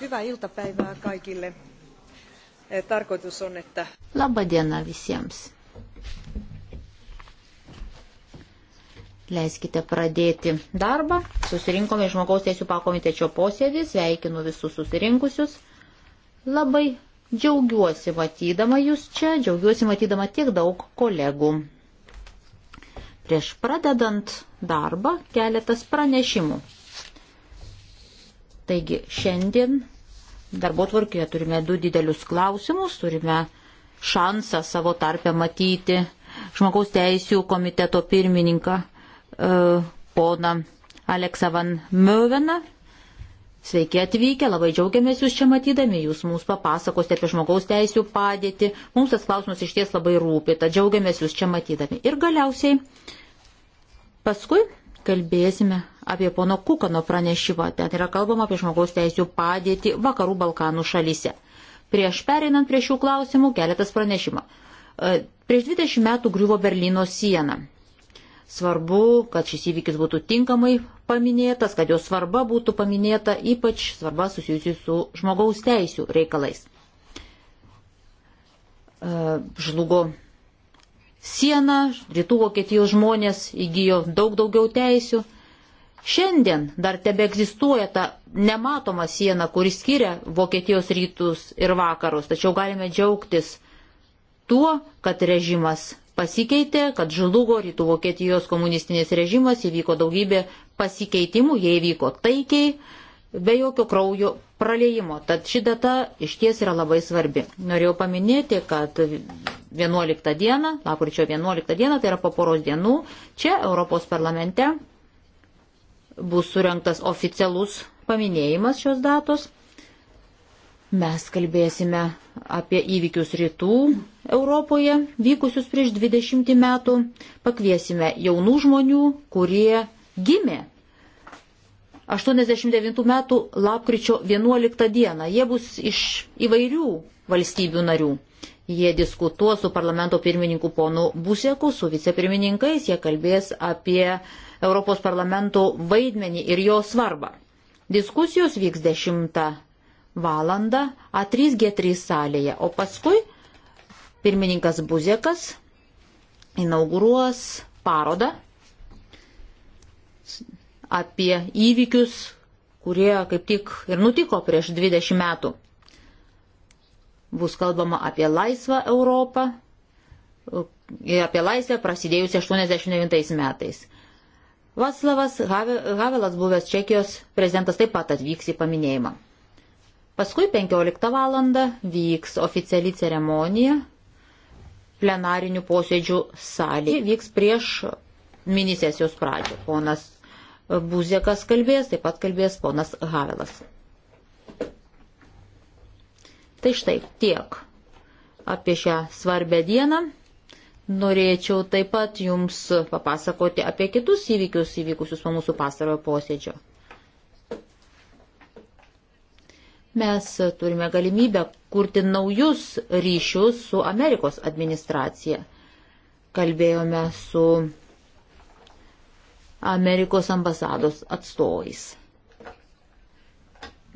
Hyvää iltapäivää kaikille. Eh, tarkoitus on, että... Labą dieną visiems. Leiskite pradėti darbą. Susirinkome žmogaus teisų pakomitečio posėdį, sveikinu visus susirinkusius. Labai džiaugiuosi matydama jūs čia, džiaugiuosi matydama tiek daug kolegų. Prieš pradedant darbą keletas pranešimų. Taigi šiandien darbo tvarkėje turime du didelius klausimus, turime šansą savo tarpę matyti žmogaus teisų komiteto pirmininką e, poną Aleksą Van Möveną. Sveiki atvykę, labai džiaugiamės jūs čia matydami, jūs mums papasakosite apie žmogaus teisų padėtį, mums tas klausimas iš ties labai rūpi, tad džiaugiamės jūs čia matydami. Ir galiausiai paskui kalbėsime apie pono Kukano pranešimą. Ten yra kalbama apie žmogaus teisų padėtį vakarų Balkanų šalyse. Prieš pereinant prie šių klausimų, keletas pranešimą. E, prieš 20 metų griuvo Berlyno siena. Svarbu, kad šis įvykis būtų tinkamai paminėtas, kad jo svarba būtų paminėta, ypač svarba susijusi su žmogaus teisų reikalais. E, žlugo sieną, rytų Vokietijos žmonės įgyjo daug daugiau teisių. Šiandien dar tebe egzistuoja ta nematoma siena, kuri skiria Vokietijos rytus ir vakarus, tačiau galime džiaugtis tuo, kad režimas pasikeitė, kad žlugo rytų Vokietijos komunistinis režimas, įvyko daugybė pasikeitimų, jie įvyko taikiai, be jokio kraujo praleimo. Tad ši data iš ties yra labai svarbi. Norėjau paminėti, kad 11 dieną, lapkričio 11 dieną, tai yra po poros dienų, čia Europos parlamente bus surinktas oficialus paminėjimas šios datos. Mes kalbėsime apie įvykius rytų Europoje, vykusius prieš 20 metų. Pakviesime jaunų žmonių, kurie gimė 89 metų lapkričio 11 dieną. Jie bus iš įvairių valstybių narių. Jie diskutuos su parlamento pirmininku ponu Buseku, su vicepirmininkais, jie kalbės apie Europos parlamento vaidmenį ir jo svarbą. Diskusijos vyks 10 valandą A3G3 salėje, o paskui pirmininkas Buzekas inauguruos parodą apie įvykius, kurie kaip tik ir nutiko prieš 20 metų. Bus kalbama apie laisvą Europą ir e, apie laisvę prasidėjusi 89 metais. Vaslavas Havelas, buvęs Čekijos prezidentas, taip pat atvyks į paminėjimą. Paskui 15 val. vyks oficiali ceremonija plenarinių posėdžių salėje. Vyks prieš minisesijos pradžią. Ponas Buzekas kalbės, taip pat kalbės ponas Havelas. Tai štai tiek apie šią svarbę dieną. Norėčiau taip pat jums papasakoti apie kitus įvykius įvykusius po mūsų pastarojo posėdžio. Mes turime galimybę kurti naujus ryšius su Amerikos administracija. Kalbėjome su Amerikos ambasados atstovais.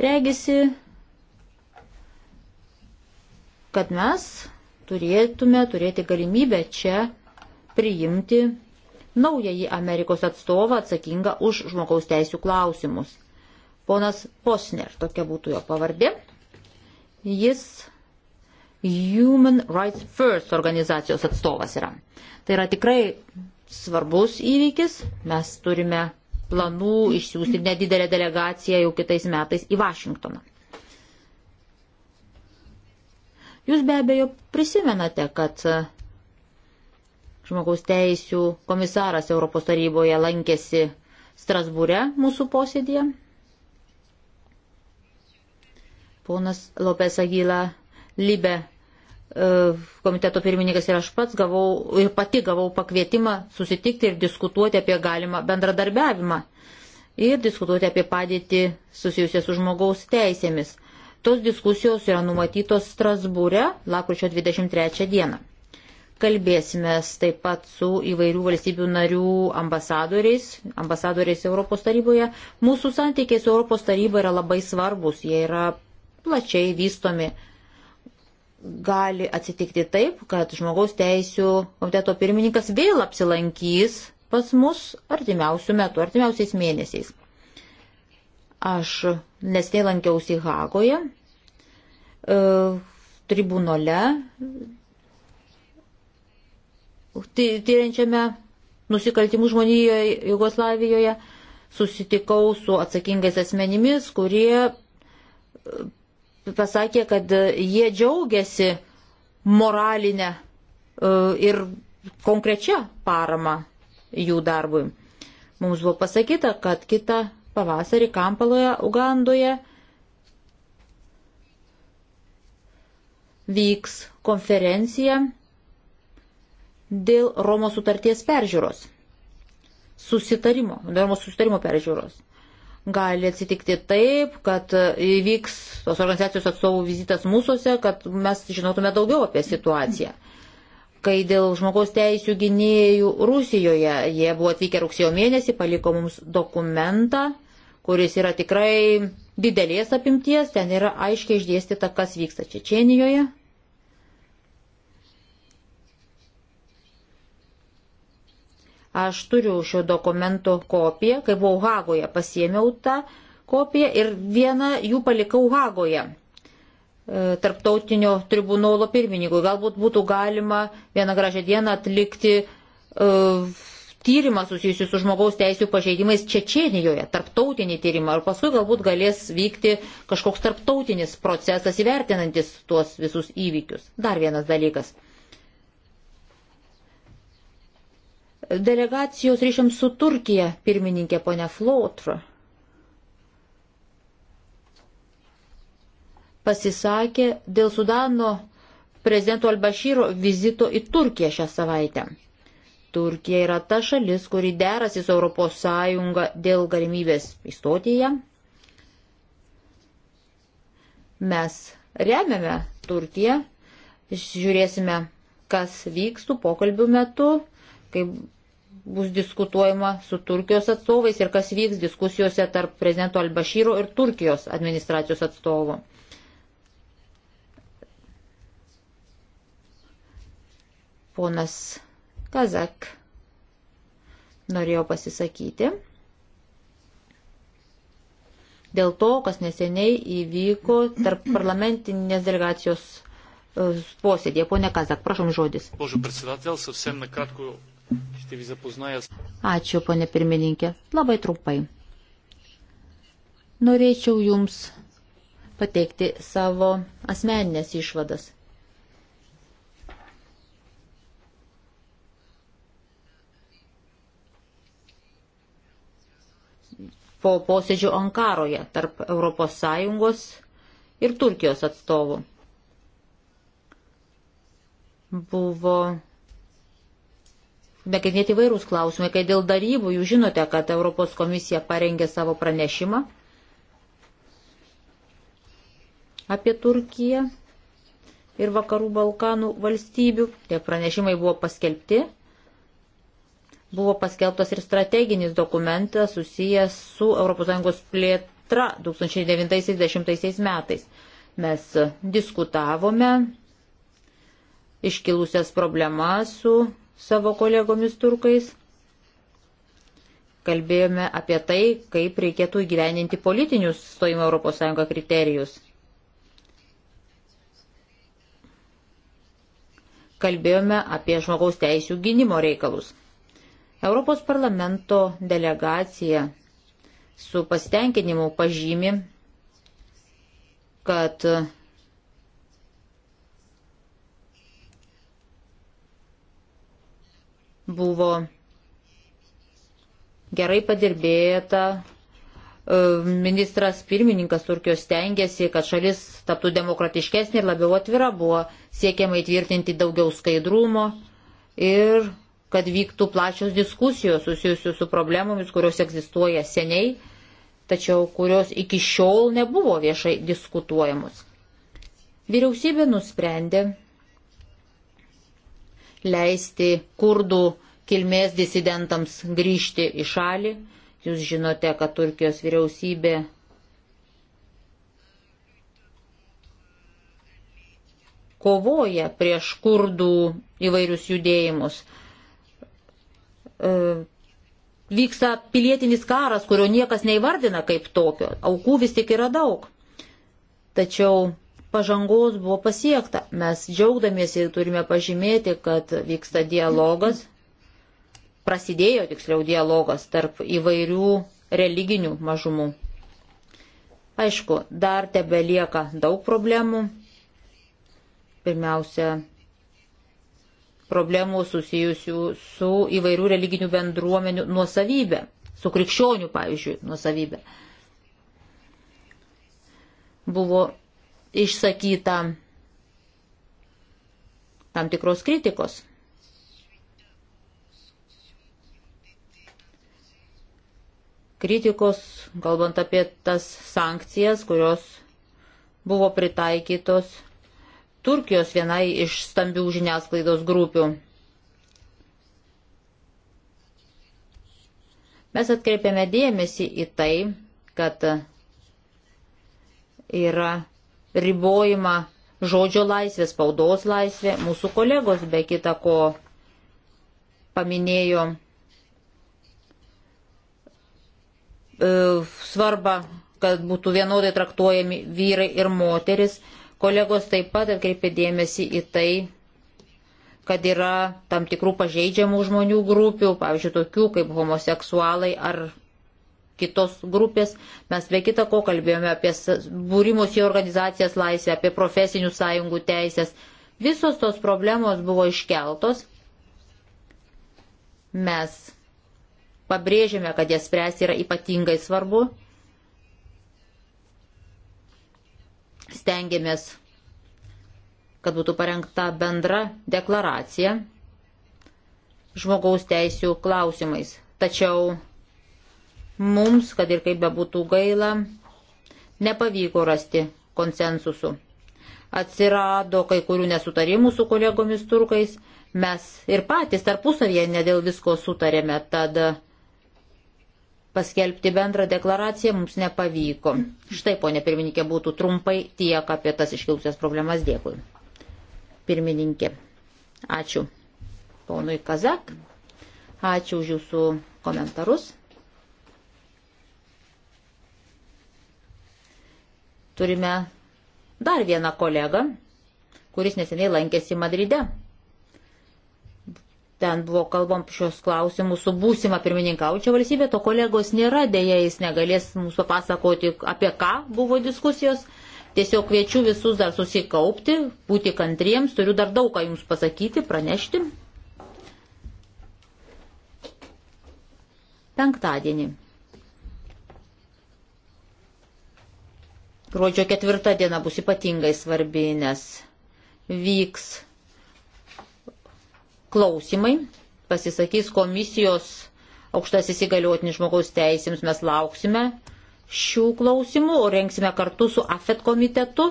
Regisi, kad mes turėtume turėti galimybę čia priimti naująjį Amerikos atstovą atsakingą už žmogaus teisų klausimus. Ponas Posner, tokia būtų jo pavardė. Jis Human Rights First organizacijos atstovas yra. Tai yra tikrai svarbus įvykis. Mes turime planų išsiųsti nedidelę delegaciją jau kitais metais į Vašingtoną. Jūs be abejo prisimenate, kad žmogaus teisų komisaras Europos taryboje lankėsi Strasbūre mūsų posėdėje. Ponas Lopes Agila Libe E, komiteto pirmininkas ir aš pats gavau ir pati gavau pakvietimą susitikti ir diskutuoti apie galimą bendradarbiavimą ir diskutuoti apie padėtį susijusią su žmogaus teisėmis. Tos diskusijos yra numatytos Strasbūre lakručio 23 dieną. Kalbėsime taip pat su įvairių valstybių narių ambasadoriais, ambasadoriais Europos taryboje. Mūsų santykiai su Europos taryba yra labai svarbus, jie yra plačiai vystomi gali atsitikti taip, kad žmogaus teisų komiteto pirmininkas vėl apsilankys pas mus artimiausių metų, artimiausiais mėnesiais. Aš nesnei lankiausi Hagoje, e, tribunole, tyriančiame nusikaltimų žmonijoje Jugoslavijoje, susitikau su atsakingais asmenimis, kurie pasakė, kad e, jie džiaugiasi moralinę e, ir konkrečią paramą jų darbui. Mums buvo pasakyta, kad kitą pavasarį Kampaloje, Ugandoje vyks konferencija dėl Romos sutarties peržiūros. Susitarimo, dėl Romos susitarimo peržiūros gali atsitikti taip, kad įvyks tos organizacijos atstovų vizitas mūsųse, kad mes žinotume daugiau apie situaciją. Kai dėl žmogaus teisų gynėjų Rusijoje jie buvo atvykę rugsėjo mėnesį, paliko mums dokumentą, kuris yra tikrai didelės apimties, ten yra aiškiai išdėstyta, kas vyksta Čečenijoje. Aš turiu šio dokumento kopiją, kai buvau Hagoje, pasiemiau tą kopiją ir vieną jų palikau Hagoje e, tarptautinio tribunolo pirmininkui. Galbūt būtų galima vieną gražią dieną atlikti uh, tyrimą susijusiu su žmogaus teisų pažeidimais Čečenijoje, tarptautinį tyrimą, ir paskui galbūt galės vykti kažkoks tarptautinis procesas įvertinantis tuos visus įvykius. Dar vienas dalykas. Delegacijos ryšiams su Turkija pirmininkė ponia Flotra pasisakė dėl Sudano prezidento Albašyro vizito į Turkiją šią savaitę. Turkija yra ta šalis, kuri derasi su ES dėl galimybės įstoti ją. Mes remiame Turkiją, žiūrėsime, kas vyks tų pokalbių metu, kaip bus diskutuojama su Turkijos atstovais ir kas vyks diskusijose tarp prezidento Albašyro ir Turkijos administracijos atstovų. Ponas Kazak norėjo pasisakyti dėl to, kas neseniai įvyko tarp parlamentinės delegacijos e, posėdėje. Pone Kazak, prašom žodis. Božu, председател, совсем накратко Ačiū, ponė pirmininkė. Labai trumpai. Norėčiau Jums pateikti savo asmeninės išvadas. Po posėdžių Ankaroje tarp ES ir Turkijos atstovų buvo nagrinėti vairūs klausimai, kai dėl darybų jūs žinote, kad Europos komisija parengė savo pranešimą apie Turkiją ir vakarų Balkanų valstybių. Tie pranešimai buvo paskelbti. Buvo paskelbtas ir strateginis dokumentas susijęs su ES plėtra 2009-2010 metais. Mes diskutavome iškilusias problemas su savo kolegomis turkais. Kalbėjome apie tai, kaip reikėtų įgyveninti politinius stojimo ES kriterijus. Kalbėjome apie žmogaus teisų gynimo reikalus. Europos parlamento delegacija su pasitenkinimu pažymi, kad Buvo gerai padirbėta. E, ministras pirmininkas Turkijos tengiasi, kad šalis taptų demokratiškesnė ir labiau atvira buvo siekiama įtvirtinti daugiau skaidrumo ir kad vyktų plačios diskusijos susijusios su problemomis, kurios egzistuoja seniai, tačiau kurios iki šiol nebuvo viešai diskutuojamos. Vyriausybė nusprendė leisti kurdų kilmės disidentams grįžti į šalį. Jūs žinote, kad Turkijos vyriausybė kovoja prieš kurdų įvairius judėjimus. E, vyksta pilietinis karas, kurio niekas neįvardina kaip tokio. Aukų vis tik yra daug. Tačiau pažangos buvo pasiekta. Mes džiaugdamiesi turime pažymėti, kad vyksta dialogas, prasidėjo tiksliau dialogas tarp įvairių religinių mažumų. Aišku, dar tebe lieka daug problemų. Pirmiausia, problemų susijusių su įvairių religinių bendruomenių nuosavybė, su krikščionių, pavyzdžiui, nuosavybė. Buvo išsakyta tam tikros kritikos. Kritikos, kalbant apie tas sankcijas, kurios buvo pritaikytos Turkijos vienai iš stambių žiniasklaidos grupių. Mes atkreipiame dėmesį į tai, kad yra ribojimą žodžio laisvė, spaudos laisvė. Mūsų kolegos be kita ko paminėjo e, svarbą, kad būtų vienodai traktuojami vyrai ir moteris. Kolegos taip pat atkreipė dėmesį į tai, kad yra tam tikrų pažeidžiamų žmonių grupių, pavyzdžiui, tokių kaip homoseksualai ar kitos grupės. Mes be kita ko kalbėjome apie būrimus į organizacijas laisvę, apie profesinių sąjungų teisės. Visos tos problemos buvo iškeltos. Mes pabrėžėme, kad jas spręsti yra ypatingai svarbu. Stengiamės, kad būtų parengta bendra deklaracija žmogaus teisų klausimais. Tačiau Mums, kad ir kaip bebūtų gaila, nepavyko rasti konsensusų. Atsirado kai kurių nesutarimų su kolegomis turkais, mes ir patys tarpusavėje nedėl visko sutarėme, tad paskelbti bendrą deklaraciją mums nepavyko. Štai, ponė pirmininkė, būtų trumpai tiek apie tas iškilusias problemas. Dėkui. Pirmininkė, ačiū ponui Kazak, ačiū už jūsų komentarus. Turime dar vieną kolegą, kuris neseniai lankėsi Madride. Ten buvo kalbam šios klausimus su būsima pirmininkaučia valstybė, to kolegos nėra, dėja jis negalės mums papasakoti, apie ką buvo diskusijos. Tiesiog kviečiu visus dar susikaupti, būti kantriems, turiu dar daug ką jums pasakyti, pranešti. Penktadienį Gruodžio ketvirta diena bus ypatingai svarbi, nes vyks klausimai, pasisakys komisijos aukštasis įgaliotinis žmogaus teisėms, mes lauksime šių klausimų, o rengsime kartu su AFET komitetu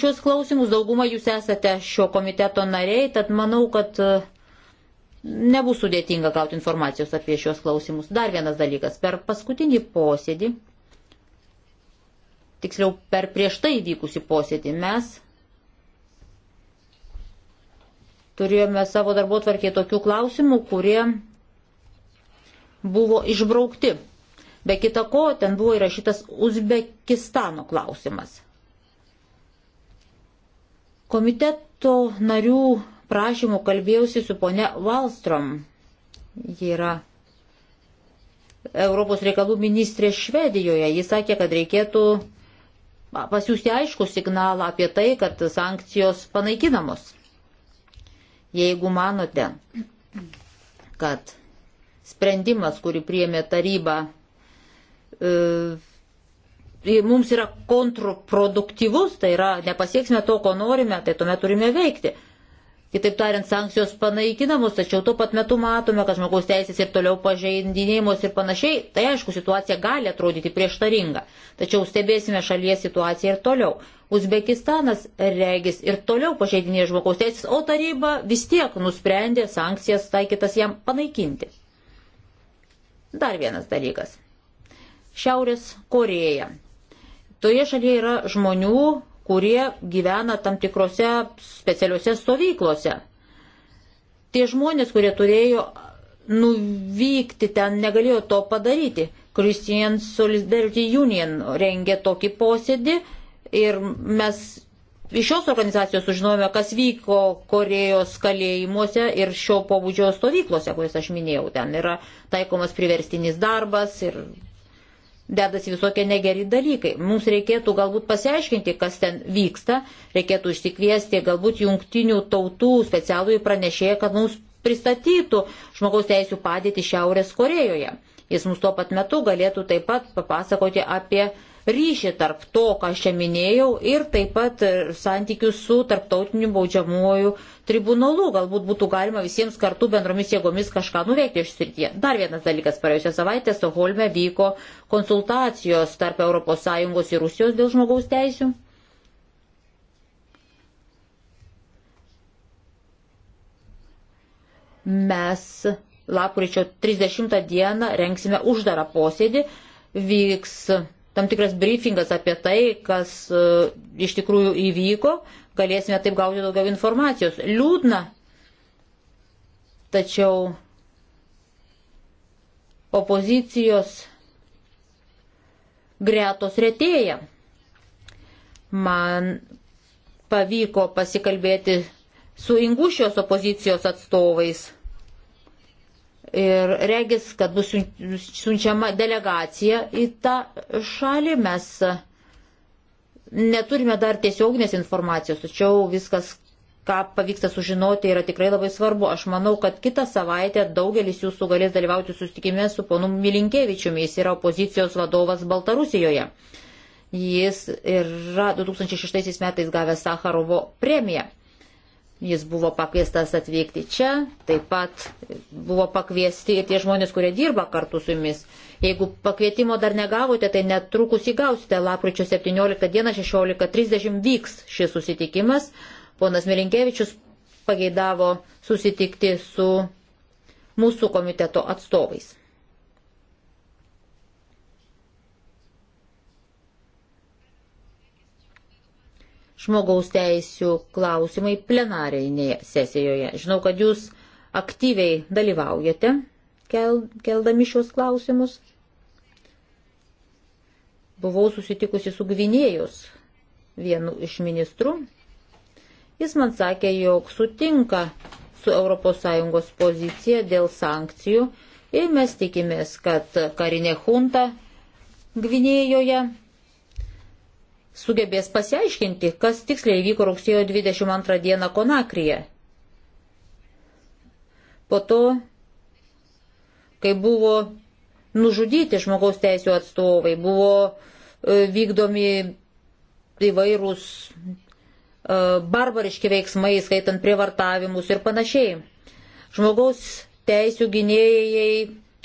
šios klausimus. Dauguma jūs esate šio komiteto nariai, tad manau, kad e, nebus sudėtinga gauti informacijos apie šios klausimus. Dar vienas dalykas. Per paskutinį posėdį tiksliau per prieš tai vykusi posėdį mes turėjome savo darbo tvarkėje tokių klausimų, kurie buvo išbraukti. Be kita ko, ten buvo įrašytas Uzbekistano klausimas. Komiteto narių prašymų kalbėjausi su ponia Wallstrom. Ji yra Europos reikalų ministrė Švedijoje. Jis sakė, kad reikėtų pasiūsti aišku signalą apie tai, kad sankcijos panaikinamos. Jeigu manote, kad sprendimas, kurį priemė taryba, e, e, mums yra kontraproduktyvus, tai yra nepasieksime to, ko norime, tai tuomet turime veikti. Kitaip tariant, sankcijos panaikinamos, tačiau tuo pat metu matome, kad žmogaus teisės ir toliau pažeidinėjimos ir panašiai, tai aišku, situacija gali atrodyti prieštaringa. Tačiau stebėsime šalies situaciją ir toliau. Uzbekistanas regis ir toliau pažeidinėja žmogaus teisės, o taryba vis tiek nusprendė sankcijas taikytas jam panaikinti. Dar vienas dalykas. Šiaurės Koreja. Toje šalyje yra žmonių, kurie gyvena tam tikrose specialiuose stovyklose. Tie žmonės, kurie turėjo nuvykti ten, negalėjo to padaryti. Christian Solidarity Union rengė tokį posėdį ir mes iš šios organizacijos sužinojome, kas vyko Korejos kalėjimuose ir šio pobūdžio stovyklose, kurias aš minėjau. Ten yra taikomas priverstinis darbas ir dedasi visokie negeri dalykai. Mums reikėtų galbūt pasiaiškinti, kas ten vyksta, reikėtų išsikviesti galbūt jungtinių tautų specialųjį pranešėją, kad mums pristatytų žmogaus teisų padėti Šiaurės Korejoje. Jis mums tuo pat metu galėtų taip pat papasakoti apie ryšį tarp to, ką aš čia minėjau, ir taip pat e, santykių su tarptautiniu baudžiamuoju tribunolu. Galbūt būtų galima visiems kartu bendromis jėgomis kažką nuveikti iš srityje. Dar vienas dalykas. Praėjusią savaitę Stoholme vyko konsultacijos tarp ES ir Rusijos dėl žmogaus teisių. Mes lapkričio 30 dieną rengsime uždarą posėdį, vyks tam tikras briefingas apie tai, kas e, iš tikrųjų įvyko, galėsime taip gauti daugiau informacijos. Liūdna, tačiau opozicijos gretos retėja. Man pavyko pasikalbėti su Ingušijos opozicijos atstovais Ir regis, kad bus siunčiama delegacija į tą šalį. Mes neturime dar tiesioginės informacijos, tačiau viskas, ką pavyksta sužinoti, yra tikrai labai svarbu. Aš manau, kad kitą savaitę daugelis jūsų galės dalyvauti sustikime su ponu Milinkievičiumi. Jis yra opozicijos vadovas Baltarusijoje. Jis yra 2006 metais gavęs Sakarovo premiją. Jis buvo pakviestas atvykti čia, taip pat buvo pakviesti ir tie žmonės, kurie dirba kartu su jumis. Jeigu pakvietimo dar negavote, tai netrukus įgausite. Lapkričio 17 dieną 16.30 vyks šis susitikimas. Ponas Milinkievičius pageidavo susitikti su mūsų komiteto atstovais. žmogaus teisų klausimai plenarinėje sesijoje. Žinau, kad jūs aktyviai dalyvaujate kel, keldami šios klausimus. Buvau susitikusi su Gvinėjus vienu iš ministrų. Jis man sakė, jog sutinka su ES pozicija dėl sankcijų ir mes tikimės, kad karinė hunta Gvinėjoje sugebės pasiaiškinti, kas tiksliai vyko rugsėjo 22 dieną Konakryje. Po to, kai buvo nužudyti žmogaus teisų atstovai, buvo e, vykdomi įvairūs e, barbariški veiksmai, skaitant prievartavimus ir panašiai. Žmogaus teisų gynėjai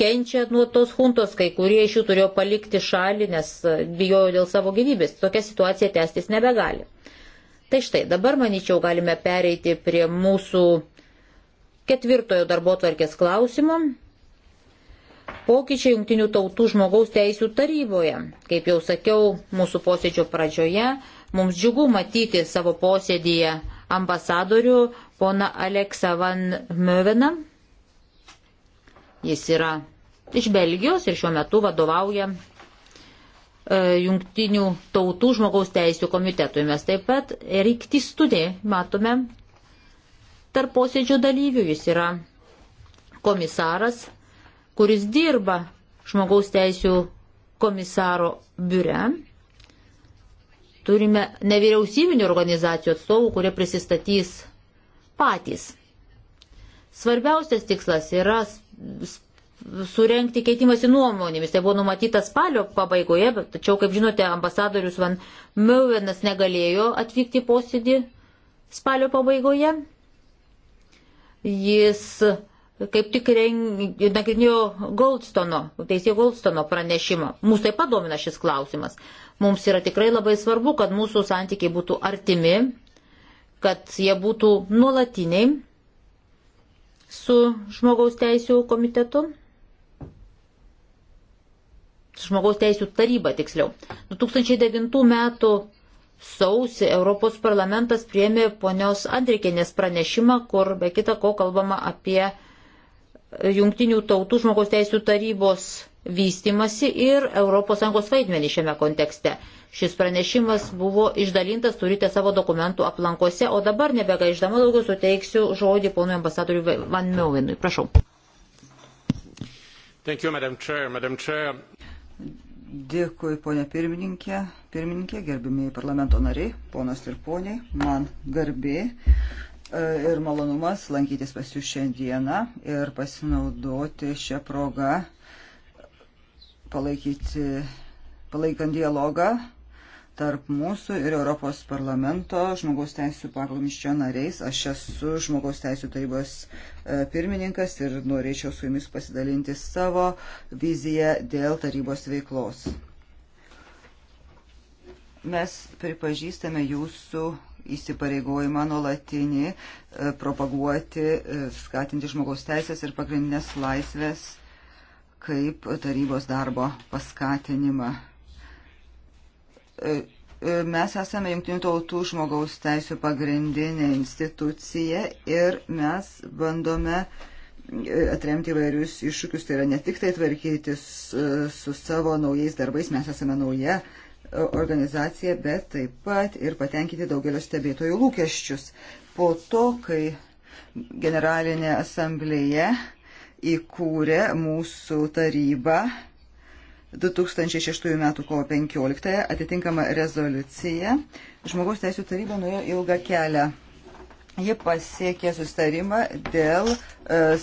kenčia nuo tos huntos, kai kurie iš jų turėjo palikti šalį, nes e, bijojo dėl savo gyvybės. Tokia situacija tęstis nebegali. Tai štai, dabar, manyčiau, galime pereiti prie mūsų ketvirtojo darbo tvarkės klausimo. Pokyčiai jungtinių tautų žmogaus teisų taryboje. Kaip jau sakiau mūsų posėdžio pradžioje, mums džiugu matyti savo posėdėje ambasadorių pona Aleksa Van Möveną. Jis yra iš Belgijos ir šiuo metu vadovauja e, jungtinių tautų žmogaus teisų komitetui. Mes taip pat Erikti studį matome tarp posėdžio dalyvių. Jis yra komisaras, kuris dirba žmogaus teisų komisaro biure. Turime nevyriausybinio organizacijų atstovų, kurie prisistatys patys. Svarbiausias tikslas yra surenkti keitimąsi nuomonėmis. Tai buvo numatyta spalio pabaigoje, bet, tačiau, kaip žinote, ambasadorius Van Meuvenas negalėjo atvykti į posėdį spalio pabaigoje. Jis kaip tik nagrinėjo Goldstono, teisėjo Goldstono pranešimą. Mūsų taip pat domina šis klausimas. Mums yra tikrai labai svarbu, kad mūsų santykiai būtų artimi, kad jie būtų nuolatiniai su žmogaus teisų komitetu žmogaus teisų taryba tiksliau. 2009 metų sausį Europos parlamentas priemė ponios Andrikinės pranešimą, kur be kita ko kalbama apie Jungtinių tautų žmogaus teisų tarybos vystimasi ir ES vaidmenį šiame kontekste. Šis pranešimas buvo išdalintas, turite savo dokumentų aplankose, o dabar nebegaiždama daugiau suteiksiu žodį ponui ambasadoriui Van Meuvinui. Prašau. Thank you, Madam Chair. Madam Chair, Dėkui, ponė pirmininkė, pirmininkė, gerbimieji parlamento nariai, ponas ir poniai, man garbė e, ir malonumas lankytis pas jūs šiandieną ir pasinaudoti šią progą palaikyti, palaikant dialogą tarp mūsų ir Europos parlamento žmogaus teisų pakomiščio nariais. Aš esu žmogaus teisų tarybos e, pirmininkas ir norėčiau su jumis pasidalinti savo viziją dėl tarybos veiklos. Mes pripažįstame jūsų įsipareigojimą nuolatinį e, propaguoti, e, skatinti žmogaus teisės ir pagrindinės laisvės kaip tarybos darbo paskatinimą E, e, mes esame Junktinių tautų žmogaus teisų pagrindinė institucija ir mes bandome e, atremti įvairius iššūkius. Tai yra ne tik tai tvarkytis su savo naujais darbais, mes esame nauja organizacija, bet taip pat ir patenkinti daugelio stebėtojų lūkesčius. Po to, kai generalinė asamblėje įkūrė mūsų tarybą, 2006 m. kovo 15 atitinkama rezoliucija. Žmogaus teisų taryba nuėjo ilgą kelią. Ji pasiekė sustarimą dėl e,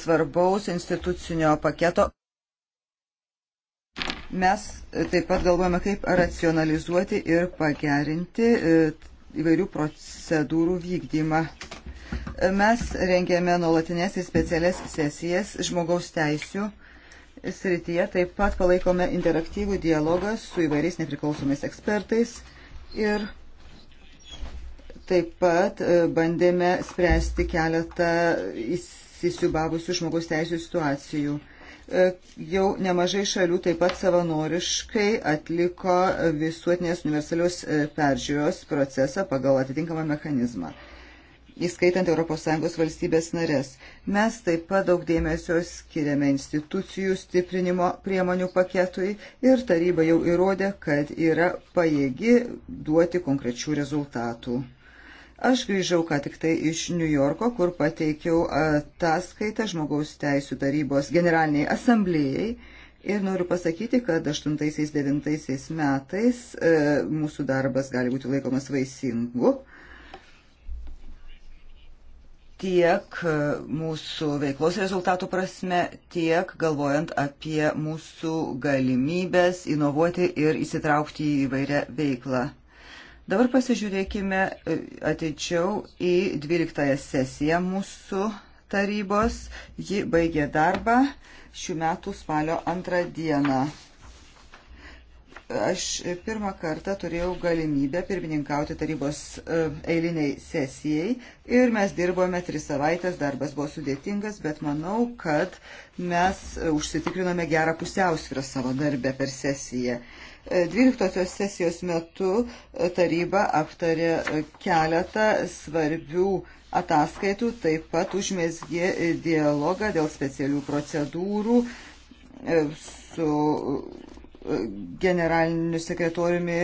svarbaus institucinio paketo. Mes e, taip pat galvojame, kaip racionalizuoti ir pagerinti e, įvairių procedūrų vykdymą. E, mes rengėme nuolatinės ir specialias sesijas žmogaus teisų e, srityje taip pat palaikome interaktyvų dialogą su įvairiais nepriklausomais ekspertais ir taip pat e, bandėme spręsti keletą įsisiubavusių žmogaus teisų situacijų. E, jau nemažai šalių taip pat savanoriškai atliko visuotinės universalios e, peržiūros procesą pagal atitinkamą mechanizmą įskaitant ES valstybės narės. Mes taip pat daug dėmesio skiriame institucijų stiprinimo priemonių paketui ir taryba jau įrodė, kad yra pajėgi duoti konkrečių rezultatų. Aš grįžau ką tik tai iš New Yorko, kur pateikiau ataskaitą žmogaus teisų tarybos generaliniai asamblėjai. Ir noriu pasakyti, kad 8-9 metais e, mūsų darbas gali būti laikomas vaisingu. E, tiek e, mūsų veiklos rezultatų prasme, tiek galvojant apie mūsų galimybės inovuoti ir įsitraukti į vairią veiklą. Dabar pasižiūrėkime e, ateičiau į 12 sesiją mūsų tarybos. Ji baigė darbą šių metų spalio antrą dieną. Aš pirmą kartą turėjau galimybę pirmininkauti tarybos e, eiliniai sesijai ir mes dirbome tris savaitės, darbas buvo sudėtingas, bet manau, kad mes užsitikrinome gerą pusiausvyrą savo darbę per sesiją. 12 e, sesijos metu e, taryba aptarė keletą svarbių ataskaitų, taip pat užmėsgė dialogą dėl specialių procedūrų su generaliniu sekretoriumi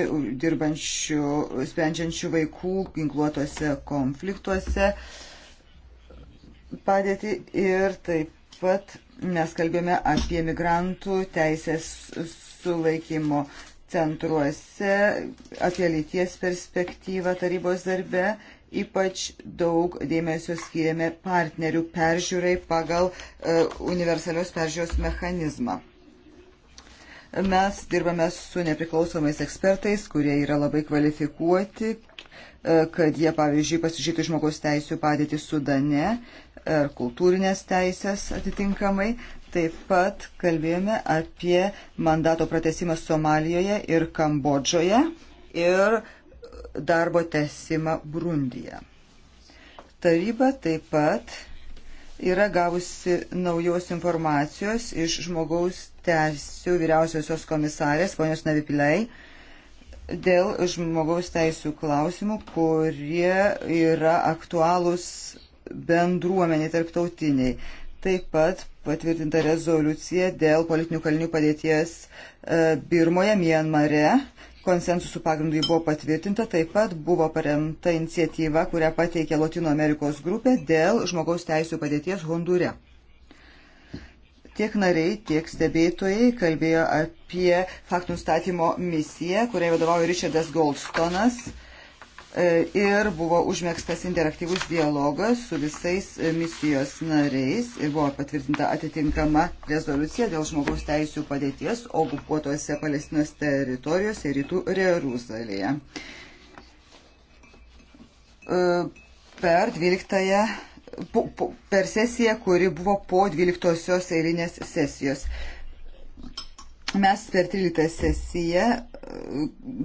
dirbančių, sprendžiančių vaikų ginkluotose konfliktuose padėti ir taip pat mes kalbėjome apie migrantų teisės sulaikymo centruose, apie lyties perspektyvą tarybos darbe. Ypač daug dėmesio skiriame partnerių peržiūrai pagal uh, universalios peržiūros mechanizmą. Uh, Mes dirbame su nepriklausomais ekspertais, kurie yra labai kvalifikuoti, e, kad jie, pavyzdžiui, pasižiūrėtų žmogaus teisų padėtį Sudane ar kultūrinės teisės atitinkamai. Taip pat kalbėjome apie mandato pratesimą Somalijoje ir Kambodžoje ir darbo tesimą Brundyje. Taryba taip pat yra gavusi naujos informacijos iš žmogaus teisų vyriausiosios komisarės, ponios Navipiliai, dėl žmogaus teisų klausimų, kurie yra aktualūs bendruomeniai tarptautiniai. Taip pat patvirtinta rezoliucija dėl politinių kalinių padėties e, Birmoje, Mienmare konsensusų pagrindui buvo patvirtinta, taip pat buvo paremta iniciatyva, kurią pateikė Latino Amerikos grupė dėl žmogaus teisų padėties Hondūre. Tiek nariai, tiek stebėtojai kalbėjo apie faktų nustatymo misiją, kuriai vadovauja Richardas Goldstonas E, ir buvo užmėgstas interaktyvus dialogas su visais misijos nariais ir buvo patvirtinta atitinkama rezoliucija dėl žmogaus teisų padėties okupuotose Palestinos teritorijose rytų Jeruzalėje. E, per 12. Per sesiją, kuri buvo po 12 eilinės sesijos. Mes per 13 sesiją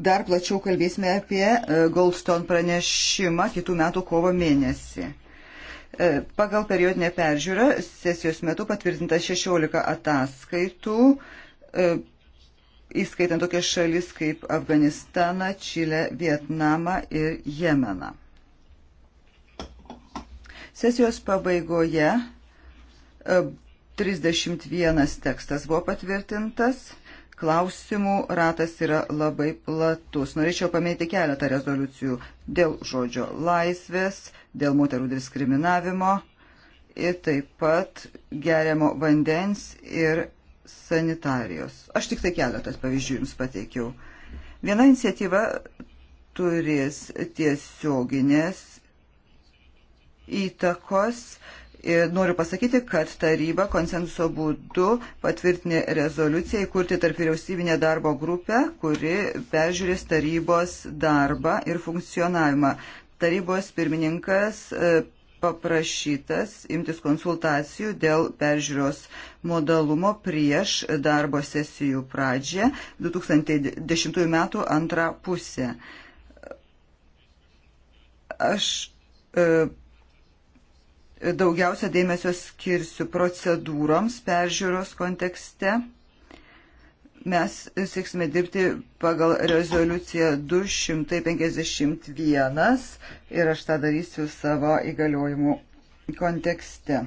dar plačiau kalbėsime apie e, Goldstone pranešimą kitų metų kovo mėnesį. E, pagal periodinę peržiūrą sesijos metu patvirtinta 16 ataskaitų, e, įskaitant tokias šalis kaip Afganistaną, Čilę, Vietnamą ir Jemeną. Sesijos pabaigoje 31 tekstas buvo patvirtintas Klausimų ratas yra labai platus. Norėčiau paminėti keletą rezoliucijų dėl žodžio laisvės, dėl moterų diskriminavimo ir taip pat geriamo vandens ir sanitarijos. Aš tik tai keletas pavyzdžių jums pateikiau. Viena iniciatyva turės tiesioginės įtakos uh, Ir e, noriu pasakyti, kad taryba konsensuso būdu patvirtinė rezoliuciją įkurti tarp vyriausybinę darbo grupę, kuri peržiūrės tarybos darbą ir funkcionavimą. Tarybos pirmininkas e, paprašytas imtis konsultacijų dėl peržiūros modalumo prieš darbo sesijų pradžią 2010 m. antrą pusę. Aš e, daugiausia dėmesio skirsiu procedūroms peržiūros kontekste. Mes sėksime dirbti pagal rezoliuciją 251 ir aš tą darysiu savo įgaliojimų kontekste.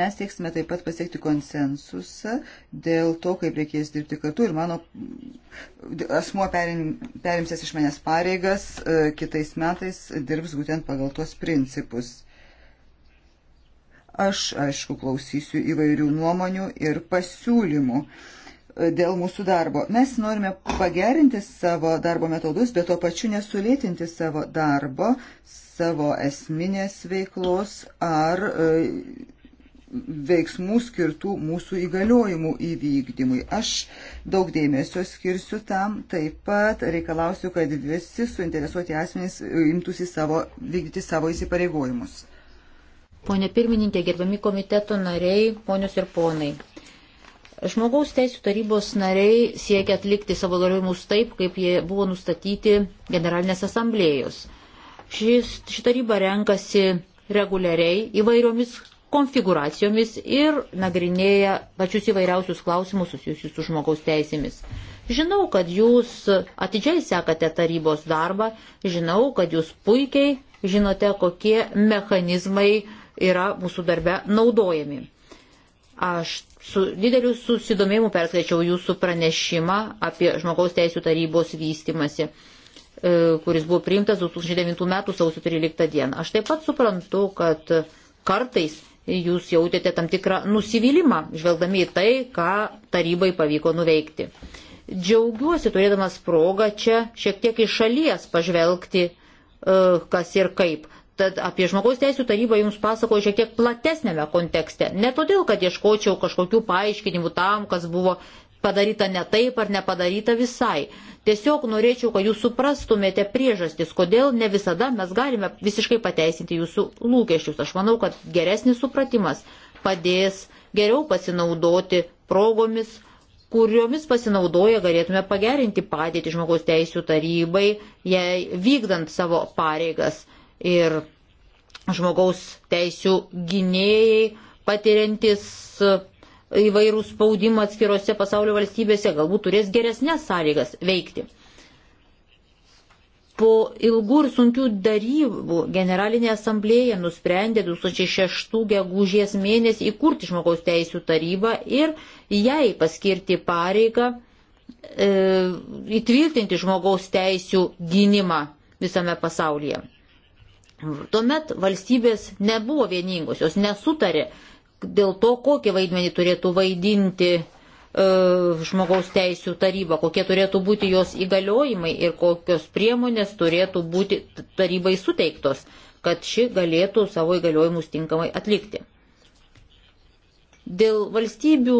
Mes sieksime taip pat pasiekti konsensusą dėl to, kaip reikės dirbti kartu ir mano asmuo perim, perimsės iš manęs pareigas e, kitais metais dirbs būtent pagal tuos principus. Aš, aišku, klausysiu įvairių nuomonių ir pasiūlymų dėl mūsų darbo. Mes norime pagerinti savo darbo metodus, bet tuo pačiu nesulėtinti savo darbo, savo esminės veiklos ar e, veiksmų skirtų mūsų įgaliojimų įvykdymui. Aš daug dėmesio skirsiu tam, taip pat reikalausiu, kad visi suinteresuoti asmenys imtųsi savo, vykdyti savo įsipareigojimus. Pone pirmininkė, gerbiami komiteto nariai, ponios ir ponai. Žmogaus teisų tarybos nariai siekia atlikti savo galiojimus taip, kaip jie buvo nustatyti generalinės asamblėjos. Šis, ši taryba renkasi reguliariai įvairiomis konfiguracijomis ir nagrinėja pačius įvairiausius klausimus susijusius su žmogaus teisėmis. Žinau, kad jūs atidžiai sekate tarybos darbą, žinau, kad jūs puikiai žinote, kokie mechanizmai yra mūsų darbe naudojami. Aš su dideliu susidomėjimu perskaičiau jūsų pranešimą apie žmogaus teisų tarybos vystimasi, e, kuris buvo priimtas 2009 m. sausio 13 d. Aš taip pat suprantu, kad kartais jūs jautėte tam tikrą nusivylimą, žvelgdami į tai, ką tarybai pavyko nuveikti. Džiaugiuosi turėdamas progą čia šiek tiek iš šalies pažvelgti, e, kas ir kaip. Tad apie žmogaus teisų tarybą jums pasakoju šiek tiek platesnėme kontekste. Ne todėl, kad ieškočiau kažkokių paaiškinimų tam, kas buvo padaryta ne taip ar nepadaryta visai. Tiesiog norėčiau, kad jūs suprastumėte priežastis, kodėl ne visada mes galime visiškai pateisinti jūsų lūkesčius. Aš manau, kad geresnis supratimas padės geriau pasinaudoti progomis, kuriomis pasinaudoja galėtume pagerinti padėtį žmogaus teisų tarybai, jei vykdant savo pareigas ir žmogaus teisų gynėjai patiriantis įvairų spaudimą atskirose pasaulio valstybėse galbūt turės geresnės sąlygas veikti. Po ilgų ir sunkių darybų Generalinė asamblėja nusprendė 2006 gegužės mėnesį įkurti žmogaus teisų tarybą ir jai paskirti pareigą e, įtvirtinti žmogaus teisų gynimą visame pasaulyje. Tuomet valstybės nebuvo vieningos, jos nesutarė dėl to, kokį vaidmenį turėtų vaidinti e, žmogaus teisų taryba, kokie turėtų būti jos įgaliojimai ir kokios priemonės turėtų būti tarybai suteiktos, kad ši galėtų savo įgaliojimus tinkamai atlikti. Dėl valstybių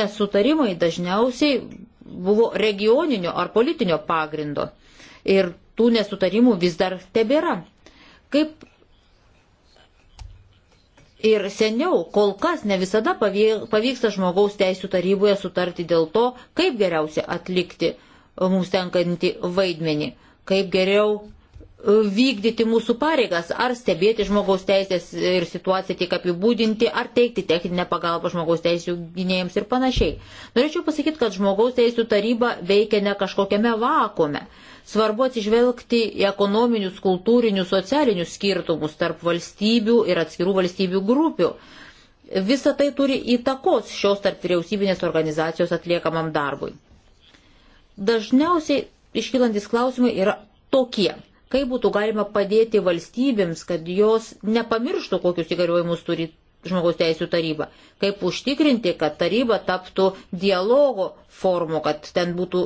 nesutarimai dažniausiai buvo regioninio ar politinio pagrindo ir tų nesutarimų vis dar tebėra. Kaip ir seniau, kol kas ne visada pavyksta žmogaus teisų taryboje sutarti dėl to, kaip geriausia atlikti mums tenkantį vaidmenį, kaip geriau e, vykdyti mūsų pareigas, ar stebėti žmogaus teisės ir situaciją tik apibūdinti, ar teikti techninę pagalbą žmogaus teisų gynėjams ir panašiai. Norėčiau pasakyti, kad žmogaus teisų taryba veikia ne kažkokiame vakume. Svarbu atsižvelgti į ekonominius, kultūrinius, socialinius skirtumus tarp valstybių ir atskirų valstybių grupių. Visa tai turi įtakos šios tarp vyriausybinės organizacijos atliekamam darbui. Dažniausiai iškylantis klausimai yra tokie. Kaip būtų galima padėti valstybėms, kad jos nepamirštų, kokius įgaliojimus turi žmogaus teisų taryba. Kaip užtikrinti, kad taryba taptų dialogo formų, kad ten būtų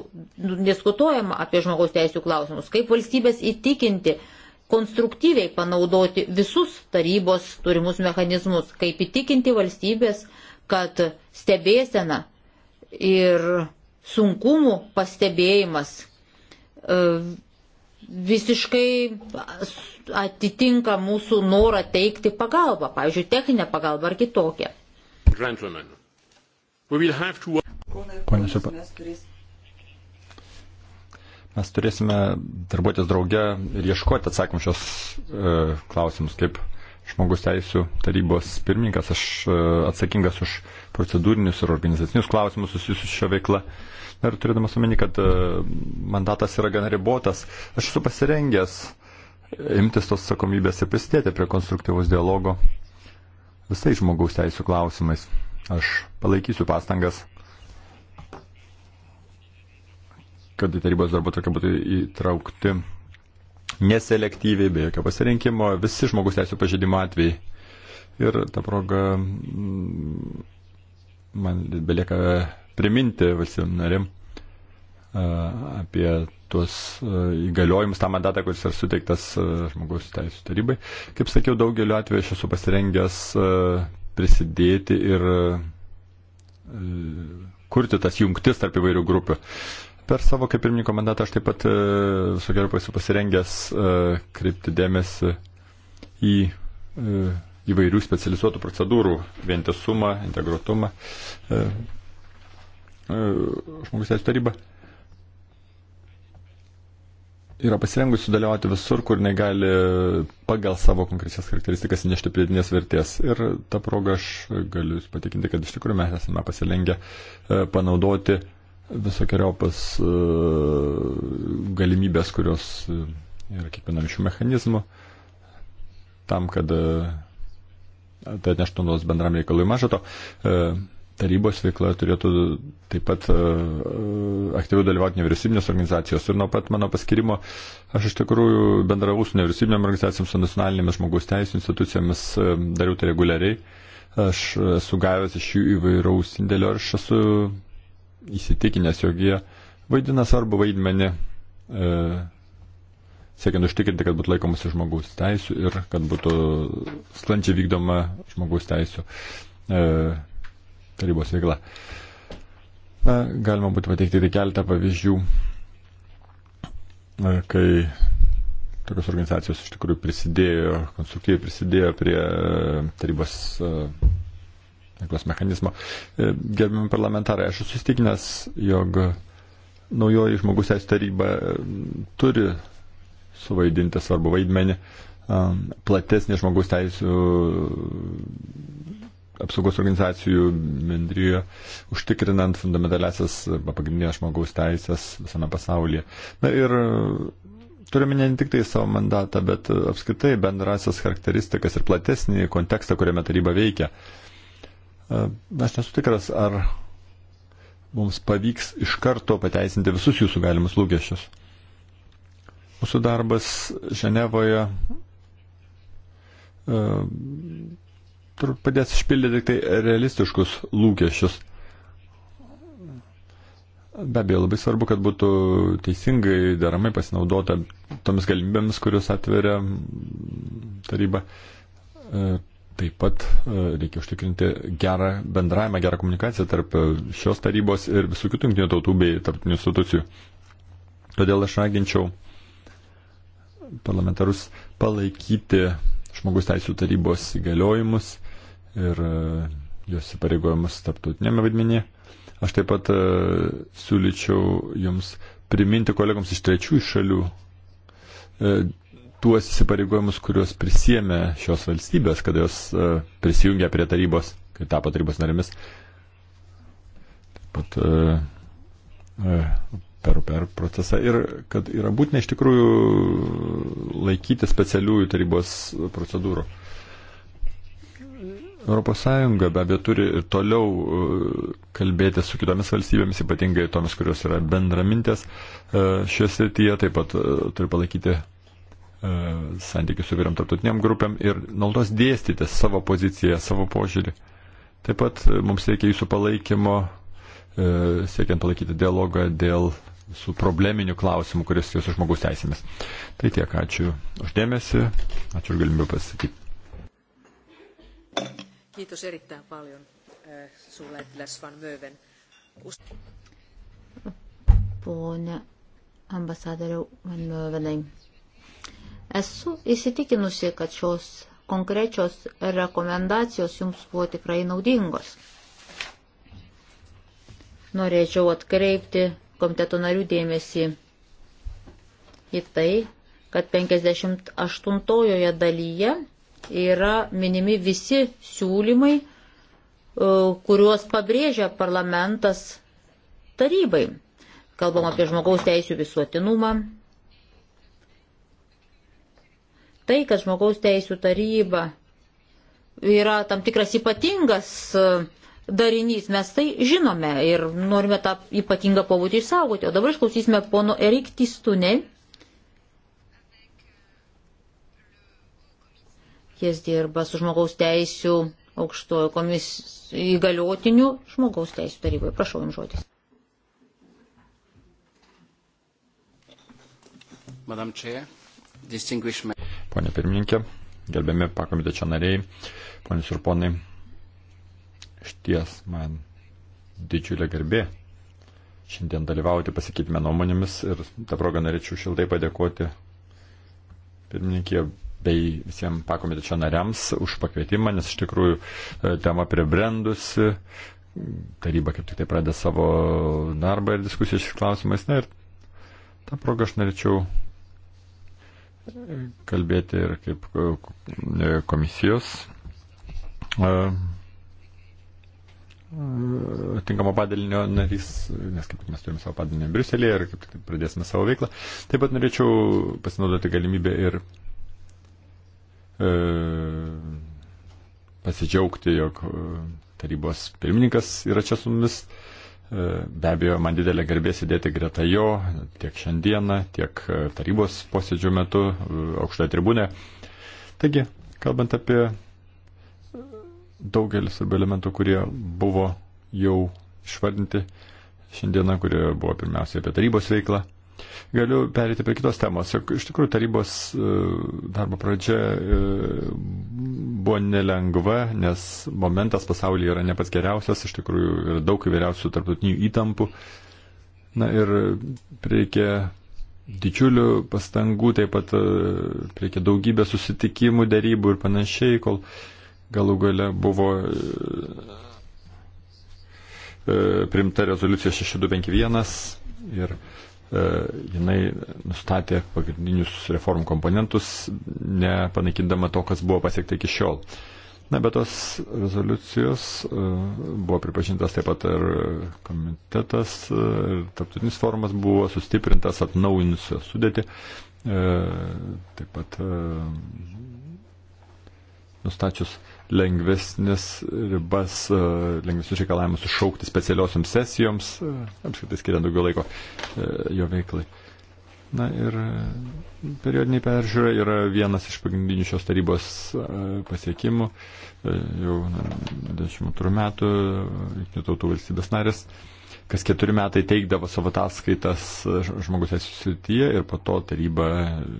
diskutuojama apie žmogaus teisų klausimus. Kaip valstybės įtikinti konstruktyviai panaudoti visus tarybos turimus mechanizmus. Kaip įtikinti valstybės, kad stebėsena ir sunkumų pastebėjimas e, visiškai atitinka mūsų norą teikti pagalbą, pavyzdžiui, techninę pagalbą ar kitokią. To... Pone Šepa. Mes turėsime darbuotis drauge ir ieškoti atsakymų šios e, klausimus, kaip žmogus teisų tarybos pirmininkas, aš e, atsakingas už procedūrinius ir organizacinius klausimus susijusius šio veikla. E, Ir turėdamas omeny, kad e, mandatas yra gan ribotas, aš esu pasirengęs imtis tos atsakomybės ir prisidėti prie konstruktyvus dialogo visais žmogaus teisų klausimais. Aš palaikysiu pastangas, kad į tarybos darbą tokia būtų įtraukti neselektyviai, be jokio pasirinkimo, visi žmogus teisų pažeidimo atvejai. Ir ta proga mm, man belieka priminti valstybėm narėm apie tuos įgaliojimus, tą mandatą, kuris yra suteiktas žmogaus teisų tarybai. Kaip sakiau, daugeliu atveju aš esu pasirengęs prisidėti ir kurti tas jungtis tarp įvairių grupių. Per savo kaip pirmininko mandatą aš taip pat su geru esu pasirengęs kreipti dėmesį į įvairių specializuotų procedūrų vientisumą, integruotumą. E, žmogus teisų taryba yra pasirengusi dalyvauti visur, kur negali pagal savo konkrečias charakteristikas nešti pridėtinės vertės. Ir tą progą aš galiu jūs patikinti, kad iš tikrųjų mes esame pasirengę e, panaudoti visokiojopas e, galimybės, kurios yra kiekvienam šių mechanizmų, tam, kad tai atneštų naudos bendram reikalui mažato. E, tarybos veikloje turėtų taip pat e, e, aktyviau dalyvauti nevyriausybinės organizacijos. Ir nuo pat mano paskirimo aš iš tikrųjų bendravau su nevyriausybinėm organizacijom, su nacionalinėmis žmogaus teisų institucijomis, e, dariau tai reguliariai. Aš esu gavęs iš jų įvairaus indėlio ir aš esu įsitikinęs, jog jie vaidina svarbu vaidmenį, e, siekiant užtikrinti, kad būtų laikomasi žmogaus teisų ir kad būtų sklandžiai vykdoma žmogaus teisų e, tarybos veikla. Na, galima būtų pateikti tik keletą pavyzdžių, kai tokios organizacijos iš tikrųjų prisidėjo, konstruktyviai prisidėjo prie e, tarybos e, veiklos mechanizmo. E, gerbiami parlamentarai, aš esu įstikinęs, jog naujoji žmogus teisų taryba turi suvaidinti svarbu vaidmenį platesnė žmogus teisų apsaugos organizacijų bendryje, užtikrinant fundamentaliasias, pagrindinės žmogaus teisės visame pasaulyje. Na ir e, turime ne tik tai savo mandatą, bet apskritai bendrasias charakteristikas ir platesnį kontekstą, kuriame taryba veikia. Na, e, aš nesu tikras, ar mums pavyks iš karto pateisinti visus jūsų galimus lūkesčius. Mūsų darbas Ženevoje e, padės išpildyti tik tai realistiškus lūkesčius. Be abejo, labai svarbu, kad būtų teisingai, deramai pasinaudota tomis galimybėmis, kurios atveria taryba. E, taip pat e, reikia užtikrinti gerą bendravimą, gerą komunikaciją tarp šios tarybos ir visų kitų jungtinių tautų bei tarptinių institucijų. Todėl aš raginčiau parlamentarus palaikyti žmogus teisų tarybos įgaliojimus ir e, jos įpareigojimus tarptautinėme vaidmenyje. Aš taip pat e, siūlyčiau jums priminti kolegoms iš trečiųjų šalių e, tuos įsipareigojimus, kuriuos prisėmė šios valstybės, kada jos prisijungė prie tarybos, kai tapo tarybos narėmis. Taip pat per, per procesą ir kad yra būtina iš tikrųjų laikyti specialiųjų tarybos procedūrų. ES be abejo turi ir toliau e, kalbėti su kitomis valstybėmis, ypatingai tomis, kurios yra bendramintės e, šioje srityje, taip pat e, turi palaikyti santykius su vyram tarptautiniam grupėm ir naudos dėstyti savo poziciją, savo požiūrį. Taip pat mums reikia jūsų palaikymo, siekiant palaikyti dialogą dėl su probleminiu klausimu, kuris jūsų žmogus teisėmis. Tai tiek, ačiū uždėmesi, ačiū ir galimybę pasakyti. Kiitos erittäin paljon eh, suurlähettiläs Van Möven. Pone ambasadoriau Van Mövenai, esu įsitikinusi, kad šios konkrečios rekomendacijos jums buvo tikrai naudingos. Norėčiau atkreipti komiteto narių dėmesį į tai, kad 58 dalyje yra minimi visi siūlymai, e, kuriuos pabrėžia parlamentas tarybai. Kalbam apie žmogaus teisų visuotinumą. Tai, kad žmogaus teisų taryba yra tam tikras ypatingas e, darinys, mes tai žinome ir norime tą ypatingą pobūdį išsaugoti. O dabar išklausysime pono Erik Tistunei Jis dirba su žmogaus teisų aukštojo komis įgaliotiniu žmogaus teisų taryboje. Prašau jums žodis. Madam Chair, distinguished man. Pone pirmininkė, gerbiami pakomitečio nariai, ponės ir ponai, šties man didžiulė garbė šiandien dalyvauti pasikeitime nuomonėmis ir tą progą norėčiau šiltai padėkoti pirmininkė bei visiems pakomitečio nariams už pakvietimą, nes iš tikrųjų e, tema pribrendusi, taryba kaip tik tai pradeda savo darbą ir diskusiją šis klausimais. Na ir tą progą aš norėčiau e, kalbėti ir kaip e, komisijos tinkamo padalinio narys, nes kaip tik mes turime savo padalinį Briuselėje ir kaip tik tai pradėsime savo veiklą. Taip pat norėčiau pasinaudoti galimybę ir E, pasidžiaugti, jog e, tarybos pirmininkas yra čia su mumis. E, be abejo, man didelė garbė sėdėti greta jo tiek šiandieną, tiek tarybos posėdžių metu aukštoje tribūne. Taigi, kalbant apie daugelis arba elementų, kurie buvo jau išvardinti šiandieną, kurie buvo pirmiausia apie tarybos veiklą, Galiu perėti prie kitos temos. Iš tikrųjų, tarybos e, darbo pradžia e, buvo nelengva, nes momentas pasaulyje yra ne pats geriausias, iš tikrųjų yra daug įvairiausių tarptautinių įtampų. Na ir reikia didžiulių pastangų, taip pat e, reikia daugybę susitikimų, darybų ir panašiai, kol galų gale buvo primta rezoliucija 6251 ir E, jinai nustatė pagrindinius reformų komponentus, nepanaikindama to, kas buvo pasiekta iki šiol. Na, bet tos rezoliucijos e, buvo pripažintas taip pat ir komitetas, ir e, tarptautinis formas buvo sustiprintas atnaujinusią sudėtį. Taip pat nustačius lengvesnis ribas, e, lengvesnius reikalavimus iššaukti specialiosioms sesijoms, e, apskritai skiriant daugiau laiko e, jo veiklai. Na ir periodiniai peržiūra yra vienas iš pagrindinių šios tarybos pasiekimų. Jau 22 metų Junktinių tautų valstybės narės kas keturi metai teikdavo savo ataskaitas e, žmogus esisrityje ir po to taryba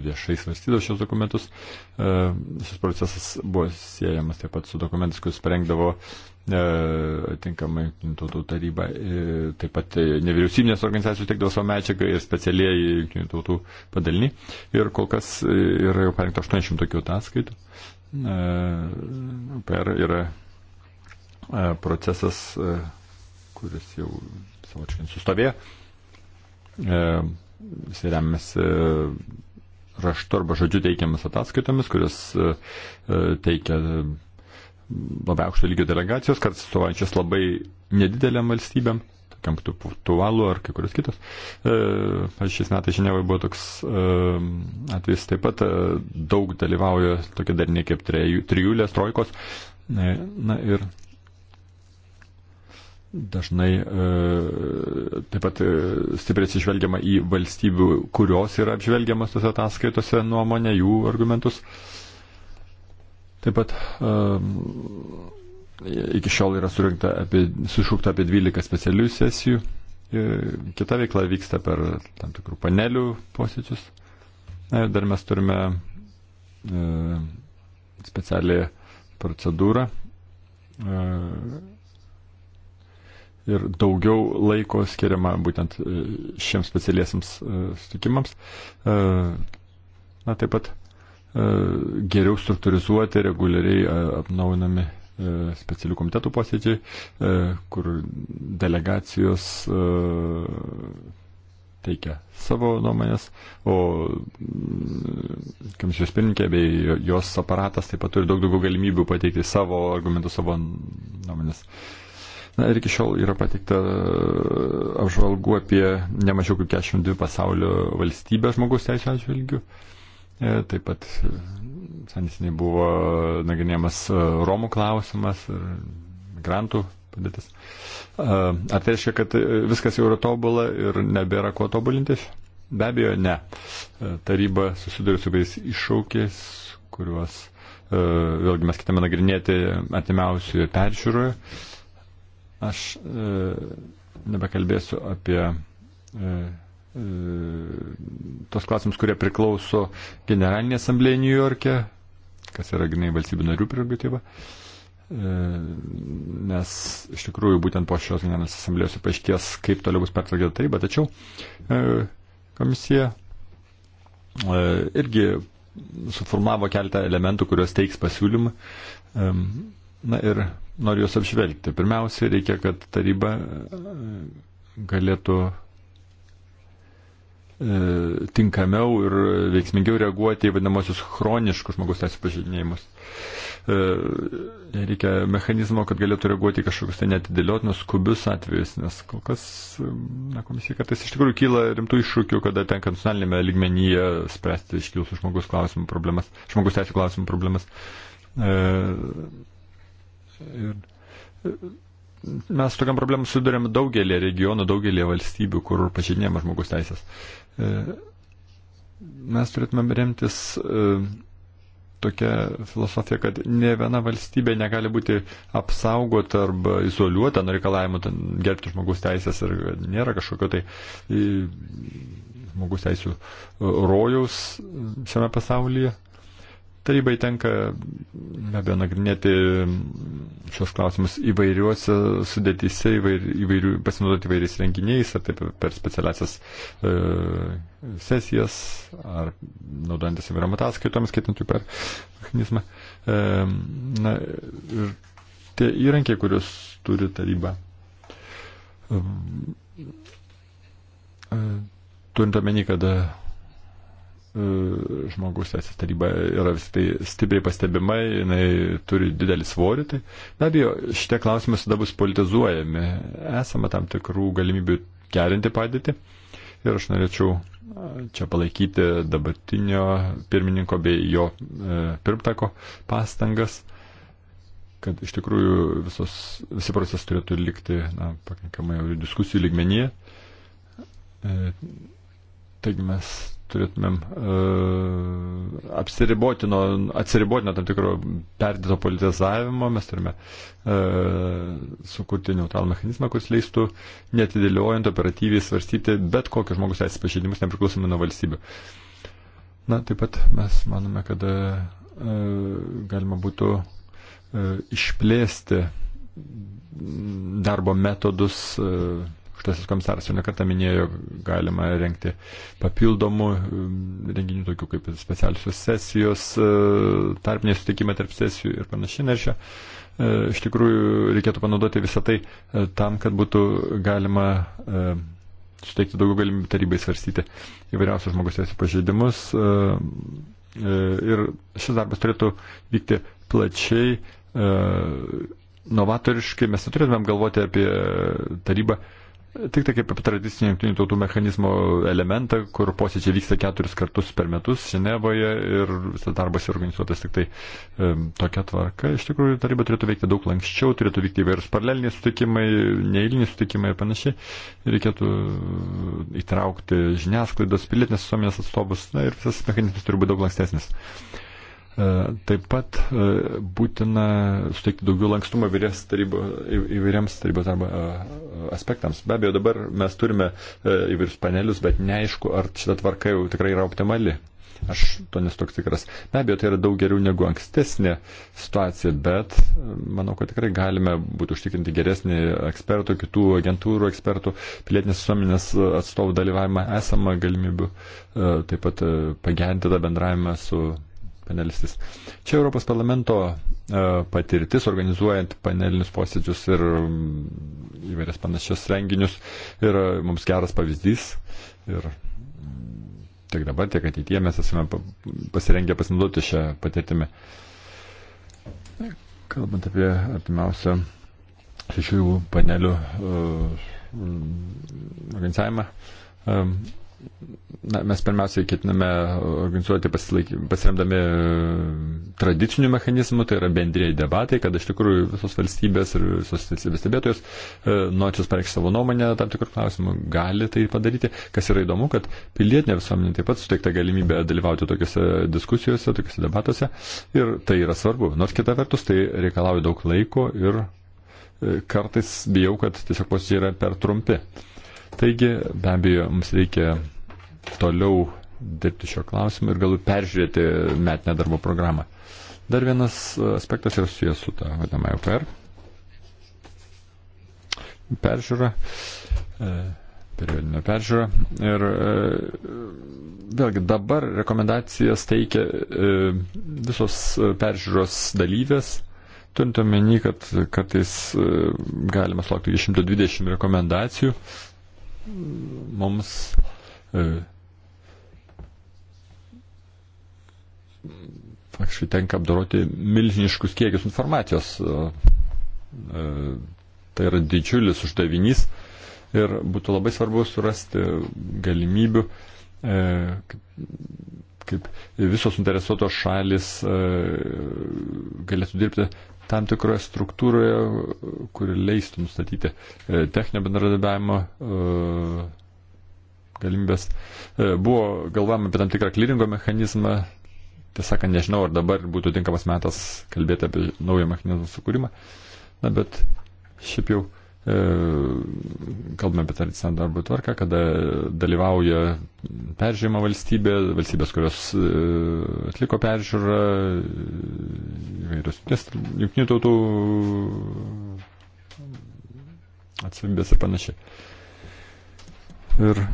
viešai svarstydavo šios dokumentus. E, šis procesas buvo siejamas taip pat su dokumentais, kuris parengdavo e, atinkamai tautų taryba, taip pat nevyriausybinės organizacijos teikdavo savo medžiagą ir specialieji tautų padaliniai. Ir kol kas yra jau parengta 800 tokių ataskaitų. Per yra procesas, kuris jau savočiai sustovėję. E, visi remiasi e, raštu arba žodžiu teikiamas ataskaitomis, kurias e, teikia labai aukšto lygio delegacijos, kartais atstovaujančios labai nedidelėm valstybėm, tokiam kaip Portugalų ar kai kurios kitos. Aš šiais metais Ženevoje buvo toks atvejs taip pat, daug dalyvauja tokie dariniai kaip trijulės, trojkos. Na ir Dažnai e, taip pat e, stipriai atsižvelgiama į valstybių, kurios yra apžvelgiamas tose ataskaitose nuomonė, jų argumentus. Taip pat e, iki šiol yra apie, sušūkta apie 12 specialių sesijų. Kita veikla vyksta per tam tikrų panelių posėdžius. Na ir dar mes turime specialią procedūrą ir daugiau laiko skiriama būtent e, šiems specialiesiams e, sutikimams. E, na taip pat geriau struktūrizuoti, reguliariai apnaunami specialių komitetų posėdžiai, kur delegacijos teikia savo nuomonės, o mm, komisijos pirmininkė bei jos aparatas taip pat turi daug daugiau galimybių pateikti savo argumentus, savo nuomonės. Uh, Na ir iki šiol yra pateikta e, apžvalgų apie nemažiau kaip 42 pasaulio valstybę žmogus teisų atžvilgių. E, taip pat e, senesniai buvo nagrinėjamas Romų klausimas ir migrantų padėtis. Ar tai reiškia, kad viskas jau yra tobula ir nebėra ko tobulintis? Be abejo, ne. Taryba susiduria su tais iššūkiais, kuriuos vėlgi mes kitame nagrinėti atimiausioje peržiūroje. Aš e, nebekalbėsiu apie e, e, tos klausimus, kurie priklauso Generalinė asamblėje New York'e, kas yra grinai valstybių narių prerogatyva. E, nes iš tikrųjų būtent po šios generalinės asamblėjos paaiškės, kaip toliau bus pertvarkyta taryba, tačiau e, komisija e, irgi suformavo keletą elementų, kuriuos teiks pasiūlymą. E, na ir noriu juos apžvelgti. Pirmiausia, reikia, kad taryba e, galėtų e, tinkamiau ir veiksmingiau reaguoti į vadinamosius chroniškus žmogus teisų pažeidinėjimus. E, reikia mechanizmo, kad galėtų reaguoti į kažkokius tai netidėliotinus skubius atvejus, nes kol kas na, komisija kartais iš tikrųjų kyla rimtų iššūkių, kada tenka nacionalinėme lygmenyje spręsti iškilusių žmogus, klausimų problemas, žmogus teisų klausimų problemas. E, Ir e, mes tokiam problemam sudarėm daugelį regionų, daugelį valstybių, kur pažydinėjama žmogus teisės. E, mes turėtumėm remtis e, tokia filosofija, kad ne viena valstybė negali būti apsaugota arba izoliuota nuo reikalavimų gerbti žmogus teisės ir nėra kažkokio tai žmogus teisų rojaus šiame pasaulyje. Tarybai tenka be abejo nagrinėti šios klausimus įvairiuose sudėtyse, įvair, įvairių, pasinaudoti įvairiais renginiais, ar taip per specialiasias e, sesijas, ar naudojantis įvairiam ataskaitoms, skaitant jų per mechanizmą. E, na, ir tie įrankiai, kuriuos turi taryba. E, e, turint omeny, kad e, E, žmogus teisės taryba yra vis tai stipriai pastebima, jinai turi didelį svorį. Tai be abejo, šitie klausimai visada bus politizuojami. Esame tam tikrų galimybių gerinti padėtį. Ir aš norėčiau čia palaikyti dabartinio pirmininko bei jo e, pirmtako pastangas, kad iš tikrųjų visos, visi procesai turėtų likti na, pakankamai diskusijų lygmenyje. E, taigi mes turėtumėm uh, apsiriboti nuo, atsiriboti nuo tam tikro perdėto politizavimo, mes turime uh, sukurti neutralų mechanizmą, kuris leistų netidėliojant operatyviai svarstyti bet kokius žmogus teisės pažeidimus nepriklausomai nuo valstybių. Na, taip pat mes manome, kad uh, galima būtų uh, išplėsti darbo metodus. Uh, Štasis komisaras jau nekartą minėjo, galima rengti papildomų um, renginių, tokių kaip specialiusios sesijos, e, tarpiniai sutikimai tarp sesijų ir panašiai. Ir čia e, iš tikrųjų reikėtų panaudoti visą tai e, tam, kad būtų galima suteikti daugiau galimybių tarybai svarstyti įvairiausius žmogus teisų pažeidimus. Ir šis darbas turėtų vykti plačiai novatoriškai mes neturėtumėm galvoti apie tarybą Tik tai kaip tradicinį jungtinių tautų mechanizmo elementą, kur posėdžiai vyksta keturis kartus per metus Ženevoje ir visas darbas yra organizuotas tik tai e, tokia tvarka. Iš tikrųjų, taryba turėtų veikti daug lankščiau, turėtų vykti įvairūs paraleliniai sutikimai, neįliniai sutikimai ir panašiai. Reikėtų įtraukti žiniasklaidos, pilietinės visuomenės atstovus na, ir visas mechanizmas turi būti daug lankstesnis. E, E, taip pat e, būtina suteikti daugiau lankstumo tarybo, įvairiams tarybos arba e, aspektams. Be abejo, dabar mes turime įvairius panelius, bet neaišku, ar šita tvarka jau tikrai yra optimali. Aš to nesu toks tikras. Be abejo, tai yra daug geriau negu ankstesnė situacija, bet manau, kad tikrai galime būtų užtikrinti geresnį ekspertų, kitų agentūrų ekspertų, pilietinės visuomenės atstovų dalyvavimą esamą galimybių, taip pat pagerinti tą bendravimą su panelistis. Čia Europos parlamento e, patirtis, organizuojant panelinius posėdžius ir mm, įvairias panašias renginius, yra mums geras pavyzdys. Ir mm, tiek dabar, tiek ateityje mes esame pasirengę pasinaudoti šią patirtimį. Kalbant apie artimiausią šešių panelių uh, organizavimą, uh, Na, mes pirmiausiai ketiname organizuoti pasiremdami e, tradicinių mechanizmų, tai yra bendrėjai debatai, kad iš tikrųjų visos valstybės ir visos valstybės stebėtojos e, nuočios pareikšti savo nuomonę tam tikrų klausimų, gali tai padaryti. Kas yra įdomu, kad pilietinė visuomenė taip pat suteikta galimybė dalyvauti tokiuose diskusijose, tokiuose debatuose ir tai yra svarbu. Nors kita vertus, tai reikalauja daug laiko ir e, kartais bijau, kad tiesiog posėdžiai yra per trumpi. Taigi, be abejo, mums reikia toliau dirbti šio klausimu ir galbūt peržiūrėti metinę darbo programą. Dar vienas aspektas yra susijęs su tą vadinamą UPR. E peržiūra. E, periodinė peržiūra. Ir e, vėlgi dabar rekomendacijas teikia e, visos peržiūros dalyvės, turint omeny, kad kartais e, galima sulaukti 120 rekomendacijų. E, mums e, faktiškai tenka apdoroti milžiniškus kiekius informacijos. E, e, tai yra didžiulis uždavinys ir būtų labai svarbu surasti galimybių, kaip visos interesuotos šalis galėtų dirbti tam tikroje struktūroje, kuri leistų nustatyti e, techninio bendradarbiavimo e, galimybės. E, buvo galvama apie tam tikrą klyringo mechanizmą. Tiesą sakant, nežinau, ar dabar būtų tinkamas metas kalbėti apie naują mechanizmą sukūrimą. Na, bet šiaip jau E, kalbame apie tradicinę darbo tvarką, kada dalyvauja peržiūrima valstybė, valstybės, kurios e, atliko peržiūrą, įvairios jungtinių tautų atsavybės ir panašiai. Ir e,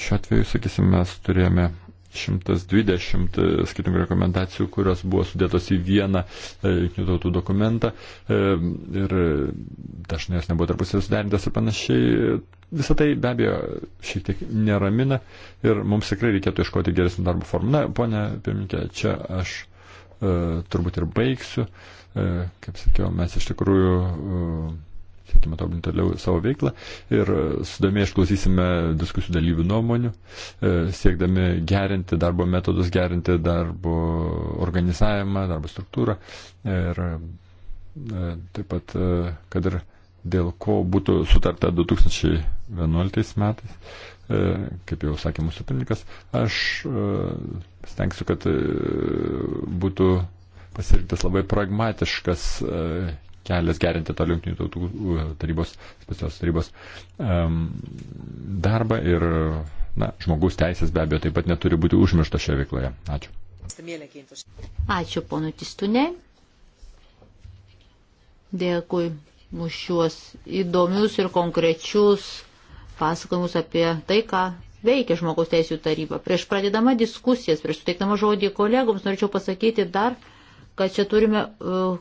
šiuo atveju, sakysim, mes turėjome 120 e, skirtingų rekomendacijų, kurios buvo sudėtos į vieną e, jungtinių tautų dokumentą e, ir dažnai jos nebuvo tarpusavės suderintas ir panašiai. Visą tai be abejo šiek tiek neramina ir mums tikrai reikėtų iškoti geresnį darbo formą. Na, ponia pirmininkė, čia aš turbūt ir baigsiu. Kaip sakiau, mes iš tikrųjų siekime tobulinti toliau savo veiklą ir e, sudomė išklausysime diskusijų dalyvių nuomonių, e, siekdami gerinti darbo metodus, gerinti darbo organizavimą, darbo struktūrą ir e, taip pat, kad ir dėl ko būtų sutarta 2011 metais, kaip jau sakė mūsų pirmininkas, aš stengsiu, kad būtų pasirinktas labai pragmatiškas kelias gerinti tą Junktinių tautų uh, tarybos, specialios tarybos um, darbą ir na, žmogus teisės be abejo taip pat neturi būti užmiršta šioje veikloje. Ačiū. Ačiū ponu Tistunė. Dėkui už šiuos įdomius ir konkrečius pasakojimus apie tai, ką veikia žmogaus teisų taryba. Prieš pradėdama diskusijas, prieš suteikdama žodį kolegoms, norėčiau pasakyti dar kad čia turime uh,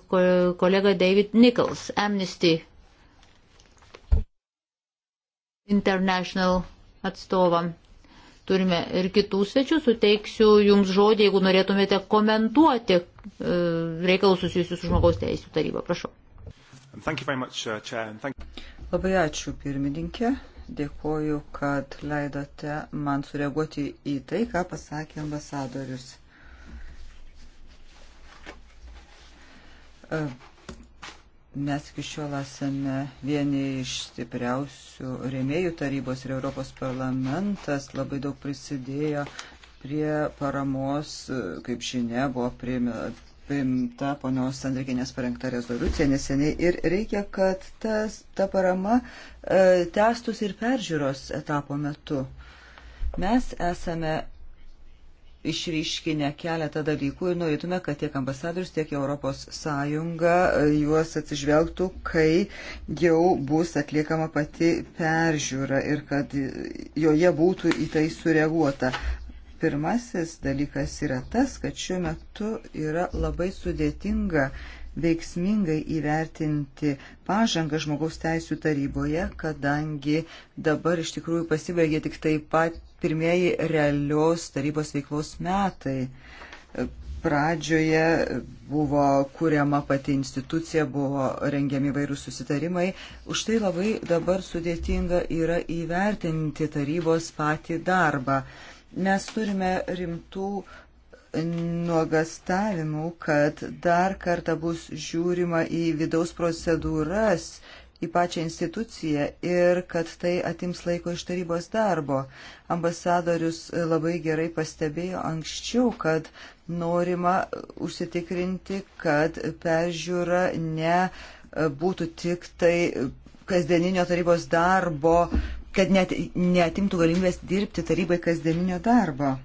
kolegą David Nichols, Amnesty International atstovam. Turime ir kitų svečių, suteiksiu jums žodį, jeigu norėtumėte komentuoti e, reikalus susijusius su žmogaus teisų taryba. Prašau. Much, uh, Chair, thank... Labai ačiū, pirmininkė. Dėkoju, kad leidote man sureaguoti į tai, ką pasakė ambasadorius. E, mes iki šiol esame vieni iš stipriausių rėmėjų tarybos ir Europos parlamentas labai daug prisidėjo prie paramos, e, kaip žinia, buvo priimta ponios Andrikinės parengta rezoliucija neseniai ir reikia, kad tas, ta parama e, testus ir peržiūros etapo metu. Mes esame išryškinę keletą dalykų ir norėtume, kad tiek ambasadorius, tiek Europos Sąjunga e, juos atsižvelgtų, kai jau bus atliekama pati peržiūra ir kad e, joje būtų į tai sureaguota. Pirmasis dalykas yra tas, kad šiuo metu yra labai sudėtinga veiksmingai įvertinti pažangą žmogaus teisų taryboje, kadangi dabar iš tikrųjų pasibaigė tik taip pat pirmieji realios tarybos veiklos metai. Pradžioje buvo kuriama pati institucija, buvo rengiami vairūs susitarimai. Už tai labai dabar sudėtinga yra įvertinti tarybos patį darbą. Mes turime rimtų nuogastavimų, kad dar kartą bus žiūrima į vidaus procedūras į pačią instituciją ir kad tai atims laiko iš tarybos darbo. Ambasadorius labai gerai pastebėjo anksčiau, kad norima užsitikrinti, kad peržiūra ne e, būtų tik tai kasdieninio tarybos darbo, kad net netimtų galimybės dirbti tarybai kasdieninio darbo.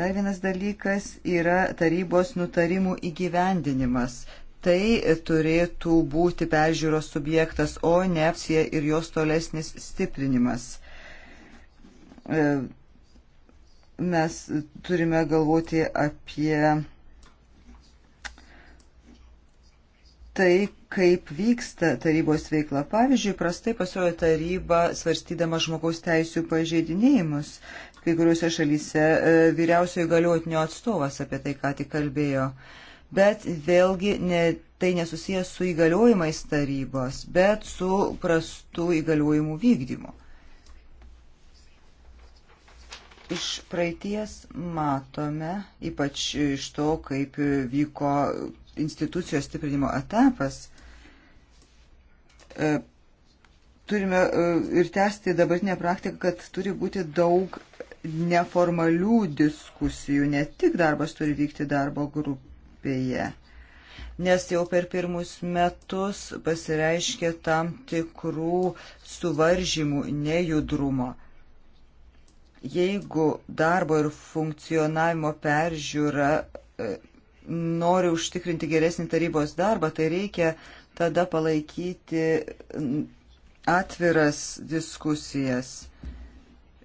Dar vienas dalykas yra tarybos nutarimų įgyvendinimas tai turėtų būti peržiūros subjektas, o ne apsija ir jos tolesnis stiprinimas. E, mes turime galvoti apie tai, kaip vyksta tarybos veikla. Pavyzdžiui, prastai pasirojo taryba svarstydama žmogaus teisų pažeidinėjimus. Kai kuriuose šalyse e, vyriausiojo galiotinio atstovas apie tai ką tik kalbėjo. E, bet vėlgi ne, tai nesusijęs su įgaliojimais tarybos, bet su prastu įgaliojimų vykdymu. Iš praeities matome, ypač iš to, kaip vyko institucijos stiprinimo etapas, e, turime e, ir tęsti dabartinę praktiką, kad turi būti daug neformalių diskusijų, ne tik darbas turi vykti darbo grupė grupėje, nes jau per pirmus metus pasireiškia tam tikrų suvaržymų nejudrumo. Jeigu darbo ir funkcionavimo peržiūra e, nori užtikrinti geresnį tarybos darbą, tai reikia tada palaikyti atviras diskusijas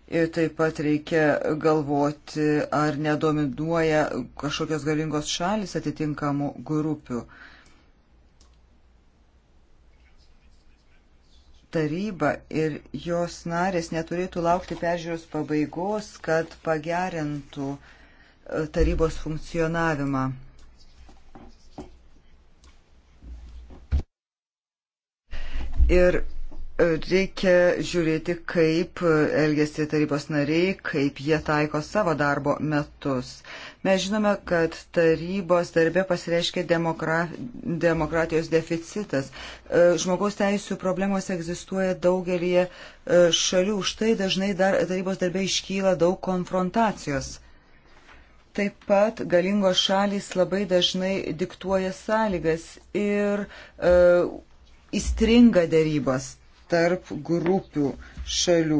Ir taip pat reikia galvoti, ar nedominuoja kažkokios galingos šalis atitinkamų grupių. Taryba ir jos narės neturėtų laukti peržiūros pabaigos, kad pagerintų e, tarybos funkcionavimą. Ir reikia žiūrėti, kaip elgesi tarybos nariai, kaip jie taiko savo darbo metus. Mes žinome, kad tarybos darbė pasireiškia demokra demokratijos deficitas. E, žmogaus teisų problemos egzistuoja daugelie e, šalių, už tai dažnai dar, tarybos darbė iškyla daug konfrontacijos. Taip pat galingos šalys labai dažnai diktuoja sąlygas ir e, įstringa dėrybos tarp grupių šalių.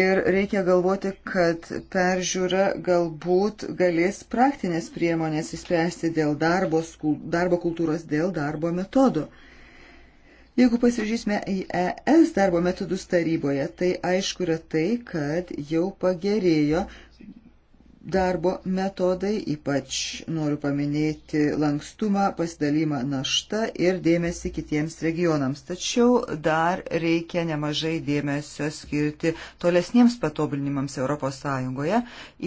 Ir reikia galvoti, kad peržiūra galbūt galės praktinės priemonės įspręsti dėl darbo, darbo kultūros, dėl darbo metodų. Jeigu pasižiūrėsime į ES darbo metodus taryboje, tai aišku yra tai, kad jau pagerėjo darbo metodai, ypač noriu paminėti lankstumą, pasidalymą naštą ir dėmesį kitiems regionams. Tačiau dar reikia nemažai dėmesio skirti tolesniems patobulinimams ES,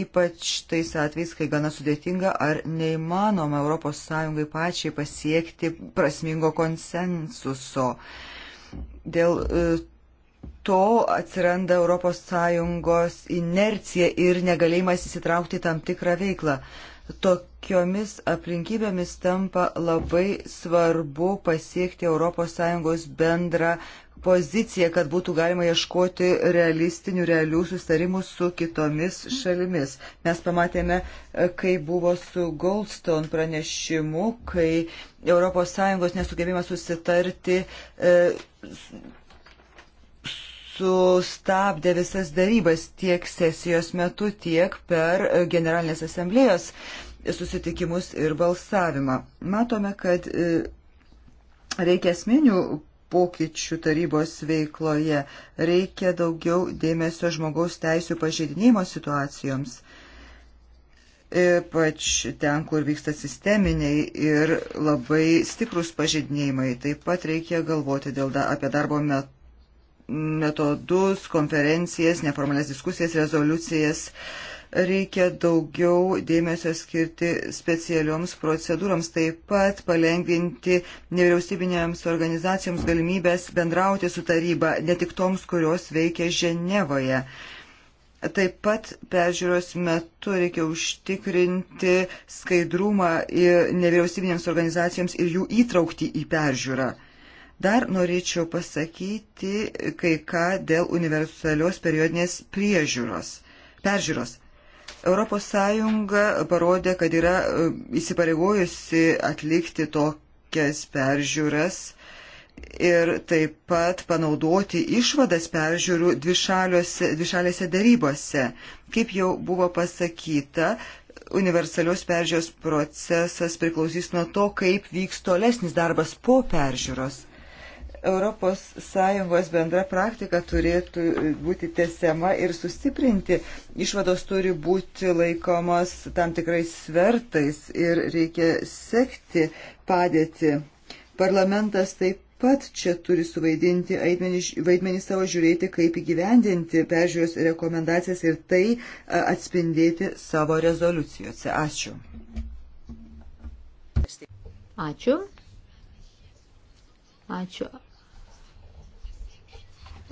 ypač tais atvejais, kai gana sudėtinga ar neįmanoma ES pačiai pasiekti prasmingo konsensuso. Dėl e, to atsiranda ES inercija ir negalėjimas įsitraukti tam tikrą veiklą. Tokiomis aplinkybėmis tampa labai svarbu pasiekti ES bendrą poziciją, kad būtų galima ieškoti realistinių, realių sustarimų su kitomis šalimis. Mes pamatėme, e, kai buvo su Goldstone pranešimu, kai ES nesugebėjimas susitarti. E, sustabdė visas darybas tiek sesijos metu, tiek per Generalinės asamblėjos susitikimus ir balsavimą. Matome, kad e, reikia esminių pokyčių tarybos veikloje, reikia daugiau dėmesio žmogaus teisų pažeidinėjimo situacijoms, e, ypač ten, kur vyksta sisteminiai ir labai stiprus pažeidinėjimai. Taip pat reikia galvoti dėl da, apie darbo metu metodus, konferencijas, neformalias diskusijas, rezoliucijas. Reikia daugiau dėmesio skirti specialioms procedūroms, taip pat palengvinti nevyriausybinėms organizacijoms galimybės bendrauti su taryba, ne tik toms, kurios veikia Ženevoje. Taip pat peržiūros metu reikia užtikrinti skaidrumą nevyriausybinėms organizacijoms ir jų įtraukti į peržiūrą. Dar norėčiau pasakyti kai ką dėl universalios periodinės priežiūros, peržiūros. ES parodė, kad yra e, įsipareigojusi atlikti tokias peržiūras ir taip pat panaudoti išvadas peržiūrų dvišalėse darybose. Kaip jau buvo pasakyta, universalios peržiūros procesas priklausys nuo to, kaip vyks tolesnis darbas po peržiūros. ES bendra praktika turėtų būti tesiama ir sustiprinti. Išvados turi būti laikomas tam tikrais svertais ir reikia sekti padėti. Parlamentas taip pat čia turi suvaidinti vaidmenį, vaidmenį savo žiūrėti, kaip įgyvendinti peržiūros rekomendacijas ir tai atspindėti savo rezoliucijose. Ačiū. Ačiū. Ačiū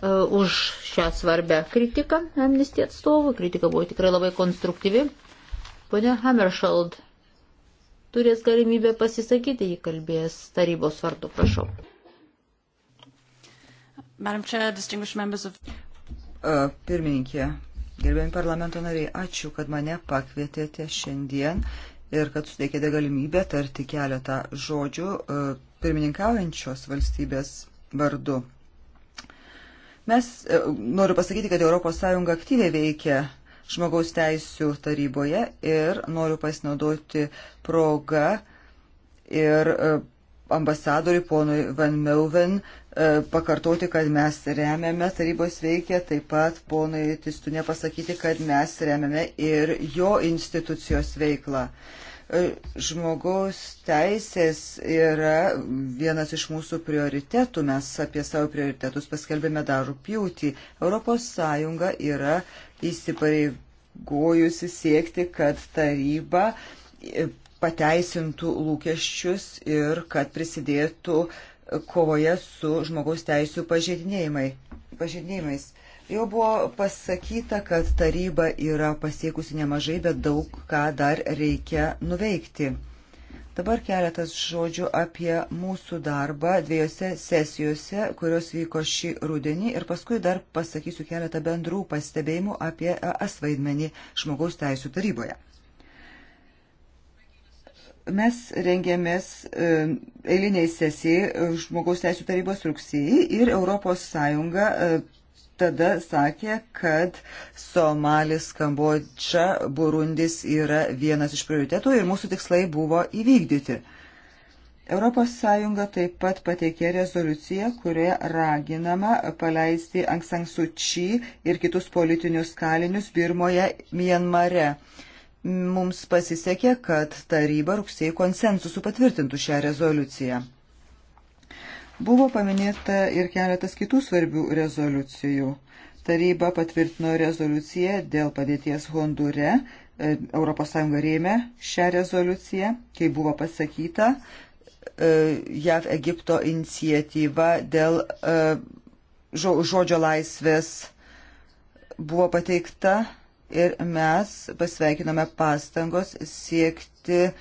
E, už šią svarbę kritiką amnestį atstovų. Kritika buvo tikrai labai konstruktyvi. Pone Hammershald turės galimybę pasisakyti, jį kalbės tarybos vardu, prašau. E, pirmininkė, gerbėjami parlamento nariai, ačiū, kad mane pakvietėte šiandien ir kad suteikėte galimybę tarti keletą žodžių e, pirmininkaujančios valstybės vardu. Mes e, noriu pasakyti, kad ES aktyviai veikia žmogaus teisų taryboje ir noriu pasinaudoti progą ir e, ambasadoriui ponui Van Melven e, pakartoti, kad mes remiame tarybos veikia, taip pat ponui Tistune pasakyti, kad mes remiame ir jo institucijos veiklą. Žmogaus teisės yra vienas iš mūsų prioritetų. Mes apie savo prioritetus paskelbėme dar rūpjūtį. ES yra įsipareigojusi siekti, kad taryba e, pateisintų lūkesčius ir kad prisidėtų kovoje su žmogaus teisų pažeidinėjimais. Jau buvo pasakyta, kad taryba yra pasiekusi nemažai, bet daug ką dar reikia nuveikti. Dabar keletas žodžių apie mūsų darbą dviejose sesijose, kurios vyko šį rudenį ir paskui dar pasakysiu keletą bendrų pastebėjimų apie ES vaidmenį žmogaus teisų taryboje. Mes rengėmės e, eiliniai sesijai žmogaus teisų tarybos rugsėjai ir ES tada sakė, kad Somalis, Kambodža, Burundis yra vienas iš prioritetų ir mūsų tikslai buvo įvykdyti. ES taip pat pateikė rezoliuciją, kurioje raginama paleisti Angsang Suči ir kitus politinius kalinius Birmoje, Mienmare. Mums pasisekė, kad taryba rugsėjai konsensusų patvirtintų šią rezoliuciją. Buvo paminėta ir keletas kitų svarbių rezoliucijų. Taryba patvirtino rezoliuciją dėl padėties Hondure. ES rėmė šią rezoliuciją, kai buvo pasakyta e, JAV Egipto inicijatyva dėl e, žodžio laisvės buvo pateikta ir mes pasveikinome pastangos siekti e,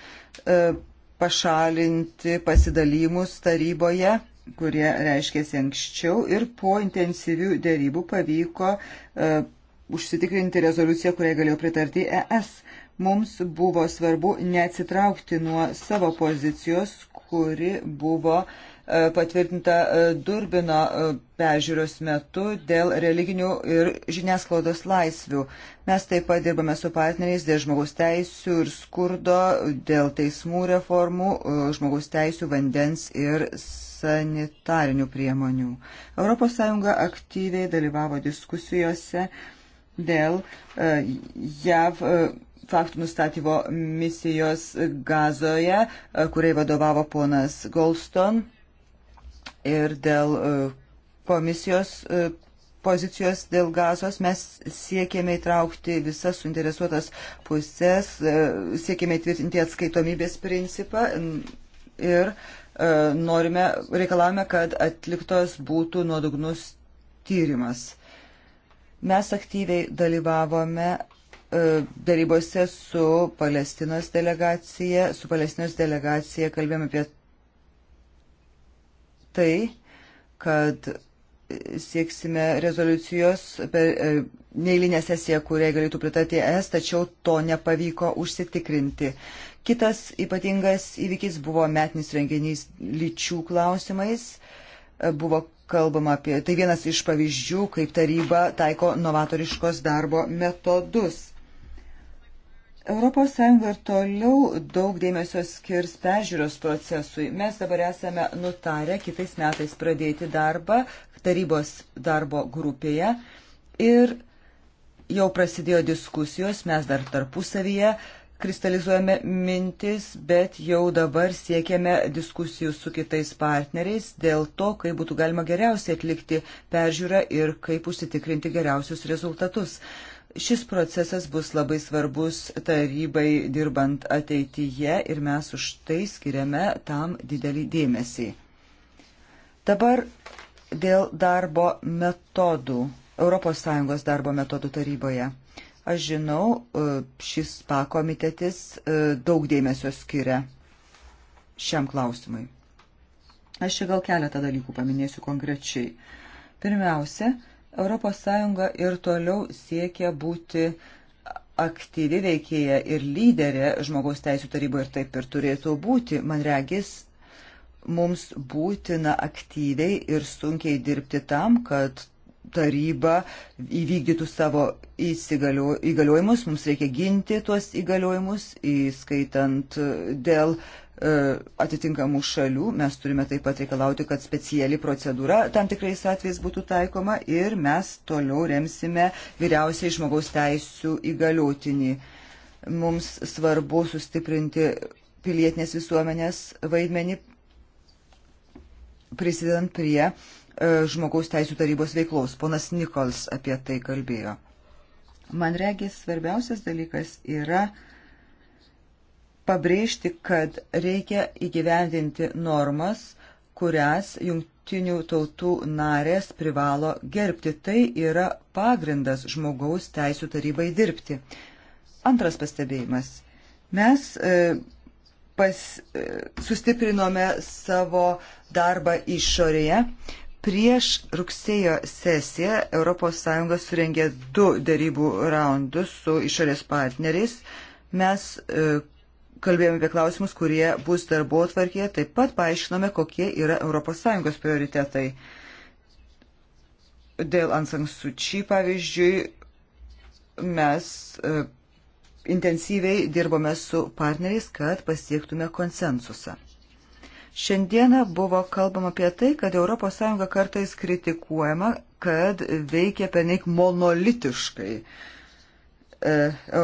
pašalinti pasidalymus taryboje kurie reiškėsi anksčiau ir po intensyvių dėrybų pavyko uh, užsitikrinti rezoliuciją, kuriai galėjo pritarti ES. Mums buvo svarbu neatsitraukti nuo savo pozicijos, kuri buvo uh, patvirtinta uh, Durbino uh, pežiūros metu dėl religinių ir žiniasklaidos laisvių. Mes taip pat dirbame su partneriais dėl žmogaus teisų ir skurdo, dėl teismų reformų, žmogaus teisų, vandens ir sanitarinių priemonių. ES aktyviai dalyvavo diskusijose dėl e, JAV e, faktų nustatymo misijos Gazoje, e, kuriai vadovavo ponas Goldstone ir dėl komisijos pozicijos dėl gazos mes siekėme įtraukti visas suinteresuotas pusės, siekėme įtvirtinti atskaitomybės principą ir uh, E, norime, reikalavome, kad atliktos būtų nuodugnus tyrimas. Mes aktyviai dalyvavome e, darybose su Palestinos delegacija, su Palestinos delegacija kalbėjome apie tai, kad sieksime rezoliucijos per e, neįlinę sesiją, kuriai galėtų pritarti ES, tačiau to nepavyko užsitikrinti. Kitas ypatingas įvykis buvo metinis renginys lyčių klausimais. Buvo kalbama apie, tai vienas iš pavyzdžių, kaip taryba taiko novatoriškos darbo metodus. ES ir toliau daug dėmesio skirs peržiūros procesui. Mes dabar esame nutarę kitais metais pradėti darbą tarybos darbo grupėje ir jau prasidėjo diskusijos, mes dar tarpusavyje uh, kristalizuojame mintis, bet jau dabar siekiame diskusijų su kitais partneriais dėl to, kaip būtų galima geriausiai atlikti peržiūrą ir kaip užsitikrinti geriausius rezultatus. Šis procesas bus labai svarbus tarybai dirbant ateityje ir mes už tai skiriame tam didelį dėmesį. Dabar dėl darbo metodų, ES darbo metodų taryboje. Aš žinau, e, šis pakomitetis e, daug dėmesio skiria šiam klausimui. Aš čia gal keletą dalykų paminėsiu konkrečiai. Pirmiausia, ES ir toliau siekia būti aktyvi veikėja ir lyderė žmogaus teisų taryboje ir taip ir turėtų būti. Man regis, mums būtina aktyviai ir sunkiai dirbti tam, kad taryba įvykdytų savo įgaliojimus, mums reikia ginti tuos įgaliojimus, įskaitant dėl e, atitinkamų šalių. Mes turime taip pat reikalauti, kad speciali procedūra tam tikrais atvejais būtų taikoma ir mes toliau remsime vyriausiai žmogaus teisų įgaliotinį. Mums svarbu sustiprinti pilietinės visuomenės vaidmenį prisidedant prie uh, E, žmogaus teisų tarybos veiklos. Ponas Nikols apie tai kalbėjo. Man regis svarbiausias dalykas yra pabrėžti, kad reikia įgyvendinti normas, kurias jungtinių tautų narės privalo gerbti. Tai yra pagrindas žmogaus teisų tarybai dirbti. Antras pastebėjimas. Mes e, pas, e, sustiprinome savo darbą išorėje, Prieš rugsėjo sesiją ES surengė du darybų raundus su išorės partneriais. Mes e, kalbėjome apie klausimus, kurie bus darbo tvarkėje, taip pat paaiškinome, kokie yra ES prioritetai. Dėl Ansangsučiai, pavyzdžiui, mes e, intensyviai dirbome su partneriais, kad pasiektume konsensusą. Šiandieną buvo kalbama apie tai, kad ES kartais kritikuojama, kad veikia peneik monolitiškai. E, e,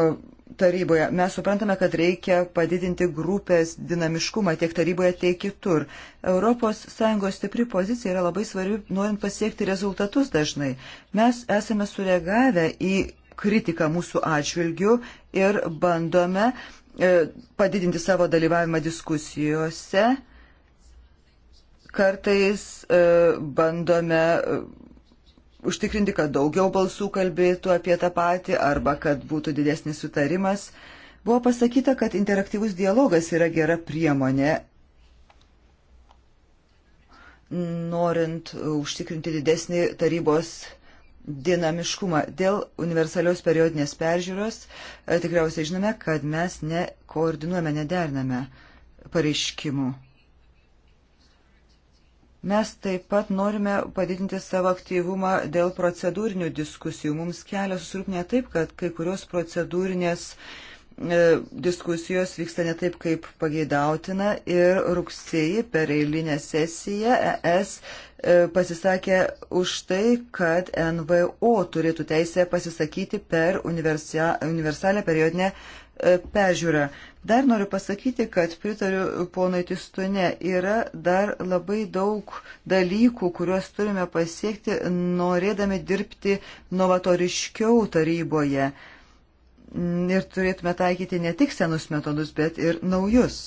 taryboje. Mes suprantame, kad reikia padidinti grupės dinamiškumą tiek taryboje, tiek kitur. ES stipri pozicija yra labai svarbi, norint pasiekti rezultatus dažnai. Mes esame sureagavę į kritiką mūsų atžvilgių ir bandome e, padidinti savo dalyvavimą diskusijose Kartais e, bandome e, užtikrinti, kad daugiau balsų kalbėtų apie tą patį arba kad būtų didesnis sutarimas. Buvo pasakyta, kad interaktyvus dialogas yra gera priemonė, norint užtikrinti didesnį tarybos dinamiškumą. Dėl universalios periodinės peržiūros e, tikriausiai žinome, kad mes nekoordinuojame, nedername pareiškimų. Mes taip pat norime padidinti savo aktyvumą dėl procedūrinių diskusijų. Mums kelia susirūpinę taip, kad kai kurios procedūrinės e, diskusijos vyksta ne taip, kaip pageidautina ir rugsėjį per eilinę sesiją ES e, pasisakė už tai, kad NVO turėtų teisę pasisakyti per universalę periodinę e, peržiūrą. Dar noriu pasakyti, kad pritariu ponai Tistune, yra dar labai daug dalykų, kuriuos turime pasiekti, norėdami dirbti novatoriškiau taryboje. Ir turėtume taikyti ne tik senus metodus, bet ir naujus.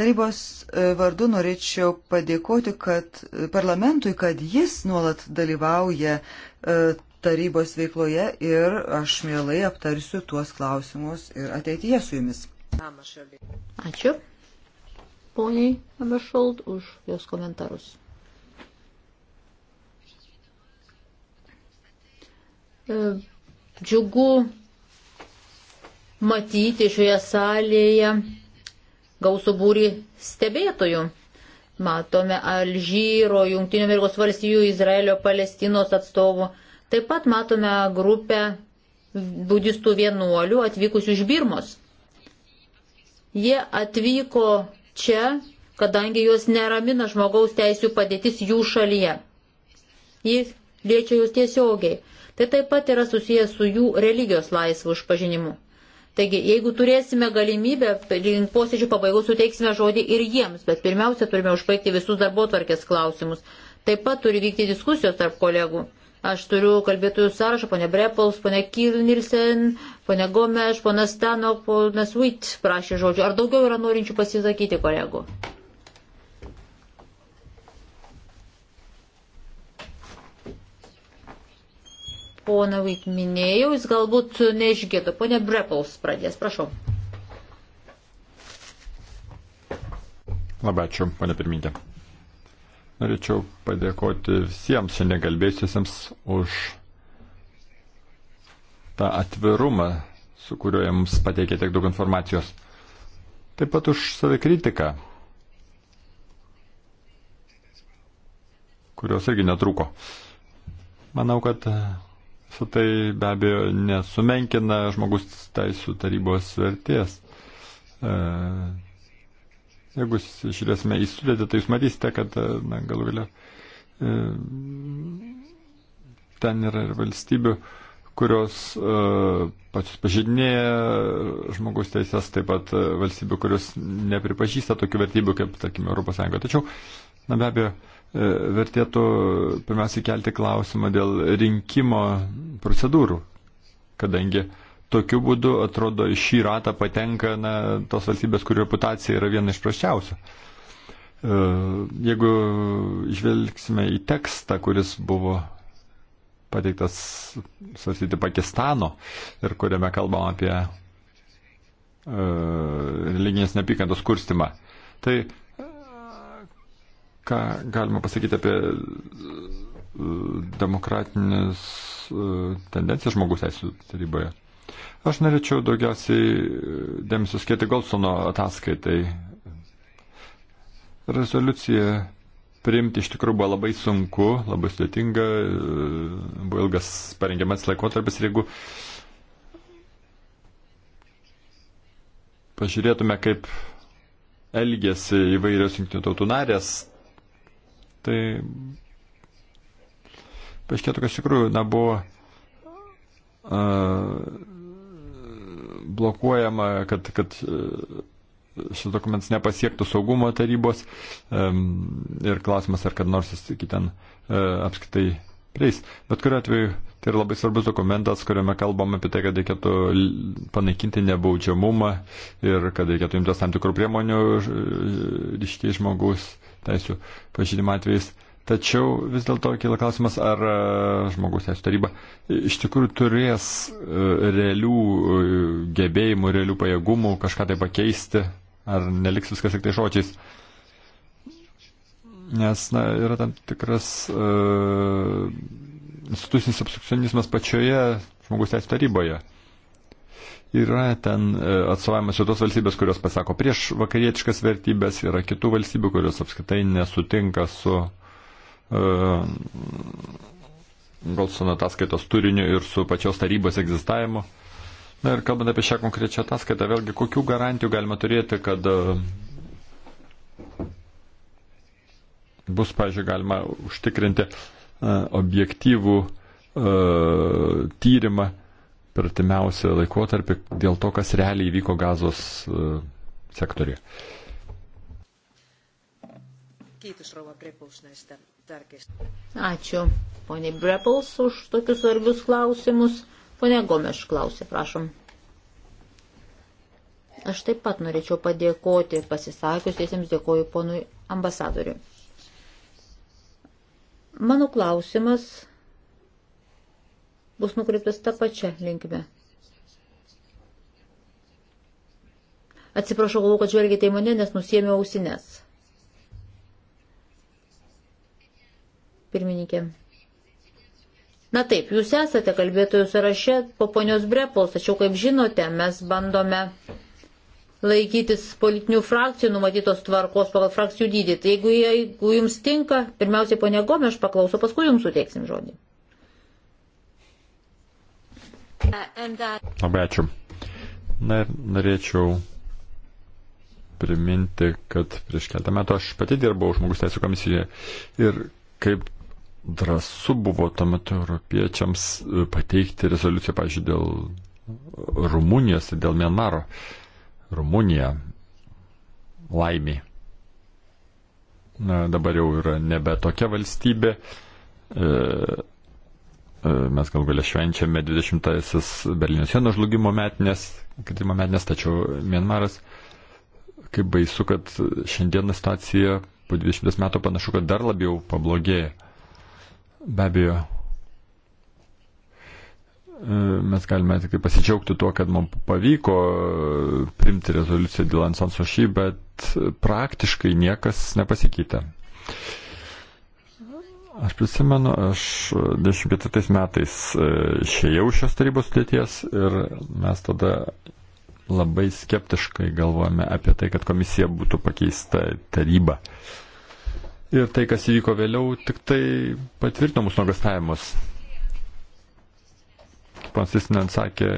Tarybos e, vardu norėčiau padėkoti kad e, parlamentui, kad jis nuolat dalyvauja e, tarybos veikloje ir aš mielai aptarsiu tuos klausimus ir ateityje su jumis. Ačiū poniai Amešold už jos komentarus. E, džiugu matyti šioje salėje gausų būrį stebėtojų. Matome Alžyro, Junktinio Amerikos valstijų, Izraelio, Palestinos atstovų Taip pat matome grupę budistų vienuolių atvykusių iš Birmos. Jie atvyko čia, kadangi juos neramina žmogaus teisų padėtis jų šalyje. Jis liečia juos tiesiogiai. Tai taip pat yra susijęs su jų religijos laisvų išpažinimu. Taigi, jeigu turėsime galimybę, link posėdžių pabaigos suteiksime žodį ir jiems, bet pirmiausia turime užbaigti visus darbo tvarkės klausimus. Taip pat turi vykti diskusijos tarp kolegų. Aš turiu kalbėtojų sąrašą, ponė Brepols, ponė Kilnilsen, ponė Gomeš, ponas Stano, ponas Witt prašė žodžių. Ar daugiau yra norinčių pasisakyti kolegų? Pona Witt minėjau, jis galbūt neišgėdo. Ponė Brepols pradės, prašau. Labai ačiū, ponė pirmininkė. Norėčiau padėkoti visiems šiandien kalbėjusiesiems už tą atvirumą, su kuriuo jums pateikė tiek daug informacijos. Taip pat už savikritiką, kurios irgi netrūko. Manau, kad su tai be abejo nesumenkina žmogus teisų tarybos vertės. E, Jeigu žiūrėsime į sudėtį, tai jūs matysite, kad e, na, galų galia e, ten yra ir valstybių, kurios e, pačius pažydinėja žmogaus teisės, taip pat e, valstybių, kurios nepripažįsta tokių vertybių kaip, tarkim, ES. Tačiau, na be abejo, e, vertėtų pirmiausiai kelti klausimą dėl rinkimo procedūrų, kadangi e, tokiu būdu, atrodo, šį ratą patenka na, tos valstybės, kurių reputacija yra viena iš praščiausių. E, jeigu žvelgsime į tekstą, kuris buvo pateiktas svarstyti Pakistano ir kuriame kalbam apie uh, religinės nepykantos kurstimą, tai e, ką galima pasakyti apie demokratinės tendencijas žmogus teisų taryboje. Aš norėčiau daugiausiai e, dėmesio skėti Golsono ataskaitai. Rezoliucija priimti iš tikrųjų buvo labai sunku, labai sudėtinga, e, buvo ilgas parengiamas laikotarpis ir jeigu pažiūrėtume, kaip elgėsi įvairios jungtinių tautų narės, tai paaiškėtų, kad iš tikrųjų na, buvo uh, blokuojama, kad, kad e, šis dokumentas nepasiektų saugumo tarybos ir klausimas, ar kad nors jis iki ten e, apskritai prieis. Bet kuriu atveju tai yra labai svarbus dokumentas, kuriame kalbam apie tai, kad reikėtų panaikinti nebaudžiamumą ir kad reikėtų imtis tam tikrų priemonių ryškiai žmogaus teisų pažydimo atvejais. Tačiau vis dėlto kyla klausimas, ar e, žmogus teisų taryba iš tikrųjų turės e, realių e, gebėjimų, realių pajėgumų kažką tai pakeisti, ar neliks viskas tik tai žodžiais. Nes na, yra tam tikras uh, institucinis obstrukcionizmas pačioje žmogus teisų taryboje. Yra ten atsovavimas šitos valstybės, kurios pasako prieš vakarietiškas vertybės, yra kitų valstybių, kurios apskaitai nesutinka su E, Golsono ataskaitos turiniu ir su pačios tarybos egzistavimu. Na ir kalbant apie šią konkrečią ataskaitą, vėlgi kokių garantijų galima turėti, kad e, bus, pažiūrėjau, galima užtikrinti e, objektyvų tyrimą per timiausią laikotarpį dėl to, kas realiai įvyko gazos sektoriuje. Kiitos Rova Brepuls näistä tärkeistä. Ačiū, ponė Brepuls, už tokius svarbius klausimus. Pone Gomeš klausė, prašom. Aš taip pat norėčiau padėkoti pasisakiusiesiems, dėkoju ponui ambasadoriui. Mano klausimas bus nukreiptas tą pačią linkmę. Atsiprašau, galvoju, kad žvelgite į mane, nes nusėmiau ausines. pirmininkė. Na taip, jūs esate kalbėtojų sąraše po ponios Brepols, tačiau kaip žinote, mes bandome laikytis politinių frakcijų numatytos tvarkos pagal frakcijų dydį. Tai jeigu, jeigu jums tinka, pirmiausiai ponia Gomė, aš paklausau, paskui jums suteiksim žodį. Labai ačiū. Na ir norėčiau priminti, kad prieš keltą metų aš pati dirbau žmogus teisų komisijoje ir kaip drąsu buvo tuo metu europiečiams e, pateikti rezoliuciją, pažiūrėjau, dėl Rumunijos ir dėl Mianmaro. Rumunija laimė. Na, dabar jau yra nebe tokia valstybė. E, e mes gal galia švenčiame 20-asis Berlyno sienų žlugimo metinės, kritimo metinės, tačiau Mianmaras, kaip baisu, kad šiandieną situacija po 20 metų panašu, kad dar labiau pablogėja. Be abejo, e, mes galime tik tai pasidžiaugti tuo, kad mums pavyko e, primti rezoliuciją dėl Ansanso šį, bet praktiškai niekas nepasikeitė. Aš prisimenu, aš 24 metais e, išėjau iš šios tarybos sudėties ir mes tada labai skeptiškai galvojame apie tai, kad komisija būtų pakeista taryba. Uh, Ir tai, kas įvyko vėliau, tik tai patvirtino mūsų nuogastavimus. Pansistinen sakė,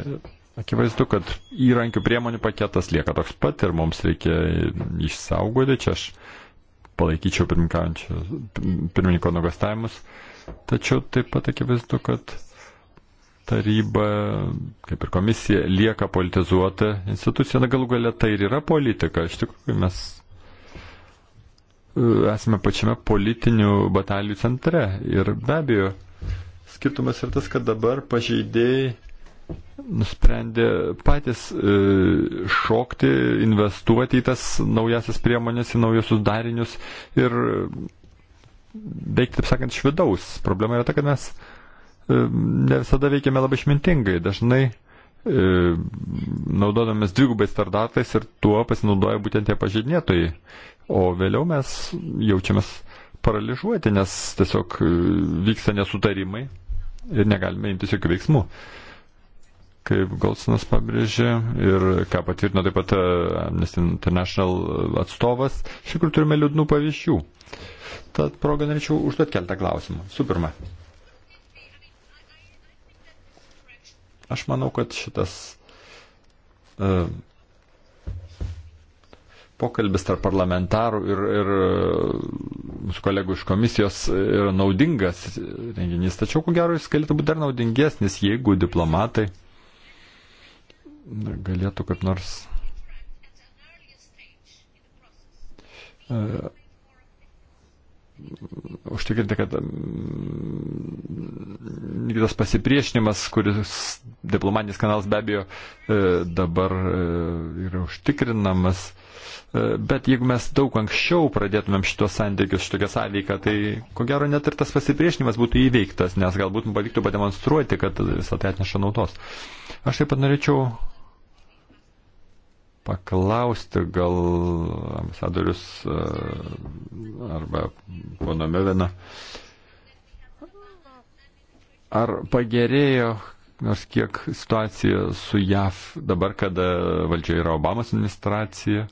akivaizdu, kad įrankių priemonių paketas lieka toks pat ir mums reikia išsaugoti. Čia aš palaikyčiau pirmininko nuogastavimus. Tačiau taip pat akivaizdu, kad taryba, kaip ir komisija, lieka politizuota institucija. Na galų galia tai ir yra politika. Iš tikrųjų mes esame pačiame politinių batalijų centre. Ir be abejo, skirtumas yra tas, kad dabar pažeidėjai nusprendė patys e, šokti, investuoti į tas naujasias priemonės, į naujosius darinius ir e, veikti, taip sakant, iš vidaus. Problema yra ta, kad mes e, ne visada veikiame labai išmintingai. Dažnai naudodamas dvigubais standartais ir tuo pasinaudoja būtent tie pažeidinėtojai o vėliau mes jaučiamės paralyžuoti, nes tiesiog e, vyksta nesutarimai ir negalime imtis jokių veiksmų. Kaip Goldsonas pabrėžė ir ką patvirtino taip pat e, Amnesty International atstovas, iš tikrųjų turime liūdnų pavyzdžių. Tad progą norėčiau užduoti keltą klausimų. Su pirma, aš manau, kad šitas uh, pokalbis tarp parlamentarų ir, ir e, mūsų kolegų iš komisijos yra naudingas renginys, tačiau ko gero jis galėtų būti dar naudingesnis, jeigu diplomatai galėtų kaip nors uh, užtikrinti, kad tas mm, pasipriešinimas, kuris diplomatinis kanalas be abejo e, dabar yra užtikrinamas, Bet jeigu mes daug anksčiau pradėtumėm šitos santykius, šitokią sąveiką, tai ko gero net ir tas pasipriešinimas būtų įveiktas, nes galbūt pavyktų pademonstruoti, kad visą tai atneša naudos. Aš taip pat norėčiau paklausti gal ambasadorius e, arba pono Mevena, ar pagerėjo nors kiek situacija su JAV dabar, kada valdžioje yra Obamos administracija,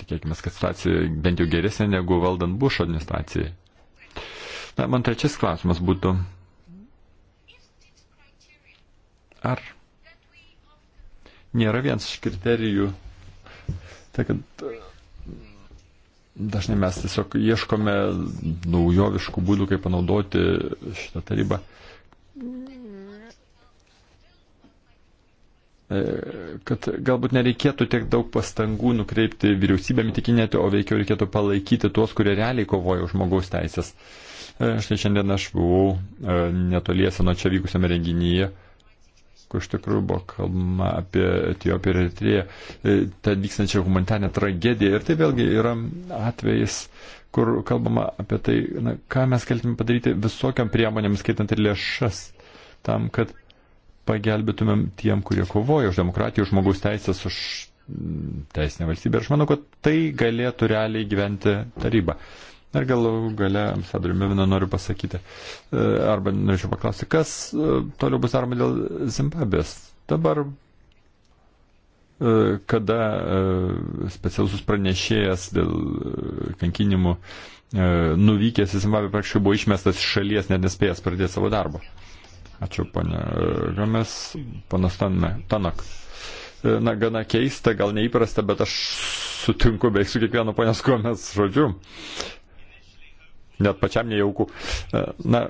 Tikėkime, kad situacija bent jau geresnė negu valdant Bušo administracijai. Na, man trečias klausimas būtų. Ar nėra vienas iš kriterijų, tai kad e, dažnai mes tiesiog ieškome naujoviškų būdų, kaip panaudoti šitą tarybą. Uh, E, kad galbūt nereikėtų tiek daug pastangų nukreipti vyriausybėm įtikinėti, o veikiau reikėtų palaikyti tuos, kurie realiai kovoja už žmogaus teisės. E, štai šiandien aš buvau e, netoliese nuo čia vykusiame renginyje, kur iš tikrųjų buvo kalbama apie Etiopiją ir Eritriją, ten vykstančią humanitarinę tragediją. Ir tai vėlgi yra atvejis, kur kalbama apie tai, na, ką mes galime padaryti visokiam priemonėm, skaitant ir lėšas, tam, kad pagelbėtumėm tiem, kurie kovoja už demokratiją, už žmogaus teisės, už mm, teisinę valstybę. Aš manau, kad tai galėtų realiai gyventi taryba. Ir galų gale ambasadoriui Mivino noriu pasakyti, e, arba norėčiau paklausti, kas e, toliau bus daroma dėl Zimbabvės. Dabar, e, kada specialusis pranešėjas dėl kankinimų nuvykęs į Zimbabvę, praktiškai buvo išmestas iš šalies, net nespėjęs pradėti savo darbo. Ačiū, ponė Gomes, panas Tanak. E, na, gana keista, gal neįprasta, bet aš sutinku beveik su kiekvienu ponios Gomes žodžiu. Net pačiam nejaukų. E, na,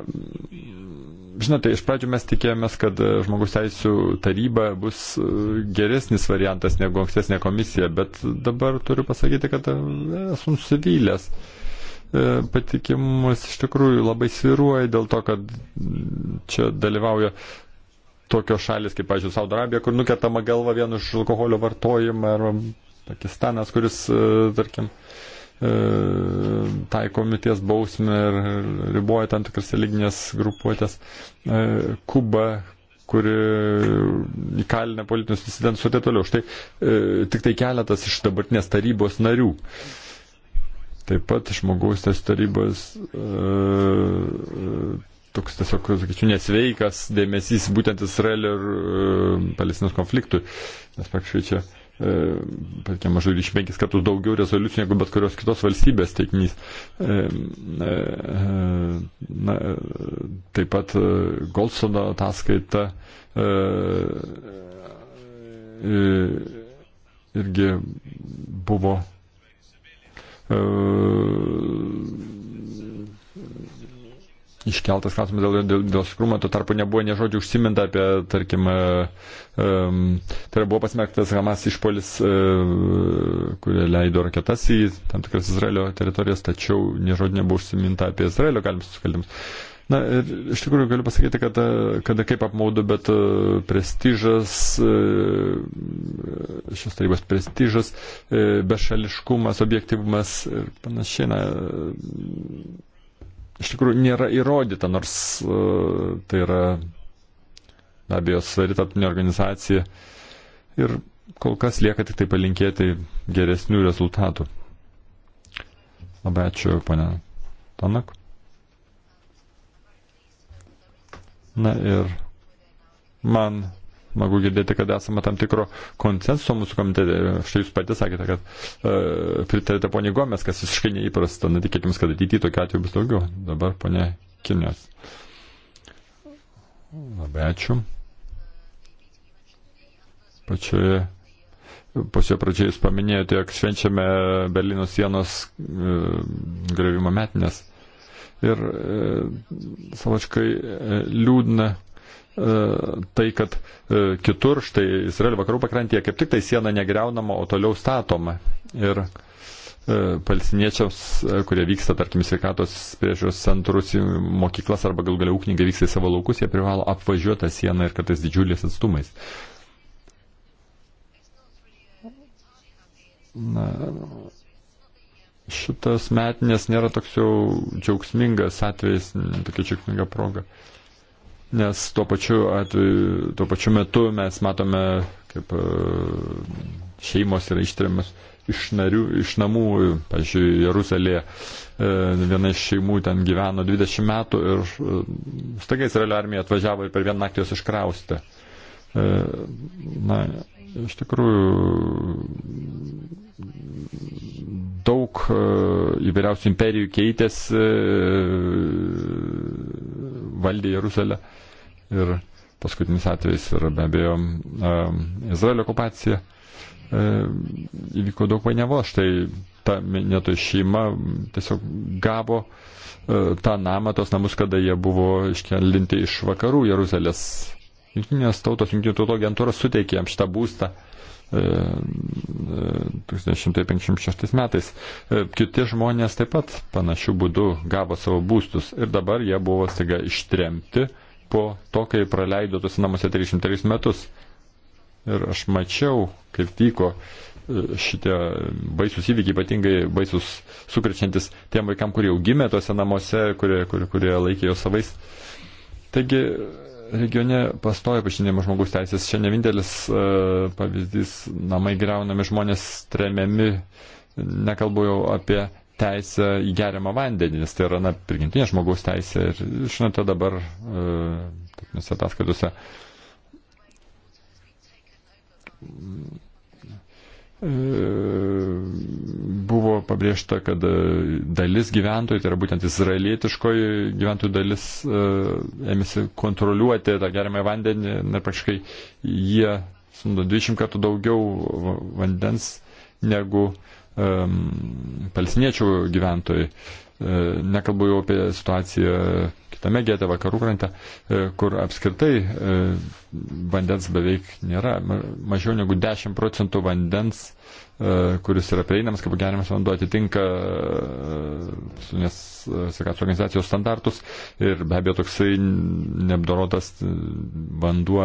žinote, iš pradžių mes tikėjomės, kad žmogus teisų taryba bus geresnis variantas negu ankstesnė komisija, bet dabar turiu pasakyti, kad e, esu nusivylęs. E, E, patikimumas iš tikrųjų labai sviruoja dėl to, kad čia dalyvauja tokios šalis kaip, pažiūrėjau, Saudo Arabija, kur nukertama galva vien už alkoholio vartojimą, ar Pakistanas, kuris, e, tarkim, e, taiko mirties bausmę ir riboja tam tikras religinės grupuotės. Kuba, kuri įkalina politinius disidentus ir taip toliau. Štai tik tai keletas iš dabartinės tarybos narių. E, Taip pat žmogaus teisų tarybos e, e, toks tiesiog, sakyčiau, nesveikas dėmesys būtent Izraelio ir uh, Palestinos konfliktui. Nes praktiškai čia, patikė, uh, mažai 25 kartus daugiau rezoliucijų negu bet kurios kitos valstybės teikinys. Uh, na, taip pat Goldsono ataskaita irgi buvo iškeltas klausimas dėl, dėl, dėl skrumo, tuo tarpu nebuvo ne žodžių užsiminta apie, tarkim, um, tai buvo pasmerktas Hamas išpolis, uh, kurie leido raketas į tam tikras Izraelio teritorijas, tačiau ne žodžių nebuvo užsiminta apie Izraelio galimus nusikaltimus. Uh, Na ir iš tikrųjų galiu pasakyti, kad, kad kaip apmaudu, bet e, prestižas, e, e, šios tarybos prestižas, bešališkumas, objektivumas ir panašiai, na, iš tikrųjų nėra įrodyta, nors tai yra be abejo svari tarptinė organizacija ir kol kas lieka tik tai palinkėti geresnių rezultatų. Labai ačiū, ponia Tanak. Na ir man smagu girdėti, kad esame tam tikro konsensuso mūsų komitete. Štai jūs pati sakėte, kad e, pritarėte ponė Gomės, kas visiškai neįprasta. Na tikėkime, kad ateityje tokių atvejų bus daugiau. Dabar ponė Kinės. Labai ačiū. Pačioje Pusio pradžioje jūs paminėjote, jog švenčiame Berlyno sienos e, grevimo metinės. Ir e, savačkai e, liūdna e, tai, kad e, kitur, štai Izraelio vakarų pakrantėje, kaip tik tai siena negreunama, o toliau statoma. Ir e, palestiniečiams, e, kurie vyksta, tarkim, sveikatos priežiūros centrus į mokyklas arba gal galiau ūkininkai vyksta į savo laukus, jie privalo apvažiuoti tą sieną ir kartais didžiuliais atstumais. Na, šitas metinės nėra toks jau džiaugsmingas atvejis, tokia džiaugsminga proga. Nes tuo pačiu, atveju, tuo pačiu metu mes matome, kaip e, šeimos yra ištiriamas iš, narių, iš namų, pažiūrėjau, Jeruzalėje e, viena iš šeimų ten gyveno 20 metų ir e, staiga Izraelio armija atvažiavo ir per vieną naktį jos iškraustė. Na, iš tikrųjų daug e, įvairiausių imperijų keitėsi, e, valdė Jeruzalę. Ir paskutinis atvejis yra be abejo e, Izraelio okupacija. Įvyko daug painiavo, štai ta minėtoji šeima tiesiog gavo tą namą, tos namus, kada jie buvo iškelinti iš vakarų Jeruzalės. Junktinės tautos, jungtinių tautų agentūra suteikė jam šitą būstą. 1956 e, metais. E, kiti žmonės taip pat panašių būdų gavo savo būstus ir dabar jie buvo staiga ištremti po to, kai praleido tuose namuose 33 metus. Ir aš mačiau, kaip vyko e, šitie baisus įvykiai, ypatingai baisus sukrečiantis tiem vaikam, kurie jau gimė tuose namuose, kurie, kurie, kurie laikė jo savais. Taigi regione pastoja pažinėjimo žmogus teisės. Čia ne vienintelis e, pavyzdys, namai greunami žmonės tremiami, nekalbu jau apie teisę į geriamą vandenį, nes tai yra, na, prigimtinė žmogaus teisė. Ir žinote dabar, e, tokiuose ataskaitose, E, buvo pabrėžta, kad e, dalis gyventojų, tai yra būtent izraelietiškoji gyventojų dalis, e, ėmėsi kontroliuoti tą geriamą vandenį, ir praktiškai jie sundo 20 kartų daugiau vandens negu um, palestiniečių gyventojai. Uh, E, nekalbu jau apie situaciją kitame gete vakarų krante, e, kur apskritai e, vandens beveik nėra, mažiau negu 10 procentų vandens, kuris yra prieinamas kaip geriamas vanduo, atitinka sveikatos organizacijos standartus ir be abejo toksai neapdorotas vanduo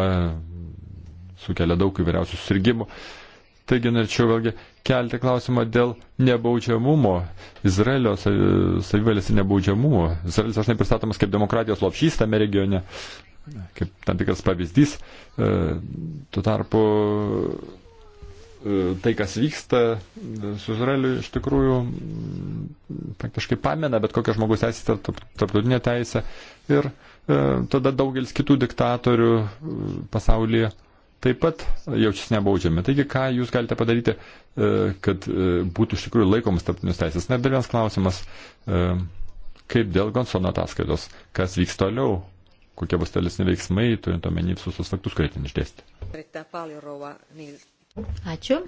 sukelia daug įvairiausių sirgymų. Taigi norėčiau vėlgi kelti klausimą dėl nebaudžiamumo, Izraelio savivalės nebaudžiamumo. Izraelis dažnai pristatomas kaip demokratijos lopšys tame regione, kaip tam tikras pavyzdys. E, tuo tarpu e, tai, kas vyksta su Izraeliu, iš tikrųjų praktiškai pamena bet kokią žmogus teisę, tarptautinę teisę. Ir e, tada daugelis kitų diktatorių pasaulyje taip pat jaučiasi nebaudžiami. Taigi, ką jūs galite padaryti, e, kad e, būtų iš tikrųjų laikomas tarptautinis teisės? Na ir dar vienas klausimas, e, kaip dėl Gonsono ataskaitos, kas vyks toliau, kokie bus tolesni veiksmai, turint omeny visus tos faktus, kurie ten išdėsti. Ačiū.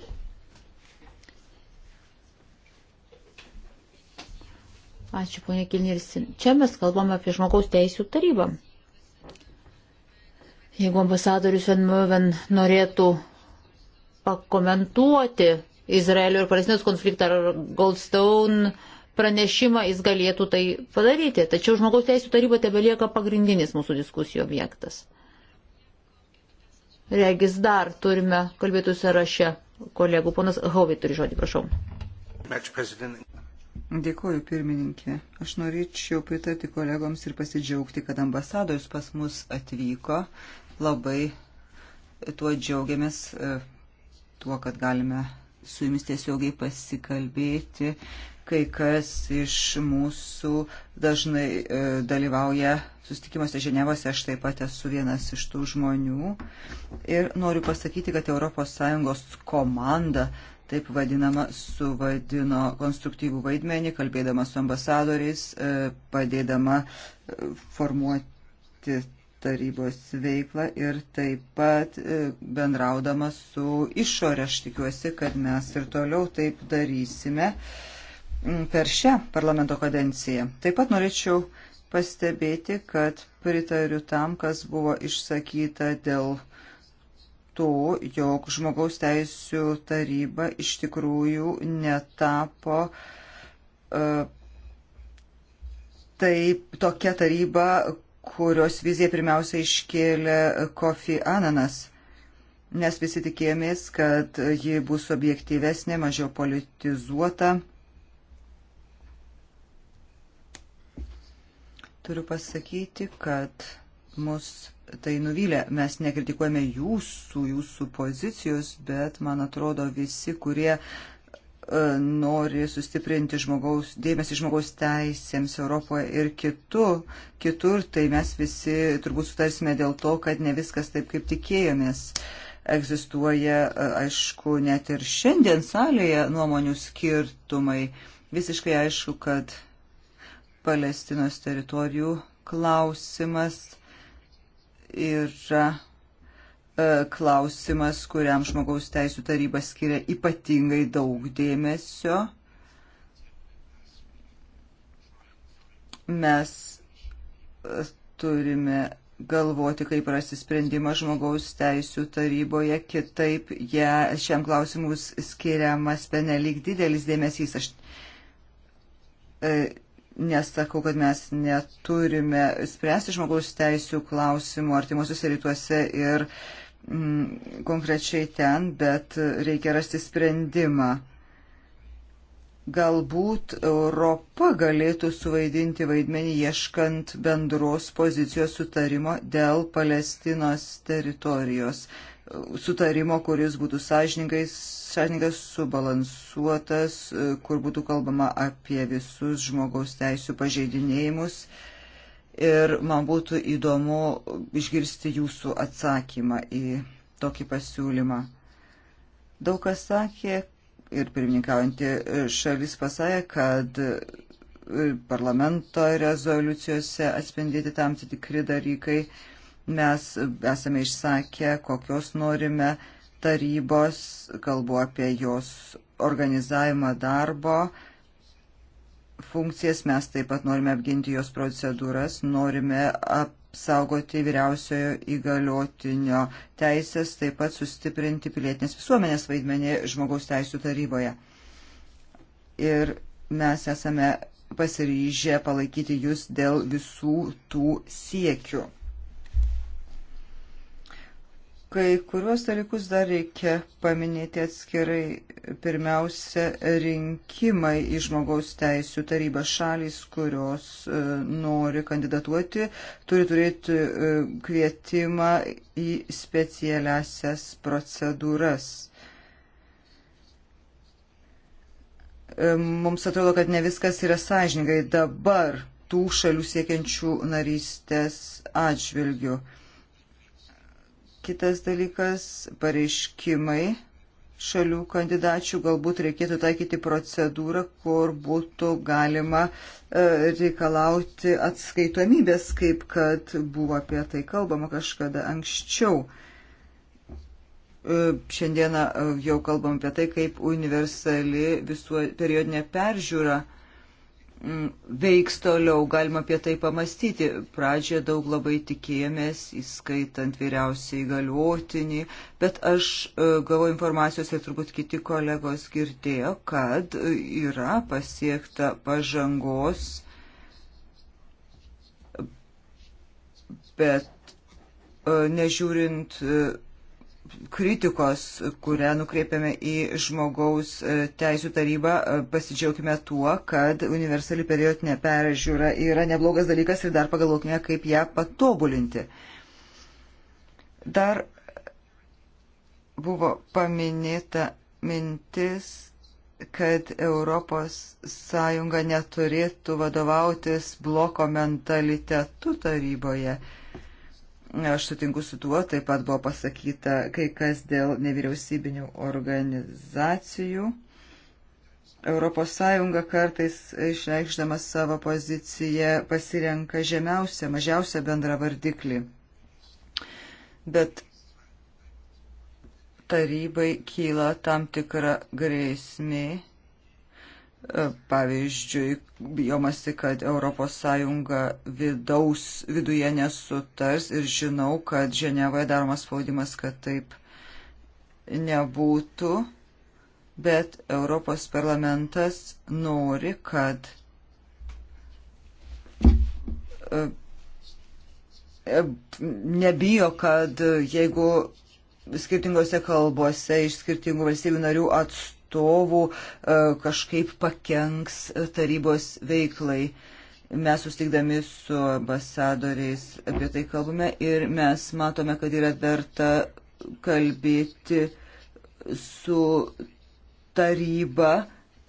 Ačiū, ponė Kilnirsin. Čia mes kalbame apie žmogaus teisų tarybą. Jeigu ambasadorius Van Möven norėtų pakomentuoti Izraelio ir Palestinos konfliktą ar Goldstone pranešimą, jis galėtų tai padaryti. Tačiau žmogaus teisų taryba tebelieka pagrindinis mūsų diskusijų objektas. Regis dar turime kalbėtų sąraše kolegų. Ponas Hovai turi žodį, prašau. Dėkuoju, pirmininkė. Aš norėčiau pritarti kolegoms ir pasidžiaugti, kad ambasadorius pas mus atvyko labai tuo džiaugiamės, e, tuo, kad galime su jumis tiesiogiai pasikalbėti. Kai kas iš mūsų dažnai e, dalyvauja sustikimuose Ženevose, aš taip pat esu vienas iš tų žmonių. Ir noriu pasakyti, kad ES komanda taip vadinama, suvadino konstruktyvų vaidmenį, kalbėdama su ambasadoriais, e, padėdama formuoti tarybos veiklą ir taip pat e, bendraudama su išorė. Aš tikiuosi, kad mes ir toliau taip darysime per šią parlamento kadenciją. Taip pat norėčiau pastebėti, kad pritariu tam, kas buvo išsakyta dėl to, jog žmogaus teisų taryba iš tikrųjų netapo uh, taip tokia taryba, kurios viziją pirmiausia iškėlė Kofi Ananas, nes visi tikėjomės, kad ji bus objektyvesnė, mažiau politizuota. Turiu pasakyti, kad mus tai nuvylė. Mes nekritikuojame jūsų, jūsų pozicijos, bet man atrodo visi, kurie uh, E, nori sustiprinti žmogaus, dėmesį žmogaus teisėms Europoje ir kitu, kitur, tai mes visi turbūt sutarsime dėl to, kad ne viskas taip, kaip tikėjomės. Egzistuoja, e, aišku, net ir šiandien salėje nuomonių skirtumai. Visiškai aišku, kad Palestinos teritorijų klausimas yra E, klausimas, kuriam žmogaus teisų taryba skiria ypatingai daug dėmesio. Mes e, turime galvoti, kaip rasti sprendimą žmogaus teisų taryboje, kitaip ja, šiam klausimus skiriamas penelik didelis dėmesys. Aš e, nesakau, kad mes neturime spręsti žmogaus teisų klausimų artimuosiuose rytuose ir e, mm, konkrečiai ten, bet reikia rasti sprendimą. Galbūt Europa galėtų suvaidinti vaidmenį ieškant bendros pozicijos sutarimo dėl Palestinos teritorijos. Sutarimo, kuris būtų sąžininkas, subalansuotas, kur būtų kalbama apie visus žmogaus teisų pažeidinėjimus ir man būtų įdomu išgirsti jūsų atsakymą į tokį pasiūlymą. Daug kas sakė ir pirmininkaujantį šalis pasakė, kad e, parlamento rezoliucijose atspindėti tam tikri dalykai. Mes esame išsakę, kokios norime tarybos, kalbu apie jos organizavimą darbo, funkcijas, mes taip pat norime apginti jos procedūras, norime apsaugoti vyriausiojo įgaliotinio teisės, taip pat sustiprinti pilietinės visuomenės vaidmenį žmogaus teisų taryboje. Ir mes esame pasiryžę palaikyti jūs dėl visų tų siekių. Kai kuriuos dalykus dar reikia paminėti atskirai. Pirmiausia, rinkimai į žmogaus teisų tarybą šalys, kurios e, nori kandidatuoti, turi turėti e, kvietimą į specialiasias procedūras. E, mums atrodo, kad ne viskas yra sąžiningai dabar tų šalių siekiančių narystės atžvilgių. E, Kitas dalykas - pareiškimai šalių kandidačių galbūt reikėtų taikyti procedūrą, kur būtų galima e, reikalauti atskaitomybės, kaip kad buvo apie tai kalbama kažkada anksčiau. E, šiandieną jau kalbam apie tai, kaip universali visuo periodinė peržiūra uh, Mm, veiks toliau, galima apie tai pamastyti. Pradžioje daug labai tikėjomės, įskaitant vyriausiai galiotinį, bet aš e, gavau informacijos ir turbūt kiti kolegos girdėjo, kad yra pasiekta pažangos, bet e, nežiūrint e, kritikos, kurią nukreipiame į žmogaus e, teisų tarybą, e, pasidžiaugime tuo, kad universali periodinė peržiūra yra neblogas dalykas ir dar pagalvokime, kaip ją patobulinti. Dar buvo paminėta mintis, kad Europos Sąjunga neturėtų vadovautis bloko mentalitetu taryboje. Aš sutinku su tuo, taip pat buvo pasakyta kai kas dėl nevyriausybinių organizacijų. ES kartais išreikšdama savo poziciją pasirenka žemiausią, mažiausią bendrą vardiklį. Bet tarybai kyla tam tikra grėsmė Pavyzdžiui, bijomasi, kad ES vidaus, viduje nesutars ir žinau, kad Ženevoje daromas spaudimas, kad taip nebūtų, bet Europos parlamentas nori, kad e, e, nebijo, kad jeigu skirtingose kalbose iš skirtingų valstybių narių atstovų, atstovų e, kažkaip pakenks tarybos veiklai. Mes sustikdami su ambasadoriais apie tai kalbame ir mes matome, kad yra verta kalbėti su taryba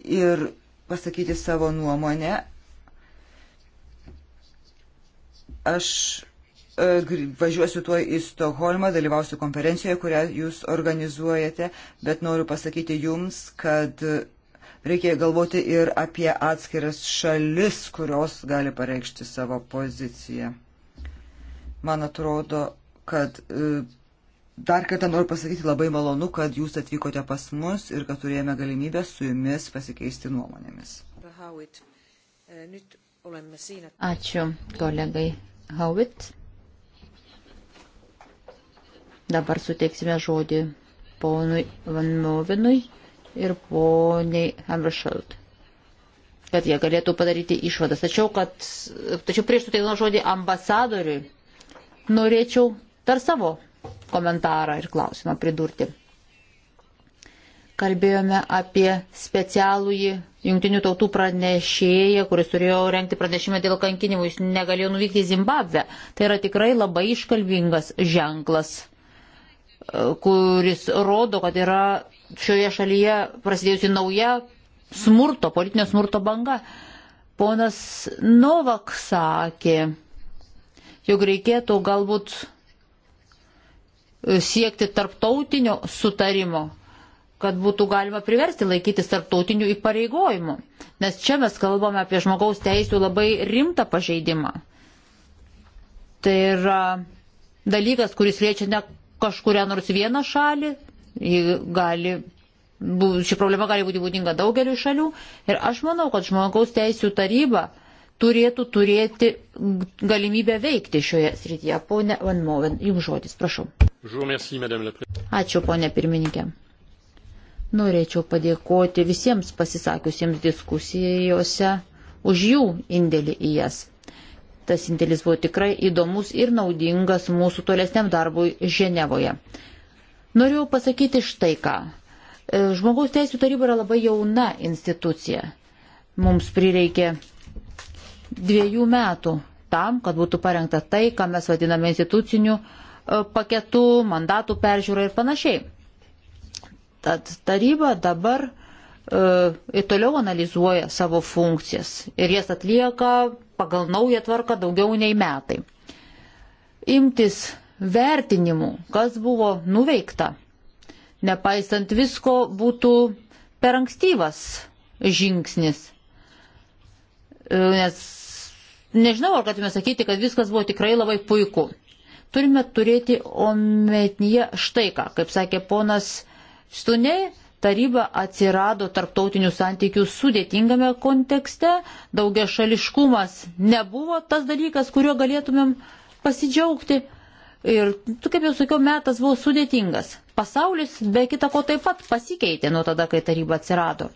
ir pasakyti savo nuomonę. Aš E, važiuosiu tuo į Stokholmą, dalyvausiu konferencijoje, kurią jūs organizuojate, bet noriu pasakyti jums, kad reikia galvoti ir apie atskiras šalis, kurios gali pareikšti savo poziciją. Man atrodo, kad e, dar kartą noriu pasakyti labai malonu, kad jūs atvykote pas mus ir kad turėjome galimybę su jumis pasikeisti nuomonėmis. E, Ačiū, kolegai Howitt. Dabar suteiksime žodį ponui Van Movinui ir poniai Hammerschild, kad jie galėtų padaryti išvadas. Tačiau, kad, tačiau prieš suteikdama žodį ambasadoriui, norėčiau dar savo komentarą ir klausimą pridurti. Kalbėjome apie specialųjį jungtinių tautų pranešėją, kuris turėjo renkti pranešimą dėl kankinimų, jis negalėjo nuvykti į Zimbabvę. Tai yra tikrai labai iškalbingas ženklas kuris rodo, kad yra šioje šalyje prasidėjusi nauja smurto, politinio smurto banga. Ponas Novak sakė, jog reikėtų galbūt siekti tarptautinio sutarimo, kad būtų galima priversti laikytis tarptautinių įpareigojimų. Nes čia mes kalbame apie žmogaus teisų labai rimtą pažeidimą. Tai yra dalykas, kuris liečia ne kažkuria nors vieną šalį, gali, ši problema gali būti būdinga daugeliu šalių ir aš manau, kad žmogaus teisų taryba turėtų turėti galimybę veikti šioje srityje. Pone Van Moven, jums žodis, prašau. Ačiū, ponė pirmininkė. Norėčiau padėkoti visiems pasisakiusiems diskusijose už jų indėlį į jas. Tas indėlis buvo tikrai įdomus ir naudingas mūsų tolesniam darbui Ženevoje. Norėjau pasakyti štai ką. E, žmogaus teisų taryba yra labai jauna institucija. Mums prireikė dviejų metų tam, kad būtų parengta tai, ką mes vadiname instituciniu e, paketu, mandatų peržiūra ir panašiai. Tad taryba dabar E, ir toliau analizuoja savo funkcijas ir jas atlieka pagal naują tvarką daugiau nei metai. Imtis vertinimų, kas buvo nuveikta, nepaisant visko, būtų per ankstyvas žingsnis. E, nes nežinau, ar galime sakyti, kad viskas buvo tikrai labai puiku. Turime turėti omenyje štai ką, kaip sakė ponas Stuniai, taryba atsirado tarptautinių santykių sudėtingame kontekste, daugia šališkumas nebuvo tas dalykas, kuriuo galėtumėm pasidžiaugti. Ir, kaip jau sakiau, metas buvo sudėtingas. Pasaulis be kita ko taip pat pasikeitė nuo tada, kai taryba atsirado.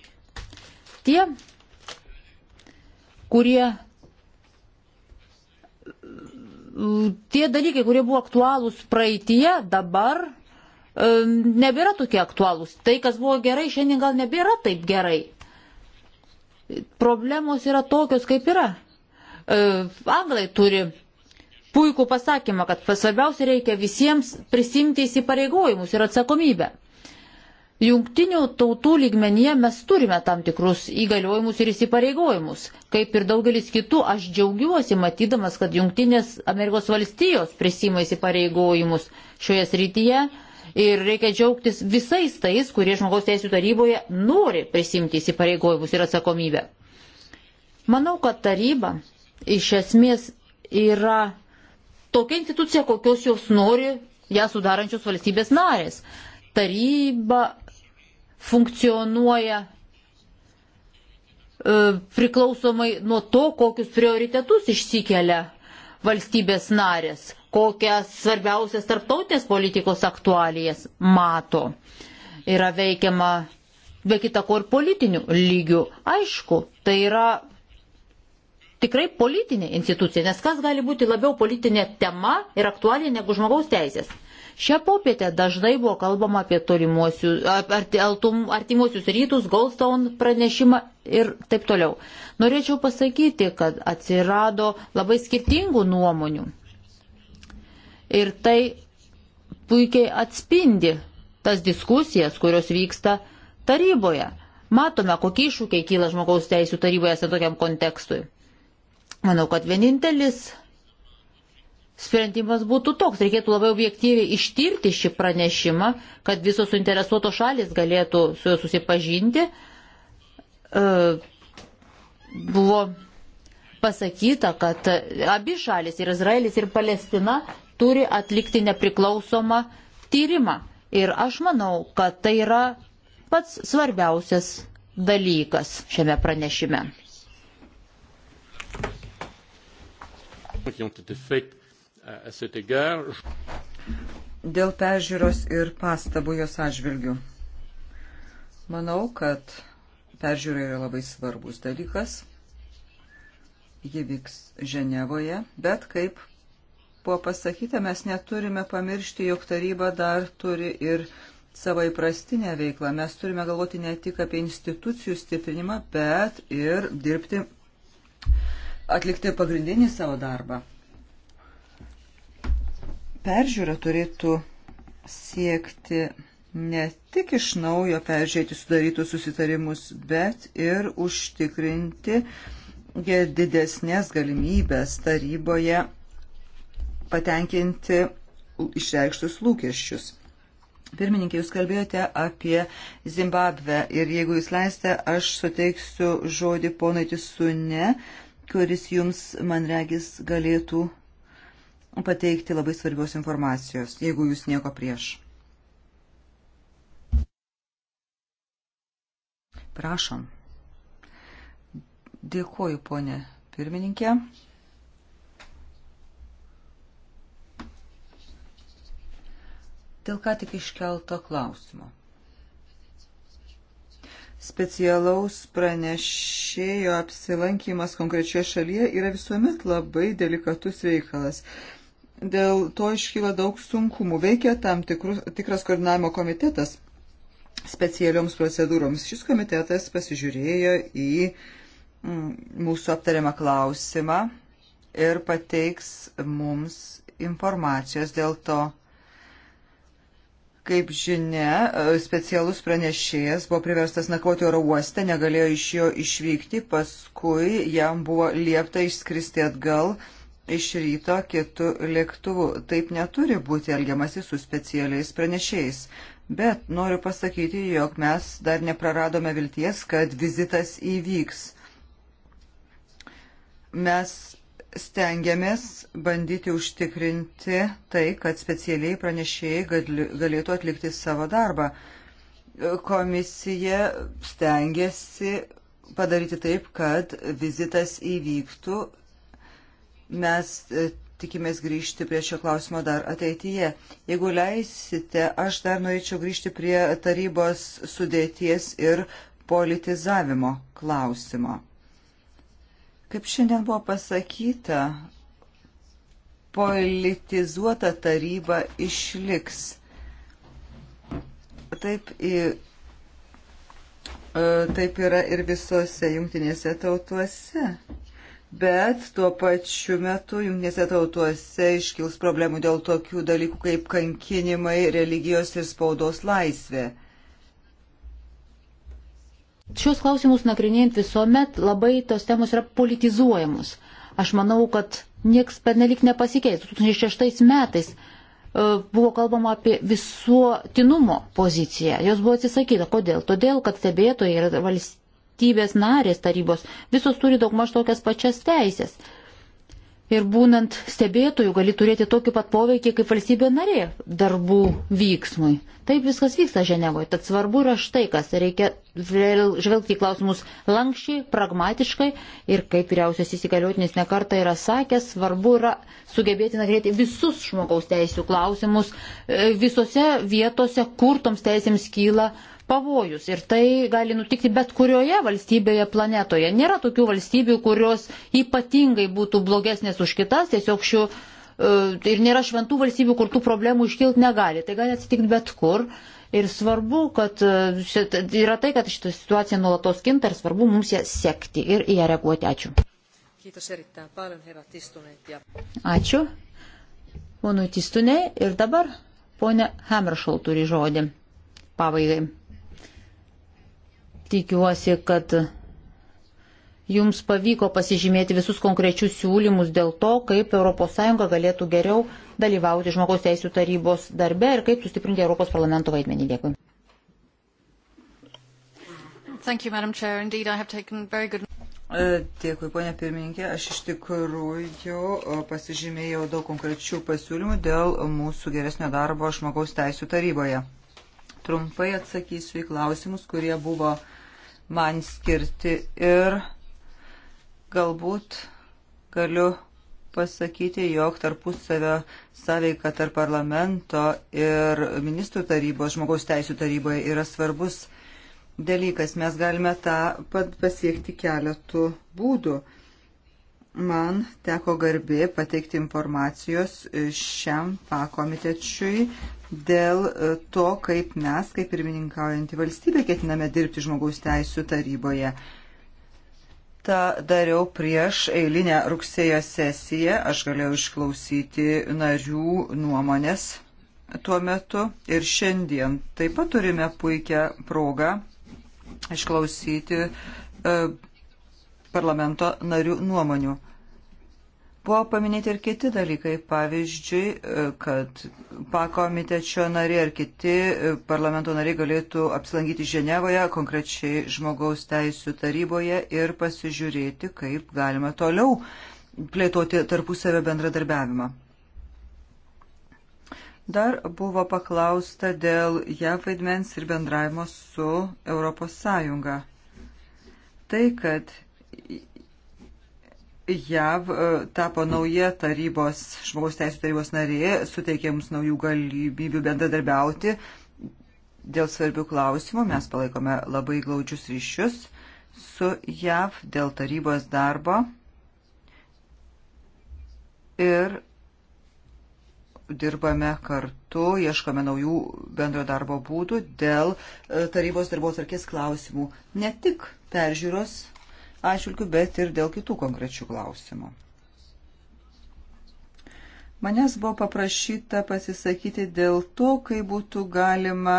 Tie, kurie. Tie dalykai, kurie buvo aktualūs praeitie, dabar nebėra tokie aktualūs. Tai, kas buvo gerai, šiandien gal nebėra taip gerai. Problemos yra tokios, kaip yra. Anglai turi puikų pasakymą, kad svarbiausia reikia visiems prisimti įsipareigojimus ir atsakomybę. Jungtinių tautų lygmenyje mes turime tam tikrus įgaliojimus ir įsipareigojimus. Kaip ir daugelis kitų, aš džiaugiuosi matydamas, kad Jungtinės Amerikos valstijos prisima įsipareigojimus šioje srityje Ir reikia džiaugtis visais tais, kurie žmogaus teisų taryboje nori prisimti įsipareigojimus ir atsakomybę. Manau, kad taryba iš esmės yra tokia institucija, kokios jos nori ją sudarančios valstybės narės. Taryba funkcionuoja e, priklausomai nuo to, kokius prioritetus išsikelia valstybės narės, kokias svarbiausias tarptautinės politikos aktualijas mato. Yra veikiama be kita ko ir politinių lygių. Aišku, tai yra tikrai politinė institucija, nes kas gali būti labiau politinė tema ir aktualiai negu žmogaus teisės. Šią popietę dažnai buvo kalbama apie artimuosius rytus, Goldstone pranešimą ir taip toliau. Norėčiau pasakyti, kad atsirado labai skirtingų nuomonių. Ir tai puikiai atspindi tas diskusijas, kurios vyksta taryboje. Matome, kokie iššūkiai kyla žmogaus teisų taryboje esant tokiam kontekstui. Manau, kad vienintelis sprendimas būtų toks. Reikėtų labai objektyviai ištirti šį pranešimą, kad visos suinteresuotos šalis galėtų su juo susipažinti. E, buvo pasakyta, kad abi šalis, ir Izraelis, ir Palestina, turi atlikti nepriklausomą tyrimą. Ir aš manau, kad tai yra pats svarbiausias dalykas šiame pranešime. qui ont été faites Dėl peržiūros ir pastabų jos atžvilgių. Manau, kad peržiūra yra labai svarbus dalykas. Ji vyks Ženevoje, bet kaip buvo pasakyta, mes neturime pamiršti, jog taryba dar turi ir savo įprastinę veiklą. Mes turime galvoti ne tik apie institucijų stiprinimą, bet ir dirbti, atlikti pagrindinį savo darbą peržiūra turėtų siekti ne tik iš naujo peržiūrėti sudarytus susitarimus, bet ir užtikrinti didesnės galimybės taryboje patenkinti išreikštus lūkesčius. Pirmininkė, jūs kalbėjote apie Zimbabvę ir jeigu jūs leiste, aš suteiksiu žodį ponai Tisune, kuris jums, man regis, galėtų pateikti labai svarbios informacijos, jeigu jūs nieko prieš. Prašom. Dėkuoju, ponė pirmininkė. Dėl ką tik iškelto klausimo. Specialaus pranešėjo apsilankymas konkrečioje šalyje yra visuomet labai delikatus reikalas dėl to iškyla daug sunkumų. Veikia tam tikrus, tikras koordinavimo komitetas specialioms procedūroms. Šis komitetas pasižiūrėjo į mm, mūsų aptariamą klausimą ir pateiks mums informacijos dėl to. Kaip žinia, specialus pranešėjas buvo priverstas nakvoti oro uoste, negalėjo iš jo išvykti, paskui jam buvo liepta išskristi atgal iš ryto kitų lėktuvų. Taip neturi būti elgiamasi su specialiais pranešėjais. Bet noriu pasakyti, jog mes dar nepraradome vilties, kad vizitas įvyks. Mes stengiamės bandyti užtikrinti tai, kad specialiai pranešėjai galėtų atlikti savo darbą. Komisija stengiasi padaryti taip, kad vizitas įvyktų mes e, tikimės grįžti prie šio klausimo dar ateityje. Jeigu leisite, aš dar norėčiau grįžti prie tarybos sudėties ir politizavimo klausimo. Kaip šiandien buvo pasakyta, politizuota taryba išliks. Taip, į, e, taip yra ir visose jungtinėse tautuose bet tuo pačiu metu jungtinėse tautuose iškils problemų dėl tokių dalykų kaip kankinimai, religijos ir spaudos laisvė. Šios klausimus nagrinėjant visuomet labai tos temos yra politizuojamos. Aš manau, kad nieks pernelik nepasikeis. 2006 metais e, buvo kalbama apie visuotinumo poziciją. Jos buvo atsisakyta. Kodėl? Todėl, kad stebėtojai ir valstybė valstybės narės tarybos, visos turi daugmaž tokias pačias teisės. Ir būnant stebėtojų gali turėti tokį pat poveikį kaip valstybė narė darbų vyksmui. Taip viskas vyksta Ženevoje. Tad svarbu yra štai kas. Reikia žvelgti į klausimus lankščiai, pragmatiškai ir kaip vyriausias įsigaliotinis nekarta yra sakęs, svarbu yra sugebėti nagrinėti visus žmogaus teisų klausimus e, visose vietose, kur toms teisėms kyla pavojus ir tai gali nutikti bet kurioje valstybėje planetoje. Nėra tokių valstybių, kurios ypatingai būtų blogesnės už kitas, tiesiog šių e, ir nėra šventų valstybių, kur tų problemų iškilti negali. Tai gali atsitikti bet kur. Ir svarbu, kad e, šit, yra tai, kad šitą situaciją nuolatos kinta ir svarbu mums ją sekti ir į ją reaguoti. Ačiū. Ačiū. Ponui Tistunei ir dabar ponė Hammershall turi žodį. Pabaigai. Tikiuosi, kad jums pavyko pasižymėti visus konkrečius siūlymus dėl to, kaip ES galėtų geriau dalyvauti žmogaus teisų tarybos darbe ir kaip sustiprinti Europos parlamento vaidmenį. Dėkui. You, e, Dėkui, ponia pirmininkė. Aš iš tikrųjų e, pasižymėjau daug konkrečių pasiūlymų dėl mūsų geresnio darbo žmogaus teisų taryboje. Trumpai atsakysiu į klausimus, kurie buvo uh, man skirti ir galbūt galiu pasakyti, jog tarpusavio sąveika tarp parlamento ir ministrų tarybos, žmogaus teisų taryboje yra svarbus dalykas. Mes galime tą pasiekti keletų būdų. Man teko garbė pateikti informacijos šiam pakomitečiui dėl e, to, kaip mes, kaip pirmininkaujantį valstybę, ketiname dirbti žmogaus teisų taryboje. Ta dariau prieš eilinę rugsėjo sesiją, aš galėjau išklausyti narių nuomonės tuo metu ir šiandien taip pat turime puikią progą išklausyti e, parlamento narių nuomonių. Buvo paminėti ir kiti dalykai, pavyzdžiui, e, kad pakomitečio nariai ar kiti e, parlamento nariai galėtų apsilankyti Ženevoje, konkrečiai žmogaus teisų taryboje ir pasižiūrėti, kaip galima toliau plėtoti tarpusavio bendradarbiavimą. Dar buvo paklausta dėl JAV vaidmens ir bendravimo su ES. Tai, kad JAV e, tapo nauja tarybos, žmogaus teisų tarybos narė, suteikė mums naujų galimybių bendradarbiauti. Dėl svarbių klausimų mes palaikome labai glaudžius ryšius su JAV dėl tarybos darbo ir dirbame kartu, ieškome naujų bendro darbo būdų dėl e, tarybos darbos arkės klausimų. Ne tik peržiūros atšvilgių, bet ir dėl kitų konkrečių klausimų. Manęs buvo paprašyta pasisakyti dėl to, kaip būtų galima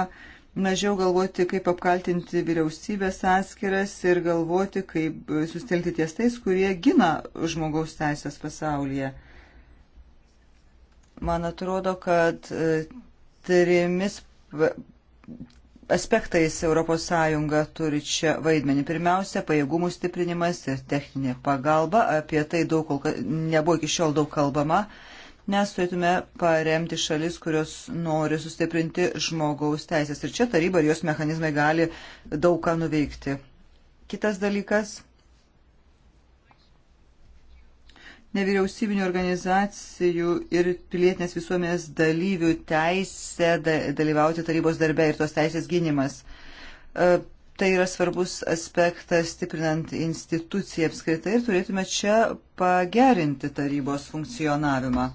mažiau galvoti, kaip apkaltinti vyriausybės atskiras ir galvoti, kaip sustelti ties tais, kurie gina žmogaus teisės pasaulyje. Man atrodo, kad trimis aspektais ES turi čia vaidmenį. Pirmiausia, pajėgumų stiprinimas ir techninė pagalba. Apie tai daug, kol, nebuvo iki šiol daug kalbama. Mes turėtume paremti šalis, kurios nori sustiprinti žmogaus teisės. Ir čia taryba ir jos mechanizmai gali daug ką nuveikti. Kitas dalykas nevyriausybinių organizacijų ir pilietinės visuomenės dalyvių teisę dalyvauti tarybos darbe ir tos teisės gynimas. E, tai yra svarbus aspektas stiprinant instituciją apskritai ir turėtume čia pagerinti tarybos funkcionavimą.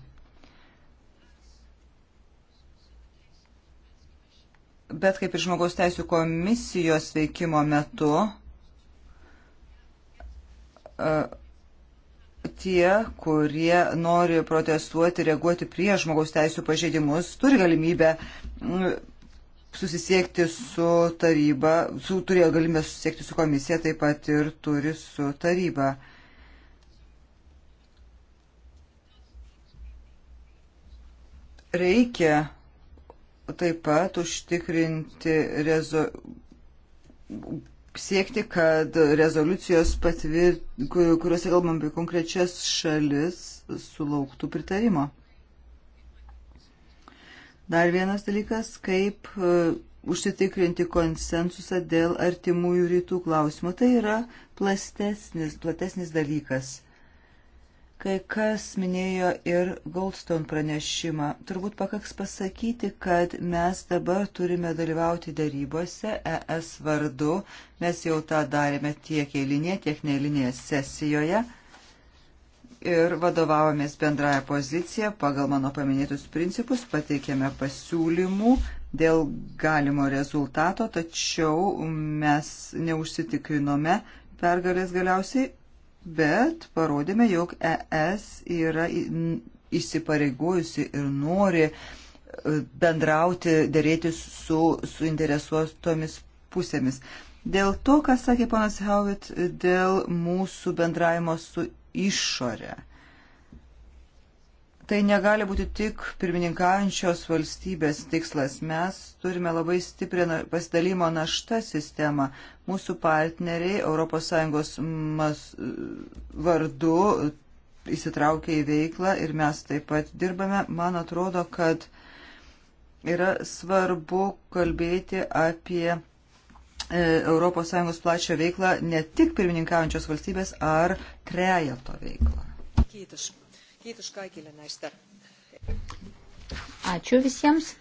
Bet kaip ir žmogaus teisų komisijos veikimo metu, e, tie, kurie nori protestuoti, reaguoti prie žmogaus teisų pažeidimus, turi galimybę mm, susisiekti su taryba, su, turėjo galimybę susisiekti su komisija, taip pat ir turi su taryba. Reikia taip pat užtikrinti rezo siekti, kad rezoliucijos patvir, kuriuose kalbam apie konkrečias šalis, sulauktų pritarimo. Dar vienas dalykas, kaip e, užsitikrinti konsensusą dėl artimųjų rytų klausimų. Tai yra plastesnis, platesnis dalykas. Kai kas minėjo ir Goldstone pranešimą. Turbūt pakaks pasakyti, kad mes dabar turime dalyvauti darybose ES vardu. Mes jau tą darėme tiek eilinėje, tiek neeilinėje sesijoje. Ir vadovavomės bendrąją poziciją pagal mano paminėtus principus, pateikėme pasiūlymų dėl galimo rezultato, tačiau mes neužsitikrinome pergalės galiausiai bet parodėme, jog ES yra įsipareigojusi ir nori e, bendrauti, dėrėti su suinteresuotomis pusėmis. Dėl to, ką sakė panas Howitt, dėl mūsų bendravimo su išorė. Tai negali būti tik pirmininkaujančios valstybės tikslas. Mes turime labai stiprią pasidalymo naštą sistemą. Mūsų partneriai ES mas, vardu įsitraukia į veiklą ir mes taip pat dirbame. Man atrodo, kad yra svarbu kalbėti apie e, ES plačio veiklą ne tik pirmininkaujančios valstybės ar trejato veiklą. Kiitos. Kiitos kaikille näistä. Ačiū visiems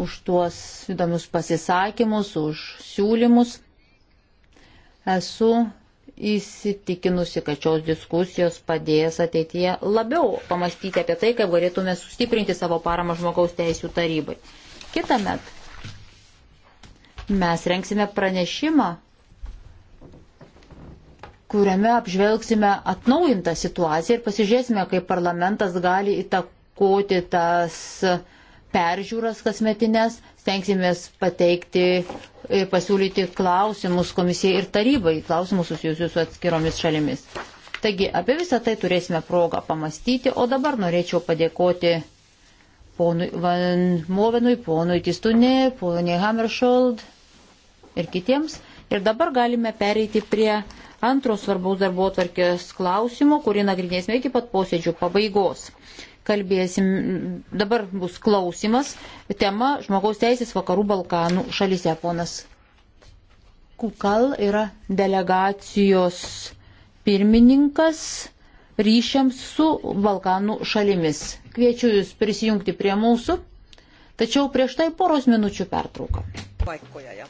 už tuos įdomius pasisakymus, už siūlymus. Esu įsitikinusi, kad šios diskusijos padės ateityje labiau pamastyti apie tai, kaip galėtume sustiprinti savo paramą žmogaus teisų tarybai. Kita met mes renksime pranešimą kuriame apžvelgsime atnaujintą situaciją ir pasižiūrėsime, kaip parlamentas gali įtakoti tas peržiūras kasmetinės, stengsimės pateikti ir pasiūlyti klausimus komisijai ir tarybai, klausimus susijusius su atskiromis šalimis. Taigi apie visą tai turėsime progą pamastyti, o dabar norėčiau padėkoti ponui Van Movenui, ponui Tistunė, poniai Hammershold ir kitiems. Ir dabar galime pereiti prie antro svarbaus darbo tvarkės klausimo, kurį nagrinėsime iki pat posėdžių pabaigos. Kalbėsim, dabar bus klausimas, tema žmogaus teisės vakarų Balkanų šalyse. Ponas Kukal yra delegacijos pirmininkas ryšiams su Balkanų šalimis. Kviečiu Jūs prisijungti prie mūsų, tačiau prieš tai poros minučių pertrauką paikkoja ja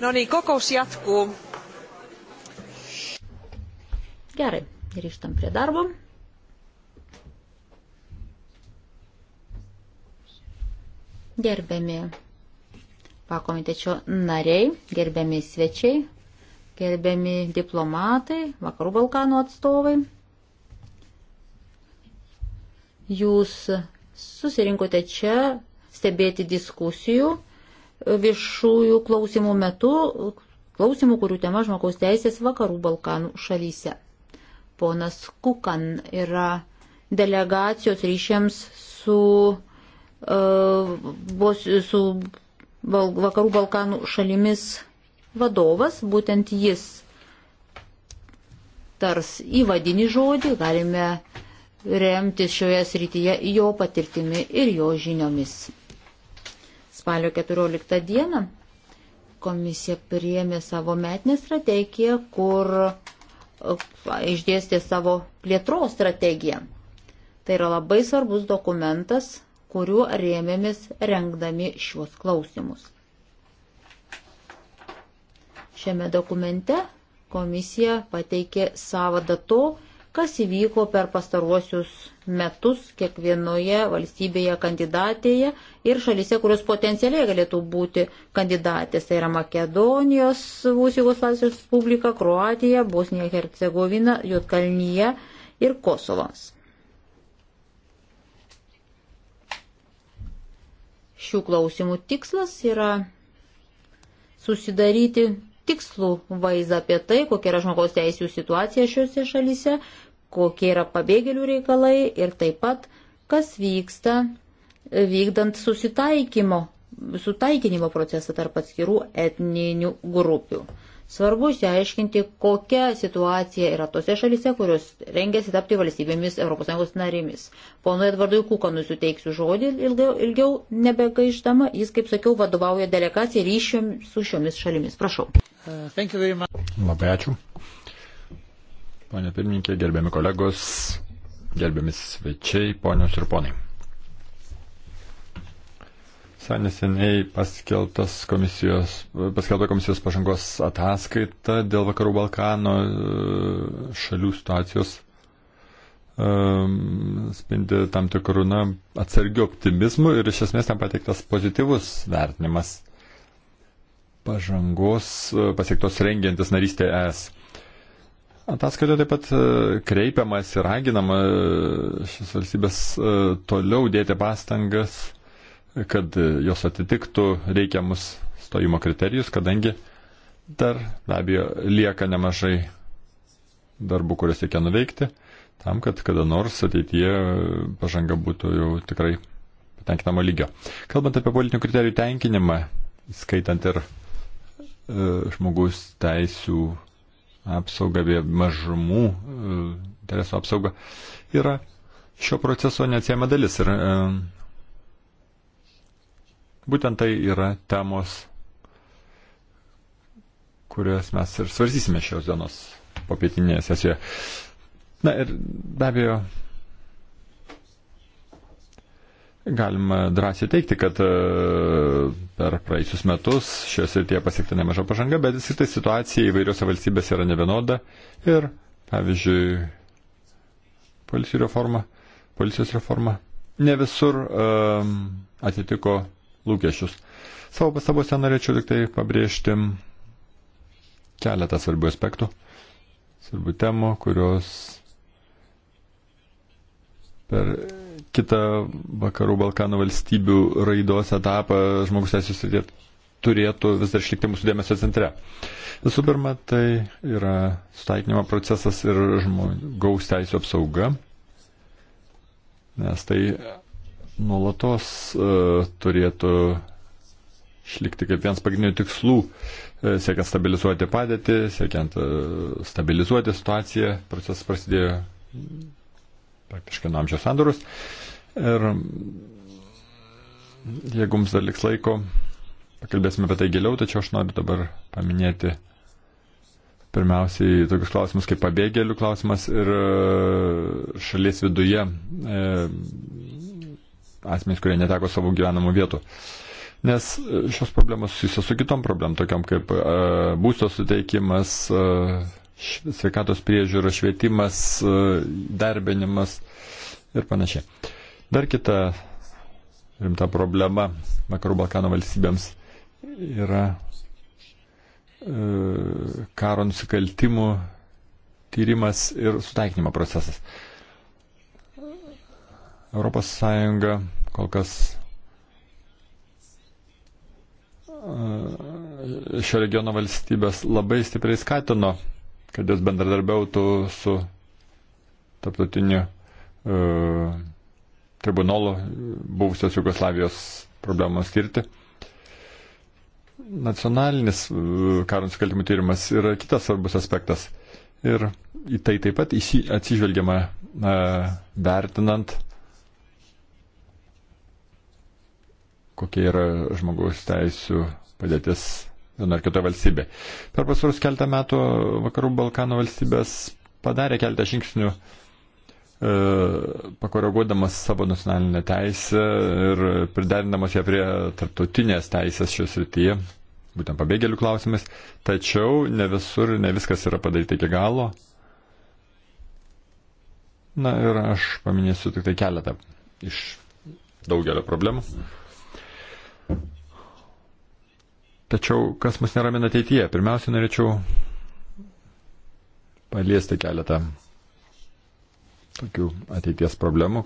No niin, kokous jatkuu. Gerai, grįžtam prie darbo. Gerbiami pakomitečio nariai, gerbiami svečiai, gerbiami diplomatai, vakarų Balkanų atstovai. Jūs susirinkote čia stebėti diskusijų viešųjų klausimų metu, klausimų, kurių tema žmogaus teisės vakarų Balkanų šalyse. Ponas Kukan yra delegacijos ryšiams su, uh, su Bal vakarų Balkanų šalimis vadovas, būtent jis tars įvadinį žodį, galime remtis šioje srityje jo patirtimi ir jo žiniomis. Spalio 14 dieną komisija priėmė savo metinę strategiją, kur e, išdėstė savo plėtros strategiją. Tai yra labai svarbus dokumentas, kuriuo rėmėmės rengdami šiuos klausimus. Šiame dokumente komisija pateikė savadą to, kas įvyko per pastaruosius metus kiekvienoje valstybėje kandidatėje ir šalyse, kurios potencialiai galėtų būti kandidatės. Tai yra Makedonijos, Vūsijos Latvijos Respublika, Kroatija, Bosnija, Hercegovina, Jotkalnyje ir Kosovas. Šių klausimų tikslas yra susidaryti tikslų vaizdą apie tai, kokia yra žmogaus teisų situacija šiuose šalyse, kokie yra pabėgėlių reikalai ir taip pat, kas vyksta e, vykdant susitaikymo, sutaikinimo procesą tarp atskirų etninių grupių. Svarbu išsiaiškinti, kokia situacija yra tose šalise, kurios rengiasi tapti valstybėmis ES narėmis. Pono Edvardui Kukanui suteiksiu žodį ilgiau, ilgiau nebegaištama, jis, kaip sakiau, vadovauja delegacijai ryšiam su šiomis šalimis. Prašau. Uh, Labai ačiū. Pane pirmininkė, gerbiami kolegos, gerbiami svečiai, ponios ir ponai. Neseniai paskelbta komisijos, komisijos pažangos ataskaita dėl Vakarų Balkano e, šalių situacijos e, spindi tam tikrų na, atsargių optimizmų ir iš esmės ten pateiktas pozityvus vertinimas pažangos e, pasiektos rengiantis narystė ES. Ataskaitoje taip pat e, kreipiamas ir raginama e, šis valstybės toliau dėti pastangas, kad jos atitiktų reikiamus stojimo kriterijus, kadangi dar be abejo lieka nemažai darbų, kuriuos reikia nuveikti, tam, kad kada nors ateityje pažanga būtų jau tikrai patenkinamo lygio. Kalbant apie politinių kriterijų tenkinimą, skaitant ir E, žmogaus teisų apsaugą bei mažumų e, interesų apsaugą yra šio proceso neatsiema dalis. Ir e, būtent tai yra temos, kurias mes ir svarstysime šios dienos popietinėje sesijoje. Na ir be abejo, Galima drąsiai teikti, kad e, per praeisius metus šios srityje pasiekta nemaža pažanga, bet vis tik tai situacija įvairiose valstybėse yra nevienoda ir, pavyzdžiui, policijų reforma, policijos reforma ne visur um, atitiko lūkesčius. Savo pastabose norėčiau tik tai pabrėžti keletą svarbių aspektų, svarbių temų, kurios per kitą vakarų Balkanų valstybių raidos etapą žmogus teisės turėtų vis dar išlikti mūsų dėmesio centre. Visų pirma, tai yra sutaikinimo procesas ir žmogaus teisų apsauga, nes tai nuolatos uh, turėtų išlikti kaip vienas pagrindinių tikslų, e, siekiant stabilizuoti padėtį, siekiant e, stabilizuoti situaciją. Procesas prasidėjo praktiškai nuo amžiaus sandorus. Ir jeigu mums dar liks laiko, pakalbėsime apie tai giliau, tačiau aš noriu dabar paminėti pirmiausiai tokius klausimus kaip pabėgėlių klausimas ir e, šalies viduje e, asmenys, kurie neteko savo gyvenamų vietų. Nes e, šios problemos susijusios su kitom problemom, tokiam kaip e, būsto suteikimas, e, sveikatos priežiūra, švietimas, e, darbinimas ir panašiai. Dar kita rimta problema Vakarų Balkano valstybėms yra e, karo nusikaltimų tyrimas ir sutaikinimo procesas. ES kol kas e, šio regiono valstybės labai stipriai skatino kad jis bendradarbiautų su tarptautiniu e, tribunolu e, buvusios Jugoslavijos problemos tirti. Nacionalinis e, karo nusikaltimų tyrimas yra kitas svarbus aspektas. Ir į tai taip pat atsižvelgiama e, vertinant, kokia yra žmogaus teisų padėtis vienoje ar kitoje valstybėje. Per pasarus keltą metų vakarų Balkanų valstybės padarė keltą žingsnių e, pakoreguodamas savo nacionalinę teisę ir priderinamas ją prie tarptautinės teisės šios rytyje, būtent pabėgėlių klausimais, tačiau ne visur, ne viskas yra padaryta iki galo. Na ir aš paminėsiu tik tai keletą iš daugelio problemų. Tačiau kas mus neramina ateityje? Pirmiausia, norėčiau paliesti keletą tokių ateities problemų.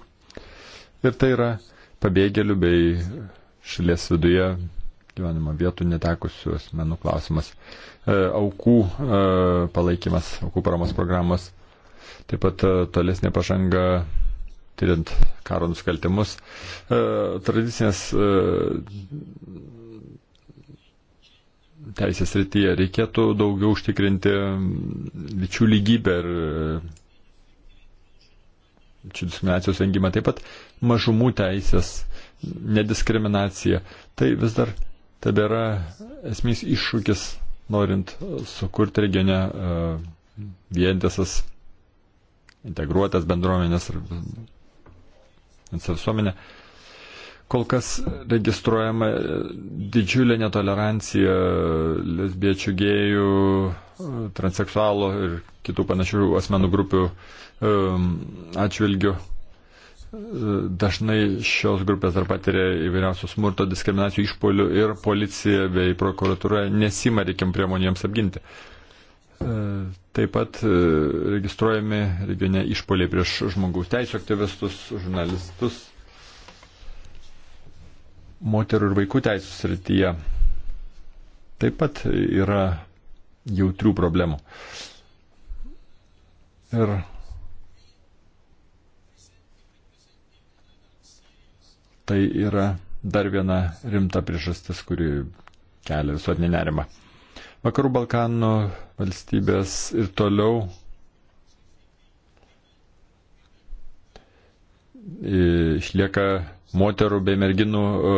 Ir tai yra pabėgėlių bei šalies viduje gyvenimo vietų netekusių asmenų klausimas, e, aukų e, palaikymas, aukų paramos programos, taip pat e, tolesnė pažanga tyriant karo nusikaltimus, e, tradicinės e, teisės rytyje. Reikėtų daugiau užtikrinti lyčių lygybę ir e, lyčių diskriminacijos vengimą, taip pat mažumų teisės, nediskriminacija. Tai vis dar tebėra esminis iššūkis, norint sukurti regione e, vientisas, integruotas bendruomenės ir visuomenę. Uh, Kol kas registruojama didžiulė netolerancija lesbiečių, gėjų, transseksualų ir kitų panašių asmenų grupių um, atžvilgių. Dažnai šios grupės dar patiria įvairiausių smurto, diskriminacijų išpolių ir policija bei prokuratūra nesima reikiam priemonėms apginti. E, taip pat e, registruojami regione išpoliai prieš žmogaus teisų aktyvistus, žurnalistus moterų ir vaikų teisų srityje taip pat yra jautrių problemų. Ir tai yra dar viena rimta priežastis, kuri kelia visuotinį nerimą. Vakarų Balkanų valstybės ir toliau išlieka moterų bei merginų e,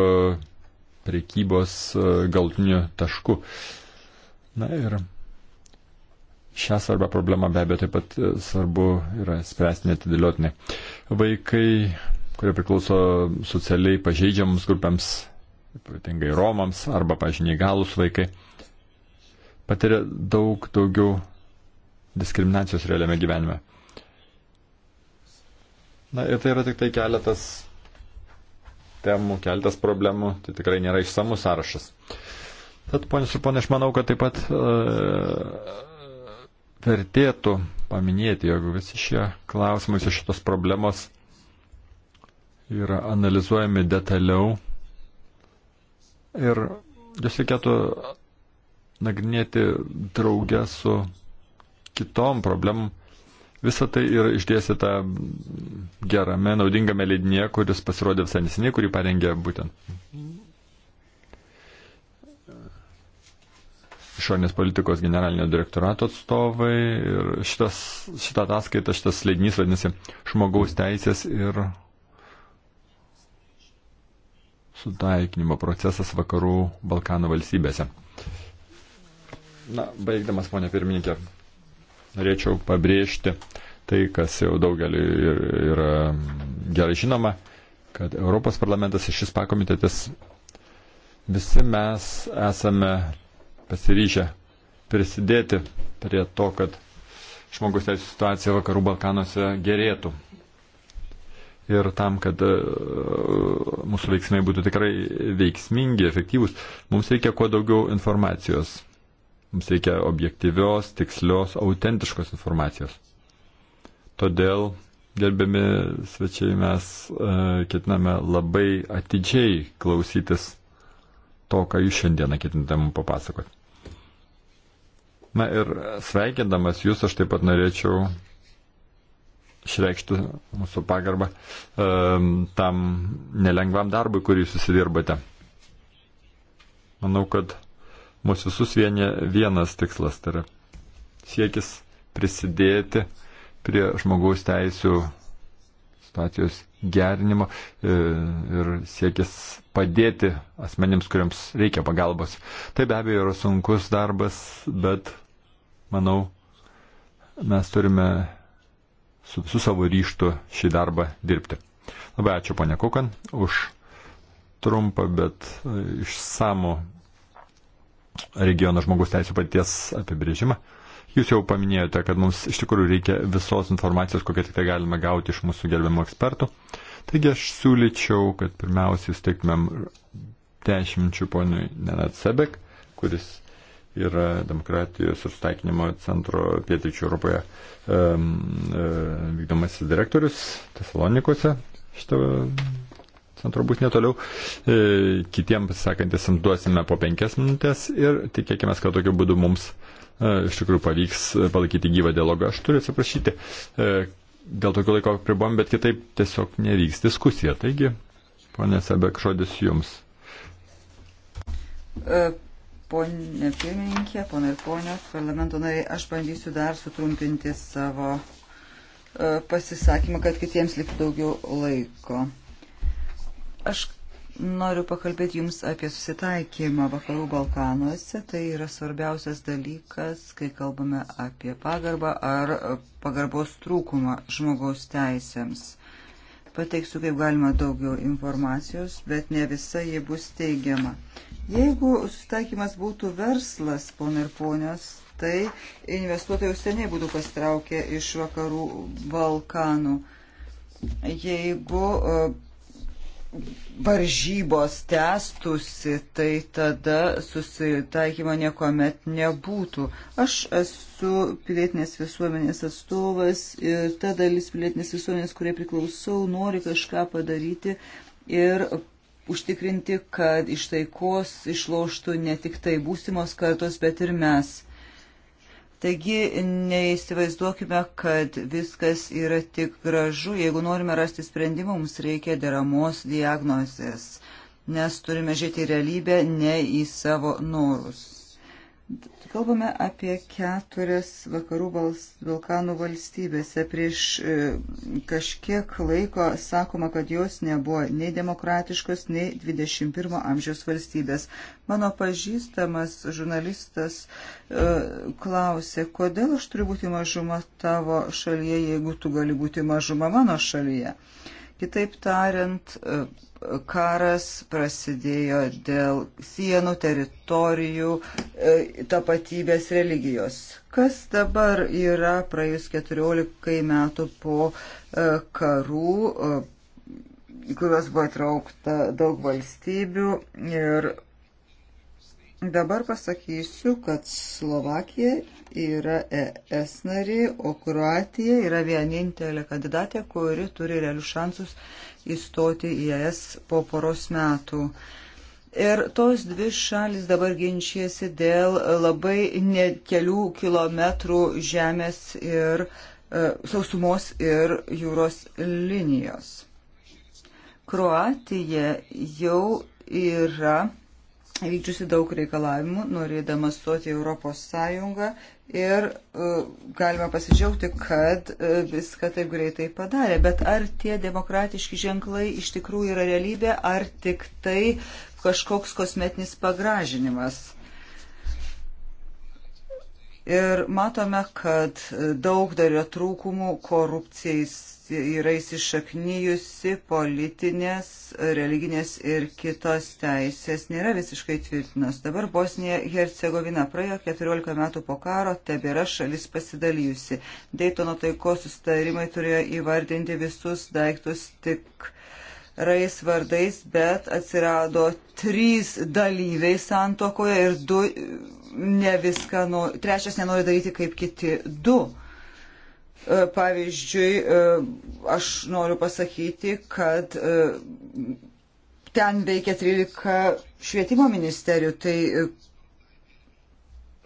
prekybos e, galtiniu tašku. Na ir šią svarbę problemą be abejo taip pat e, svarbu yra spręsti netidėliotinai. Vaikai, kurie priklauso socialiai pažeidžiams grupėms, ypatingai romams arba, pažiniai, galus vaikai, patiria daug daugiau diskriminacijos realiame gyvenime. Na ir tai yra tik tai keletas temų, keltas problemų, tai tikrai nėra išsamus sąrašas. Tad, ponius ir ponai, aš manau, kad taip pat e, vertėtų paminėti, jog visi šie klausimai, visos šitos problemos yra analizuojami detaliau ir jos reikėtų nagrinėti draugę su kitom problemom Visą tai yra išdėstyta gerame, naudingame leidinėje, kuris pasirodė visai nesiniai, kurį parengė būtent išorinės politikos generalinio direktorato atstovai. Ir šitas, šitą ataskaitą, šitas leidinys vadinasi Žmogaus teisės ir sutaikinimo procesas vakarų Balkanų valstybėse. Na, baigdamas, ponia pirmininkė, norėčiau pabrėžti tai, kas jau daugelį yra gerai žinoma, kad Europos parlamentas ir šis pakomitetis visi mes esame pasiryžę prisidėti prie to, kad žmogus teisų situacija vakarų Balkanuose gerėtų. Ir tam, kad e, mūsų veiksmai būtų tikrai veiksmingi, efektyvūs, mums reikia kuo daugiau informacijos. Mums reikia objektyvios, tikslios, autentiškos informacijos. Todėl, gerbiami svečiai, mes e, ketiname labai atidžiai klausytis to, ką jūs šiandieną ketinate mums papasakoti. Na ir sveikindamas jūs, aš taip pat norėčiau išreikšti mūsų pagarbą um, tam nelengvam darbui, kurį susidirbate. Manau, kad mūsų visus vienė vienas tikslas, tai yra siekis prisidėti prie žmogaus teisų situacijos gerinimo e, ir siekis padėti asmenims, kuriems reikia pagalbos. Tai be abejo yra sunkus darbas, bet manau, mes turime su visų savo ryštu šį darbą dirbti. Labai ačiū, ponia Kukan, už trumpą, bet e, išsamų regiono žmogus teisų paties apibrėžimą. Jūs jau paminėjote, kad mums iš tikrųjų reikia visos informacijos, kokią tik tai galime gauti iš mūsų gerbiamų ekspertų. Taigi aš siūlyčiau, kad pirmiausiai suteiktumėm dešimčių poniui Nenat Sebek, kuris yra Demokratijos ir sutaikinimo centro pietryčių Europoje um, um, vykdomasis direktorius Tesalonikose šito centro būtinė toliau. E, kitiems sekantiesiam duosime po penkias minutės ir tikėkime, kad tokiu būdu mums e, iš tikrųjų pavyks e, palaikyti gyvą dialogą. Aš turiu atsiprašyti e, dėl tokio laiko pribom, bet kitaip tiesiog nevyks diskusija. Taigi, ponė Sebek, žodis jums. E, Pone pirmininkė, ponai ir ponios, parlamento nariai, aš bandysiu dar sutrumpinti savo e, pasisakymą, kad kitiems liktų daugiau laiko. Aš noriu pakalbėti Jums apie susitaikymą Vakarų Balkanuose. Tai yra svarbiausias dalykas, kai kalbame apie pagarbą ar pagarbos trūkumą žmogaus teisėms. Pateiksiu kaip galima daugiau informacijos, bet ne visa ji bus teigiama. Jeigu susitaikymas būtų verslas, ponai ir ponios, tai investuotojai jau seniai būtų pastraukę iš Vakarų Balkanų. Jeigu varžybos tęstusi, tai tada susitaikymo niekuomet nebūtų. Aš esu pilietinės visuomenės atstovas ir ta dalis pilietinės visuomenės, kurie priklausau, nori kažką padaryti ir užtikrinti, kad iš taikos išloštų ne tik tai būsimos kartos, bet ir mes. Taigi neįsivaizduokime, kad viskas yra tik gražu. Jeigu norime rasti sprendimą, mums reikia deramos diagnozės, nes turime žiūrėti realybę, ne į savo norus. Kalbame apie keturias vakarų Bals, Balkanų valstybėse. Prieš e, kažkiek laiko sakoma, kad jos nebuvo nei demokratiškos, nei 21 amžiaus valstybės. Mano pažįstamas žurnalistas e, klausė, kodėl aš turiu būti mažuma tavo šalyje, jeigu tu gali būti mažuma mano šalyje. Kitaip tariant, e, karas prasidėjo dėl sienų, teritorijų, e, tapatybės, religijos. Kas dabar yra praėjus 14 metų po e, karų, e, į kuriuos buvo įtraukta daug valstybių ir Dabar pasakysiu, kad Slovakija yra ES narė, o Kroatija yra vienintelė kandidatė, kuri turi realius šansus įstoti į ES po poros metų. Ir tos dvi šalis dabar ginčiasi dėl labai ne kelių kilometrų žemės ir e, sausumos ir jūros linijos. Kroatija jau yra vykdžiusi daug reikalavimų, norėdama stoti Europos Sąjungą ir uh, e, galime pasidžiaugti, kad uh, viską taip greitai padarė. Bet ar tie demokratiški ženklai iš tikrųjų yra realybė, ar tik tai kažkoks kosmetinis pagražinimas? Ir matome, kad e, daug dar yra trūkumų korupcijais yra įsišaknyjusi politinės, religinės ir kitos teisės nėra visiškai tvirtinos. Dabar Bosnija Hercegovina praėjo 14 metų po karo, tebėra šalis pasidalijusi. Daytono taikos sustarimai turėjo įvardinti visus daiktus tik rais vardais, bet atsirado trys dalyviai santokoje ir du ne viską, nu, trečias nenori daryti kaip kiti du. E, pavyzdžiui, e, aš noriu pasakyti, kad e, ten veikia 13 švietimo ministerijų, tai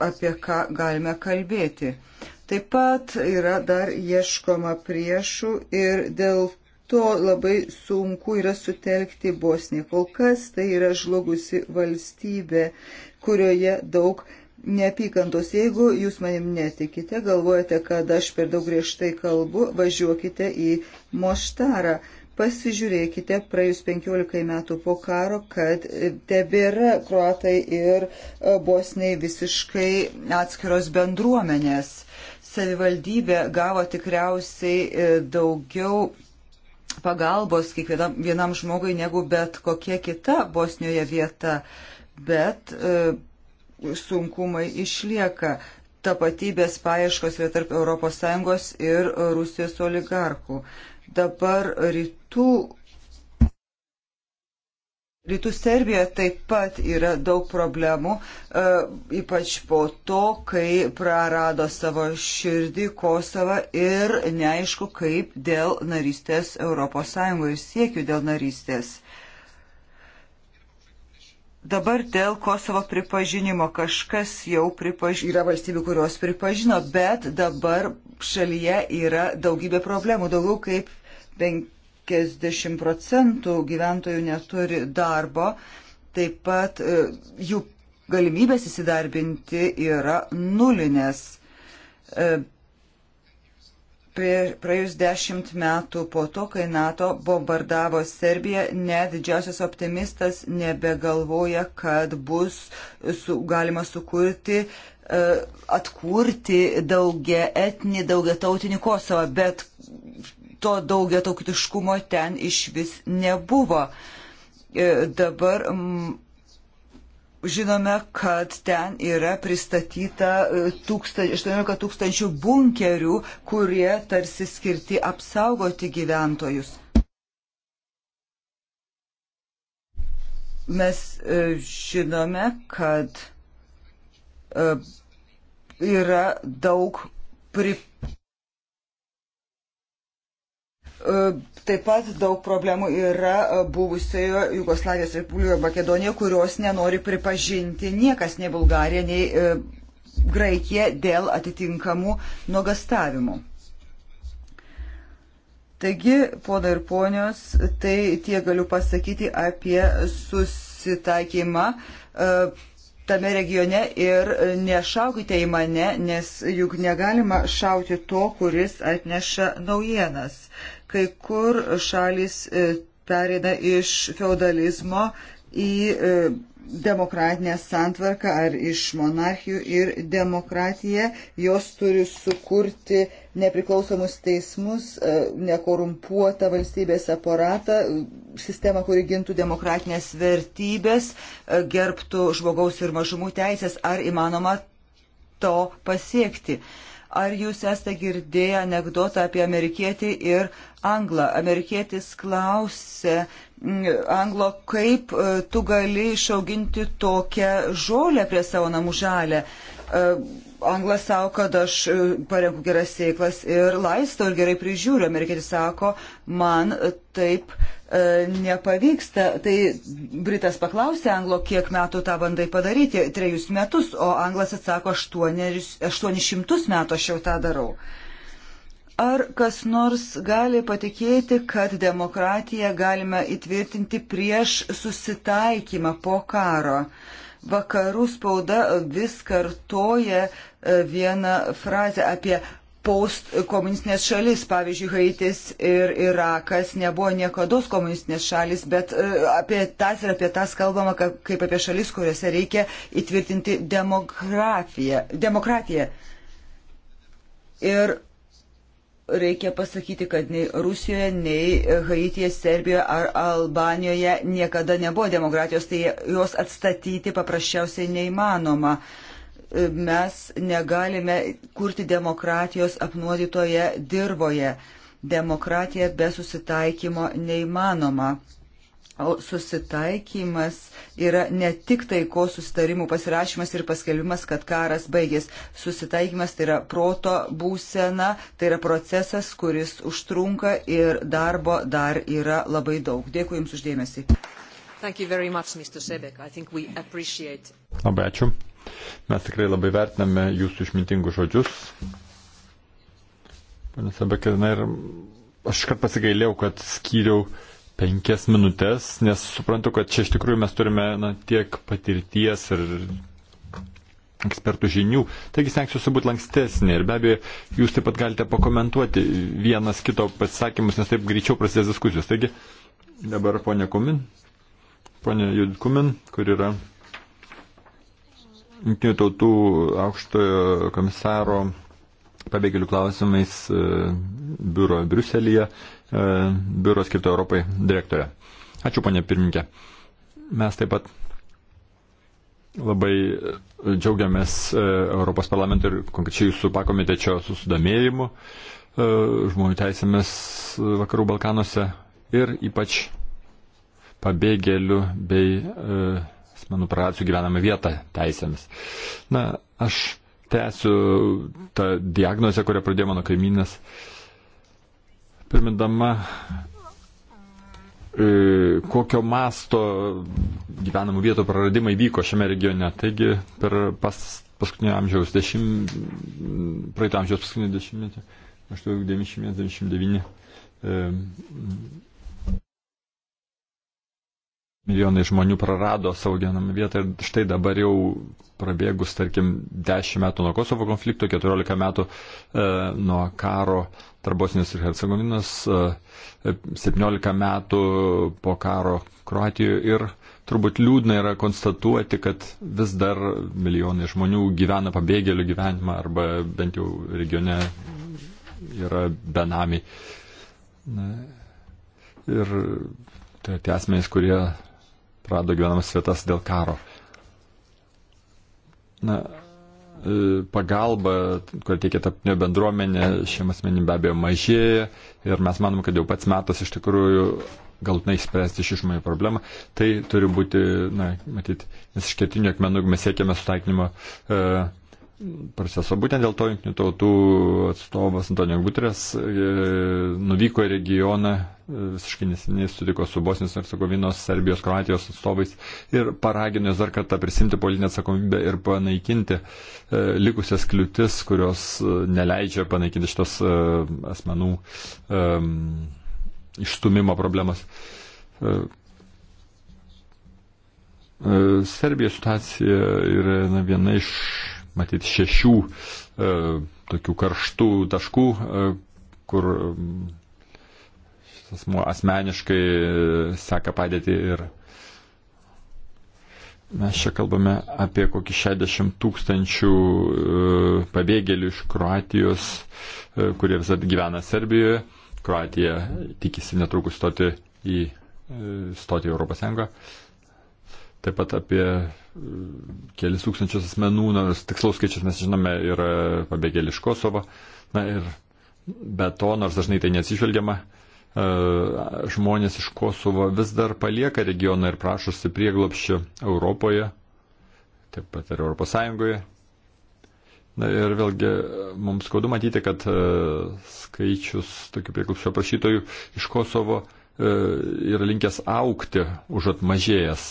apie ką galime kalbėti. Taip pat yra dar ieškoma priešų ir dėl to labai sunku yra sutelkti Bosniją. Kol kas tai yra žlugusi valstybė, kurioje daug neapykantos. Jeigu jūs manim netikite, galvojate, kad aš per daug griežtai kalbu, važiuokite į Moštarą. Pasižiūrėkite, praėjus 15 metų po karo, kad tebėra kruatai ir e, bosniai visiškai atskiros bendruomenės. Savivaldybė gavo tikriausiai e, daugiau pagalbos kiekvienam vienam žmogui negu bet kokia kita Bosnijoje vieta. Bet e, sunkumai išlieka. Tapatybės paieškos yra tarp ES ir Rusijos oligarkų. Dabar rytų Rytų Serbijoje taip pat yra daug problemų, e, ypač po to, kai prarado savo širdį Kosovą ir neaišku, kaip dėl narystės ES ir siekių dėl narystės. Dabar dėl Kosovo pripažinimo kažkas jau pripažino, yra valstybių, kurios pripažino, bet dabar šalyje yra daugybė problemų. Daugiau kaip 50 procentų gyventojų neturi darbo, taip pat e, jų galimybės įsidarbinti yra nulinės. E, praėjus dešimt metų po to, kai NATO bombardavo Serbiją, net didžiausias optimistas nebegalvoja, kad bus su, galima sukurti, e, atkurti daugia etnį, daugia tautinį Kosovą, bet to daugia tautiškumo ten iš vis nebuvo. E, dabar žinome, kad ten yra pristatyta 18 e, tūkstančių bunkerių, kurie tarsi skirti apsaugoti gyventojus. Mes e, žinome, kad e, yra daug pri... Taip pat daug problemų yra e, buvusiojo Jugoslavijos Republikoje Makedonijoje, kurios nenori pripažinti niekas, nei Bulgarija, nei e, Graikija dėl atitinkamų nuogastavimų. Taigi, pono ir ponios, tai tie galiu pasakyti apie susitaikymą e, tame regione ir nešaukite į mane, nes juk negalima šauti to, kuris atneša naujienas. E, Kai kur šalis e, pereina iš feudalizmo į e, demokratinę santvarką ar iš monarchijų ir demokratiją. Jos turi sukurti nepriklausomus teismus, e, nekorumpuotą valstybės aparatą, sistemą, kuri gintų demokratinės vertybės, gerbtų žmogaus ir mažumų teisės, ar įmanoma to pasiekti. Uh, Ar jūs esate girdėję anegdotą apie amerikietį ir anglą? Amerikietis klausė mm, anglo, kaip e, tu gali išauginti tokią žolę prie savo namų žalę. E, anglas sako, kad aš e, parenku geras sėklas ir laistau ir gerai prižiūriu. Amerikietis sako, man taip e, nepavyksta. Tai Britas paklausė anglo, kiek metų tą bandai padaryti. Trejus metus, o anglas atsako, aštuonis šimtus metų aš jau tą darau. Ar kas nors gali patikėti, kad demokratiją galime įtvirtinti prieš susitaikymą po karo? vakarų spauda vis kartoja vieną frazę apie postkomunistinės šalis, pavyzdžiui, Haitis ir Irakas nebuvo niekada komunistinės šalis, bet e, apie tas ir apie tas kalbama kaip apie šalis, kuriuose reikia įtvirtinti demokratiją. Ir reikia pasakyti, kad nei Rusijoje, nei Haityje, Serbijoje ar Albanijoje niekada nebuvo demokratijos, tai jos atstatyti paprasčiausiai neįmanoma. Uh, mes negalime kurti demokratijos apnuodytoje dirboje. Demokratija be susitaikymo neįmanoma. O susitaikymas yra ne tik taikos susitarimų pasirašymas ir paskelbimas, kad karas baigės. Susitaikymas tai yra proto būsena, tai yra procesas, kuris užtrunka ir darbo dar yra labai daug. Dėkui Jums uždėmesi. Much, appreciate... Labai ačiū. Mes tikrai labai vertiname jūsų išmintingus žodžius. Pane Sabekina, ir aš kad pasigailėjau, kad skyriau penkias minutės, nes suprantu, kad čia iš tikrųjų mes turime na, tiek patirties ir ekspertų žinių. Taigi stengsiuosi būti lankstesnė ir be abejo, jūs taip pat galite pakomentuoti vienas kito pasisakymus, nes taip greičiau prasidės diskusijos. Taigi dabar ponia Kumin, ponia Judikumin, kur yra Jungtinių tautų aukštojo komisaro pabėgėlių klausimais e, biuro Briuselėje, e, biuro skirto Europai direktorė. Ačiū, ponė pirmininkė. Mes taip pat labai džiaugiamės e, Europos parlamento ir konkrečiai jūsų pakomitečio susidomėjimu žmonių teisėmis Vakarų Balkanuose ir ypač pabėgėlių bei asmenų praradusių gyvenamą vietą teisėmis. Na, aš tęsiu tą diagnozę, kurią pradėjo mano kaimynės, primindama, e, kokio masto gyvenamų vietų praradimai vyko šiame regione. Taigi per pas, paskutinio amžiaus, dešim, praeito amžiaus paskutinį dešimtmetį, 899 milijonai žmonių prarado savo gyvenamą vietą ir štai dabar jau prabėgus, tarkim, 10 metų nuo Kosovo konflikto, 14 metų e, nuo karo tarp Bosnijos ir Hercegovinos, e, 17 metų po karo Kroatijoje ir turbūt liūdna yra konstatuoti, kad vis dar milijonai žmonių gyvena pabėgėlių gyvenimą arba bent jau regione yra benami. Na, ir tai tie asmenys, kurie prado gyvenamas vietas dėl karo. Na, e, pagalba, kur teikia tapnio bendruomenė, šiem asmenim be abejo mažėja ir mes manom, kad jau pats metas iš tikrųjų galtinai išspręsti šį žmonių problemą. Tai turi būti, na, matyt, nes iš ketinių akmenų, jeigu mes siekiame sutaikinimo. Uh, proceso. Būtent dėl to jungtinių tautų atstovas Antonio Gutrės e, nuvyko į regioną, e, visiškai neseniai sutiko su Bosnijos ir Sakovinos, Serbijos, Kroatijos atstovais ir paragino juos dar kartą prisimti politinę atsakomybę ir panaikinti e, likusias kliūtis, kurios neleidžia panaikinti šitos asmenų išstumimo problemas. Serbijos situacija yra na, viena iš matyti šešių e, tokių karštų taškų, e, kur šis mm, asmuo asmeniškai e, seka padėti ir mes čia kalbame apie kokį 60 tūkstančių e, pabėgėlių iš Kroatijos, e, kurie visat gyvena Serbijoje. Kroatija tikisi netrukus stoti į, e, stoti į Europos Sąjungą. Taip pat apie kelis tūkstančius asmenų, nors tikslaus skaičius mes žinome ir pabėgėlių iš Kosovo. Na ir be to, nors dažnai tai neatsižvelgiama, e, žmonės iš Kosovo vis dar palieka regioną ir prašosi prieglopščių Europoje, taip pat ir Europos Sąjungoje. Na ir vėlgi mums skaudu matyti, kad e, skaičius tokių prieglopščio prašytojų iš Kosovo e, yra linkęs aukti užuot mažėjęs.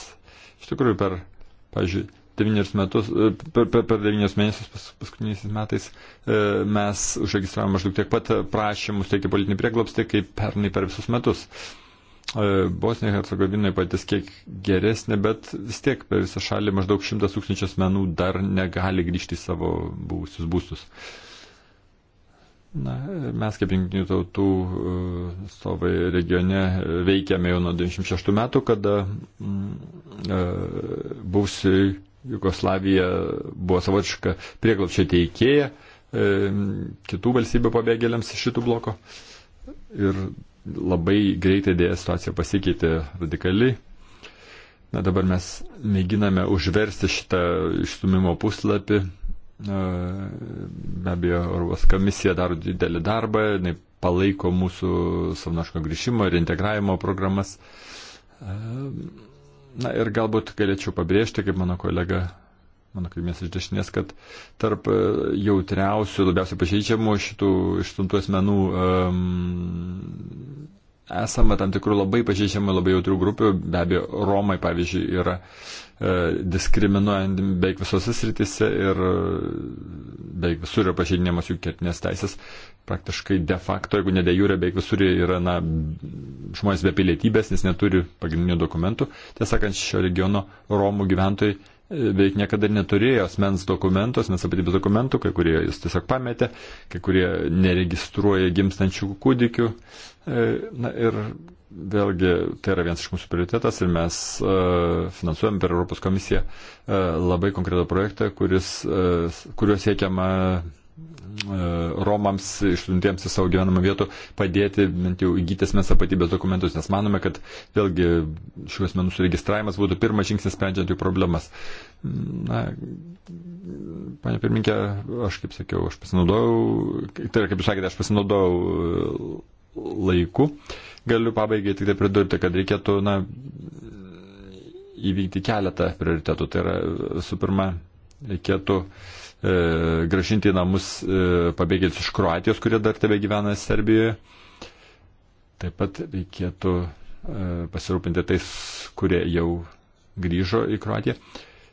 Iš tikrųjų, per Pavyzdžiui, metus, e, per, per, per 9 mėnesius pas, paskutiniais metais e, mes užregistravome maždaug tiek pat prašymus tiek į politinį prieglobstį, kaip pernai per visus metus. E, Bosnija Hercegovinoje patys kiek geresnė, bet vis tiek per visą šalį maždaug šimtas tūkstančių asmenų dar negali grįžti į savo buvusius būstus. Uh, Na, mes kaip jungtinių tautų e, stovai regione veikiame jau nuo 96 metų, kada mm, e, buvusi Jugoslavija buvo savotiška prieglapščio teikėja e, kitų valstybių pabėgėliams iš šitų bloko. Ir labai greitai dėja situacija pasikeitė radikaliai. Na dabar mes mėginame užversti šitą išstumimo puslapį Be abejo, Europos komisija daro didelį darbą, jinai palaiko mūsų savnaško grįžimo ir integravimo programas. E, na ir galbūt galėčiau pabrėžti, kaip mano kolega, mano kaimės iš dešinės, kad tarp e, jautriausių, labiausiai pažeidžiamų šitų ištuntų asmenų um, esama tam tikrų labai pažeidžiamų, labai jautrių grupių. Be abejo, Romai, pavyzdžiui, yra uh, E, diskriminuojant beveik visose sritise ir e, beveik visur yra pažeidinėmas jų kertinės teisės. Praktiškai de facto, jeigu ne de jūrė, beveik visur yra na, žmonės be pilietybės, nes neturi pagrindinių dokumentų. Tiesąkant, šio regiono Romų gyventojai e, beveik niekada neturėjo asmens dokumentų, asmens apatybės dokumentų, kai kurie jis tiesiog pametė, kai kurie neregistruoja gimstančių kūdikių. Na ir Vėlgi, tai yra vienas iš mūsų prioritetas ir mes e, finansuojam per Europos komisiją e, labai konkretą projektą, kuris, e, kuriuo siekiama Romams išsiuntiems į savo gyvenamą vietą padėti bent jau įgyti asmens tapatybės dokumentus, nes manome, kad vėlgi šių asmenų suregistravimas būtų pirmas žingsnis sprendžiant jų problemas. Na, panė pirminkė, aš kaip sakiau, aš pasinaudojau, tai yra kaip jūs sakėte, aš pasinaudojau laiku. Uh, Galiu pabaigai tik tai pridurti, kad reikėtų na, įvykti keletą prioritetų. Tai yra, su pirma, reikėtų e, gražinti į namus e, pabėgėlius iš Kroatijos, kurie dar tebe gyvena Serbijoje. Taip pat reikėtų e, pasirūpinti tais, kurie jau grįžo į Kroatiją.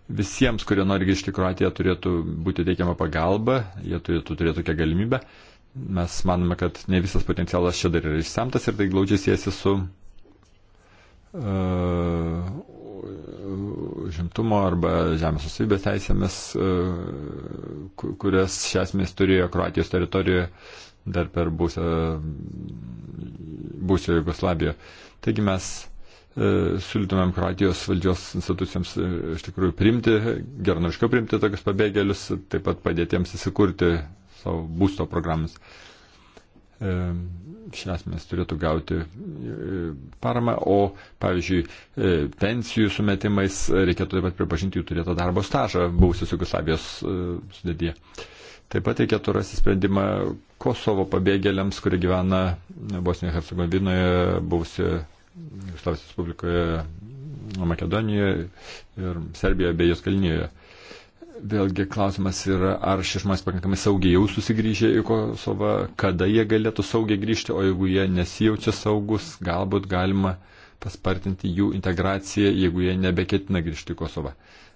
Visiems, kurie nori grįžti į Kroatiją, turėtų būti teikiama pagalba, jie turėtų turėti tokią galimybę. E, mes manome, kad ne visas potencialas čia dar yra išsemtas ir tai glaudžiai siejasi su e, uh, žimtumo arba žemės susibės teisėmis, uh, kurias šias mes turėjo Kroatijos teritorijoje dar per būsę, būsę Jugoslaviją. Taigi mes uh, siūlytumėm Kroatijos valdžios institucijams uh, iš tikrųjų primti, geranoriškiau primti tokius pabėgėlius, taip pat padėti jiems įsikurti savo būsto programas. E, Šias mes turėtų gauti e, paramą, o pavyzdžiui, e, pensijų sumetimais reikėtų taip pat pripažinti jų turėtą darbo stažą buvusios Jugoslavijos sudėdėje. Taip pat reikėtų rasti sprendimą Kosovo pabėgėliams, kurie gyvena Bosnijoje, Hercegovinoje, buvusioje Jugoslavijos Respublikoje, Makedonijoje ir Serbijoje bei jos kalnyje. Vėlgi klausimas yra, ar šie žmonės pakankamai saugiai jau susigrįžė į Kosovą, kada jie galėtų saugiai grįžti, o jeigu jie nesijaučia saugus, galbūt galima paspartinti jų integraciją, jeigu jie nebeketina grįžti į Kosovą.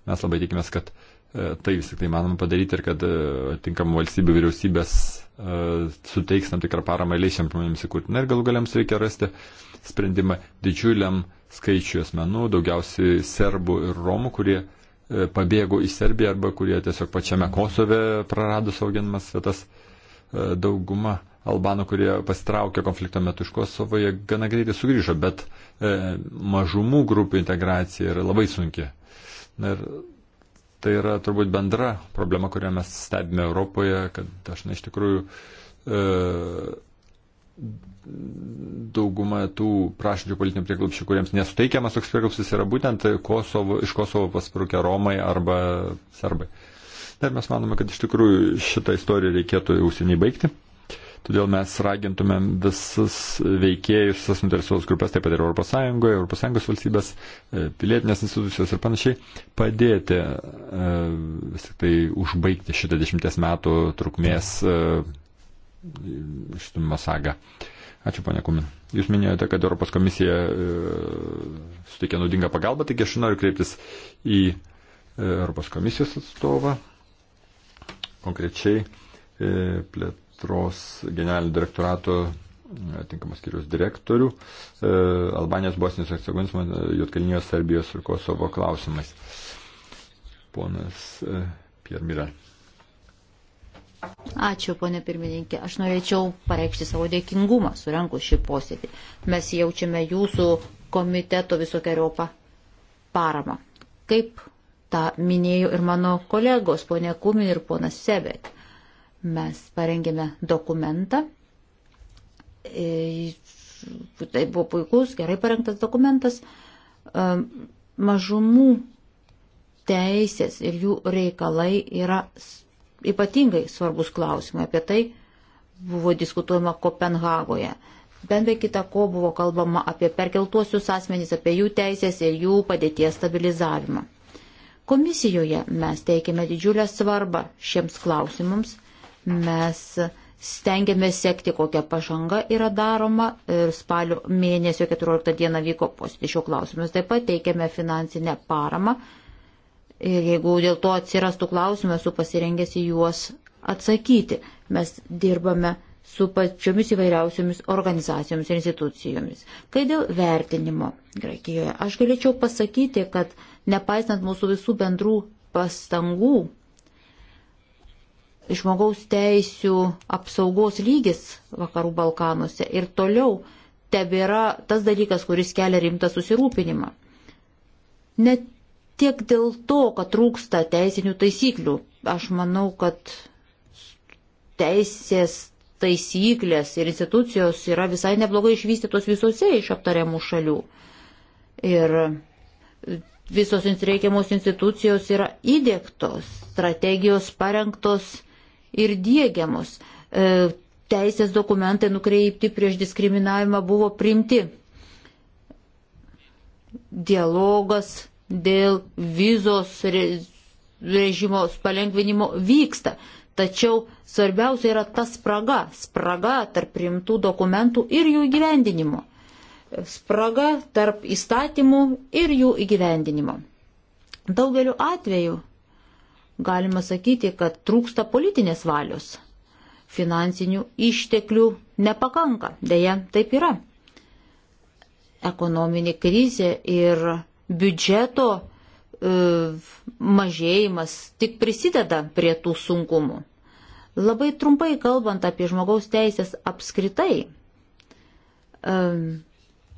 Mes labai tikimės, kad e, tai vis tik tai manoma padaryti ir kad e, tinkamų valstybių vyriausybės e, suteiks tam tikrą paramą leisiam žmonėms įkurti. Na ir galų galiams reikia rasti sprendimą didžiuliam skaičiui asmenų, daugiausiai serbų ir romų, kurie pabėgo į Serbiją arba kurie tiesiog pačiame Kosove prarado savo genimas vietas. E, dauguma albanų, kurie pasitraukė konflikto metu iš Kosovo, jie gana greitai sugrįžo, bet e, mažumų grupių integracija yra labai sunki. Ir tai yra turbūt bendra problema, kurią mes stebime Europoje, kad dažnai iš tikrųjų e, dauguma tų prašančių politinių prieglupščių, kuriems nesuteikiamas toks prieglupsis, yra būtent Kosovo, iš Kosovo pasprūkę Romai arba Serbai. Dar mes manome, kad iš tikrųjų šitą istoriją reikėtų jau seniai baigti. Todėl mes ragintumėm visus veikėjus, visas interesuotas grupės, taip pat ir ES, ES valstybės, e, pilietinės institucijos ir panašiai, padėti e, vis tik tai užbaigti šitą dešimties metų trukmės e, šitumą sagą. Ačiū, ponia Kumin. Jūs minėjote, kad Europos komisija e, suteikia naudingą pagalbą, taigi aš noriu kreiptis į e, Europos komisijos atstovą, konkrečiai e, plėtros generalinio direktorato atinkamas skyrius direktorių Albanijos, Bosnijos, Hercegovinos, Jotkalnijos, Serbijos ir Kosovo klausimais. Ponas Pierre Mirel. Ačiū, ponė pirmininkė. Aš norėčiau pareikšti savo dėkingumą surenku šį posėdį. Mes jaučiame jūsų komiteto visokiojopą paramą. Kaip tą minėjo ir mano kolegos, ponė Kumin ir ponas Sebek. Mes parengėme dokumentą. E, tai buvo puikus, gerai parengtas dokumentas. E, mažumų teisės ir jų reikalai yra ypatingai svarbus klausimai. Apie tai buvo diskutuojama Kopenhagoje. Bent be kita ko buvo kalbama apie perkeltuosius asmenys, apie jų teisės ir jų padėties stabilizavimą. Komisijoje mes teikiame didžiulę svarbą šiems klausimams. Mes stengiamės sekti, kokia pažanga yra daroma. Ir spalio mėnesio 14 dieną vyko posėdė šio klausimus. Taip pat teikiame finansinę paramą Ir jeigu dėl to atsirastų klausimų, esu pasirengęs į juos atsakyti. Mes dirbame su pačiomis įvairiausiomis organizacijomis ir institucijomis. Kai dėl vertinimo Graikijoje, aš galėčiau pasakyti, kad nepaisant mūsų visų bendrų pastangų, žmogaus teisių apsaugos lygis Vakarų Balkanuose ir toliau tebėra tas dalykas, kuris kelia rimtą susirūpinimą. Net tiek dėl to, kad trūksta teisinių taisyklių. Aš manau, kad teisės taisyklės ir institucijos yra visai neblogai išvystytos visose iš aptariamų šalių. Ir visos reikiamos institucijos yra įdėktos, strategijos parengtos ir dėgiamos. E, teisės dokumentai nukreipti prieš diskriminavimą buvo primti. Dialogas dėl vizos režimo palengvinimo vyksta. Tačiau svarbiausia yra ta spraga, spraga tarp rimtų dokumentų ir jų įgyvendinimo, spraga tarp įstatymų ir jų įgyvendinimo. Daugeliu atveju galima sakyti, kad trūksta politinės valios, finansinių išteklių nepakanka, dėja taip yra. Ekonominė krizė ir biudžeto e, mažėjimas tik prisideda prie tų sunkumų. Labai trumpai kalbant apie žmogaus teisės apskritai, e,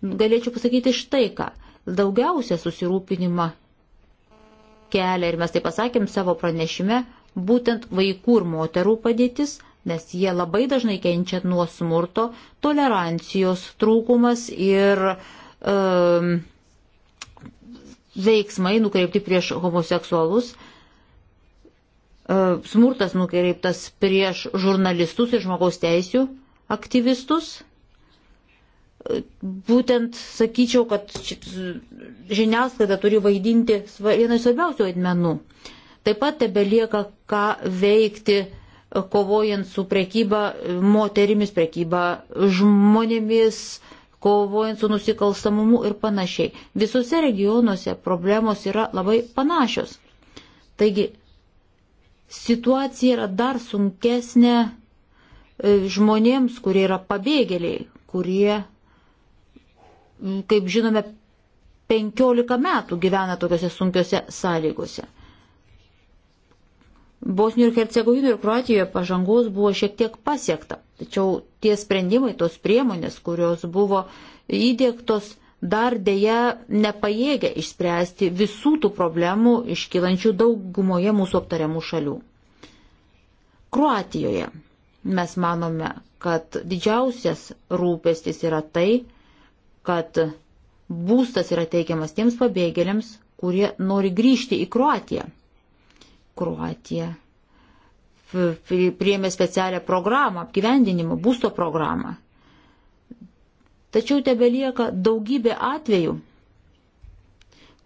galėčiau pasakyti štai ką. Daugiausia susirūpinimą kelia, ir mes tai pasakėm savo pranešime, būtent vaikų ir moterų padėtis, nes jie labai dažnai kenčia nuo smurto, tolerancijos trūkumas ir um, veiksmai nukreipti prieš homoseksualus, e, smurtas nukreiptas prieš žurnalistus ir žmogaus teisų aktyvistus. E, būtent sakyčiau, kad žiniasklaida turi vaidinti vieną svarbiausių vaidmenų. Taip pat tebelieka ką veikti e, kovojant su prekyba moterimis, prekyba žmonėmis, kovojant su nusikalstamumu ir panašiai. Visose regionuose problemos yra labai panašios. Taigi situacija yra dar sunkesnė e, žmonėms, kurie yra pabėgėliai, kurie, kaip žinome, 15 metų gyvena tokiuose sunkiuose sąlygose. Bosnių ir Hercegovinų ir Kroatijoje pažangos buvo šiek tiek pasiekta, tačiau tie sprendimai, tos priemonės, kurios buvo įdėktos, dar dėja nepajėgia išspręsti visų tų problemų iškylančių daugumoje mūsų aptariamų šalių. Kroatijoje mes manome, kad didžiausias rūpestis yra tai, kad būstas yra teikiamas tiems pabėgėliams, kurie nori grįžti į Kroatiją. Kruatija priėmė specialią programą, apgyvendinimo, būsto programą. Tačiau tebelieka daugybė atvejų,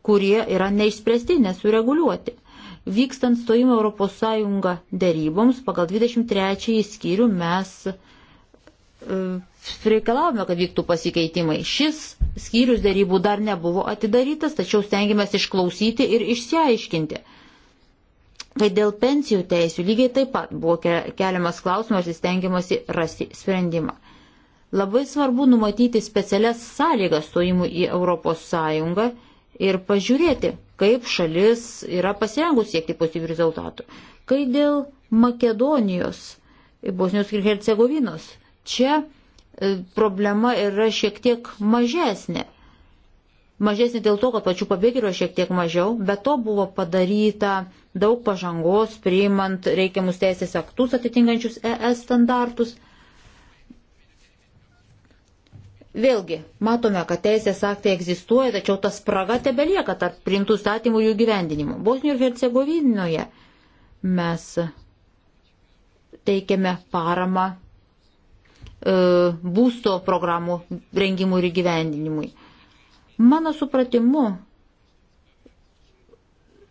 kurie yra neišspręsti, nesureguliuoti. Vykstant stojimo Europos Sąjunga dėryboms, pagal 23 skyrių mes e, reikalavome, kad vyktų pasikeitimai. Šis skyrius darybų dar nebuvo atidarytas, tačiau stengiamės išklausyti ir išsiaiškinti, Kai dėl pensijų teisių lygiai taip pat buvo keliamas klausimas ir stengiamasi rasti sprendimą. Labai svarbu numatyti specialias sąlygas stojimui į ES ir pažiūrėti, kaip šalis yra pasirengus siekti pozityvių rezultatų. Kai dėl Makedonijos, Bosnijos ir Hercegovinos, čia e, problema yra šiek tiek mažesnė mažesnė dėl to, kad pačių pabėgėlių šiek tiek mažiau, bet to buvo padaryta daug pažangos, priimant reikiamus teisės aktus atitinkančius ES standartus. Vėlgi, matome, kad teisės aktai egzistuoja, tačiau ta spraga tebelieka tarp priimtų statymų jų gyvendinimo. Bosnijoje ir Hercegovinoje mes teikiame paramą e, būsto programų rengimui ir gyvendinimui. E, Mano supratimu,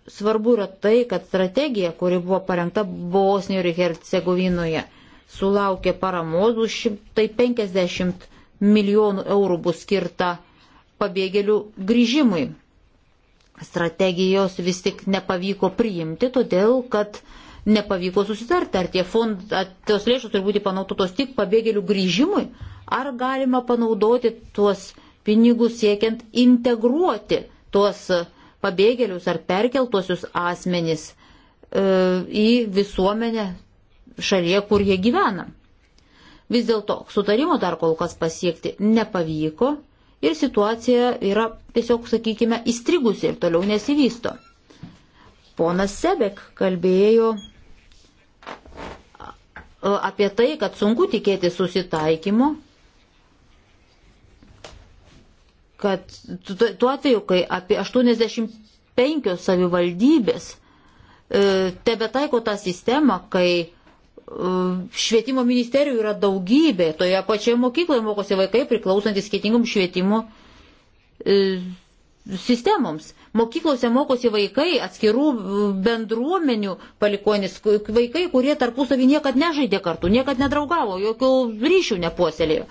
svarbu yra tai, kad strategija, kuri buvo parengta Bosnijoje ir Hercegovinoje, sulaukė paramos, 150 milijonų eurų bus skirta pabėgėlių grįžimui. Strategijos vis tik nepavyko priimti, todėl kad nepavyko susitarti, ar tie fond, ar tos lėšos turi būti panaudotos tik pabėgėlių grįžimui, ar galima panaudoti tuos pinigus siekiant integruoti tuos pabėgėlius ar perkeltuosius asmenys e, į visuomenę šalyje, kur jie gyvena. Vis dėlto sutarimo dar kol kas pasiekti nepavyko ir situacija yra tiesiog, sakykime, įstrigusi ir toliau nesivysto. Ponas Sebek kalbėjo e, apie tai, kad sunku tikėti susitaikymo kad tuo atveju, kai apie 85 savivaldybės e, tebe taiko tą sistemą, kai e, švietimo ministerijų yra daugybė, toje pačioje mokykloje mokosi vaikai priklausantis skirtingoms švietimo e, sistemoms. Mokyklose mokosi vaikai atskirų bendruomenių palikonis, vaikai, kurie tarpusavį niekad nežaidė kartu, niekad nedraugavo, jokių ryšių nepuoselėjo.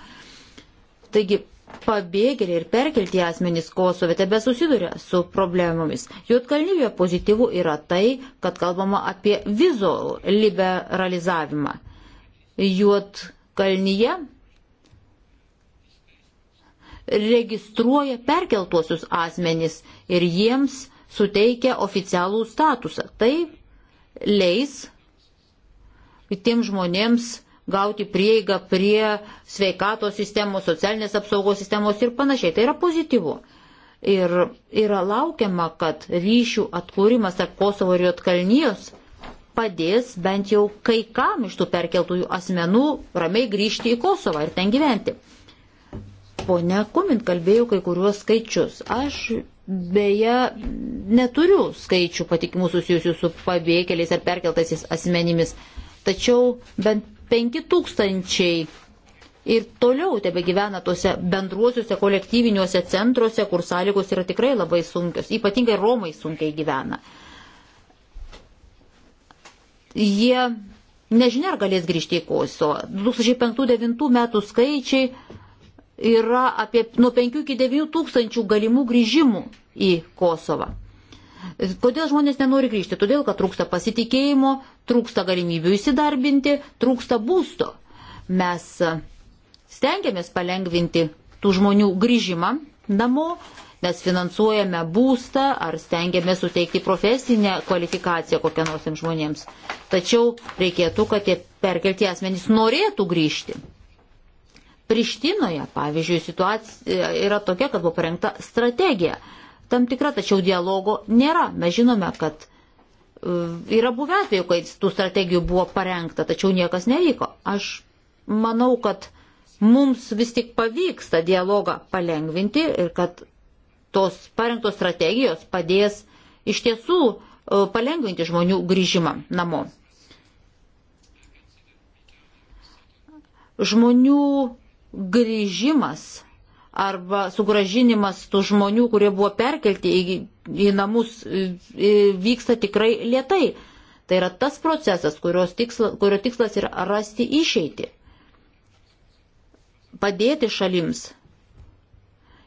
Taigi pabėgėliai ir perkelti asmenys Kosove tebe susiduria su problemomis. Jotkalnyje pozityvų yra tai, kad kalbama apie vizo liberalizavimą. Jotkalnyje registruoja perkeltuosius asmenys ir jiems suteikia oficialų statusą. Tai leis tiem žmonėms gauti prieigą prie sveikatos sistemos, socialinės apsaugos sistemos ir panašiai. Tai yra pozityvu. Ir yra laukiama, kad ryšių atkūrimas tarp Kosovo ir Jotkalnyjos padės bent jau kai kam iš tų perkeltųjų asmenų ramiai grįžti į Kosovą ir ten gyventi. Pone Kumin kalbėjo kai kuriuos skaičius. Aš beje neturiu skaičių patikimų susijusių su pabėgėliais ar perkeltaisiais asmenimis, tačiau bent 5000 ir toliau tebe gyvena tuose bendruosiuose kolektyviniuose centruose, kur sąlygos yra tikrai labai sunkios, ypatingai Romai sunkiai gyvena. Jie nežinia, ar galės grįžti į Kosovo. 2005-2009 metų skaičiai yra apie nuo 5 iki 9 tūkstančių galimų grįžimų į Kosovą. Kodėl žmonės nenori grįžti? Todėl, kad trūksta pasitikėjimo, trūksta galimybių įsidarbinti, trūksta būsto. Mes e, stengiamės palengvinti tų žmonių grįžimą namo, nes finansuojame būstą ar stengiamės suteikti profesinę kvalifikaciją kokią nors žmonėms. Tačiau reikėtų, kad tie perkelti asmenys norėtų grįžti. Prištinoje, pavyzdžiui, situacija yra tokia, kad buvo parengta strategija tam tikra, tačiau dialogo nėra. Mes žinome, kad e, yra buvę atveju, kai tų strategijų buvo parengta, tačiau niekas nevyko. Aš manau, kad mums vis tik pavyksta dialogą palengvinti ir kad tos parengtos strategijos padės iš tiesų e, palengvinti žmonių grįžimą namo. Žmonių grįžimas arba sugražinimas tų žmonių, kurie buvo perkelti į, į namus, vyksta tikrai lietai. Tai yra tas procesas, tiksla, kurio tikslas yra rasti išeitį, padėti šalims.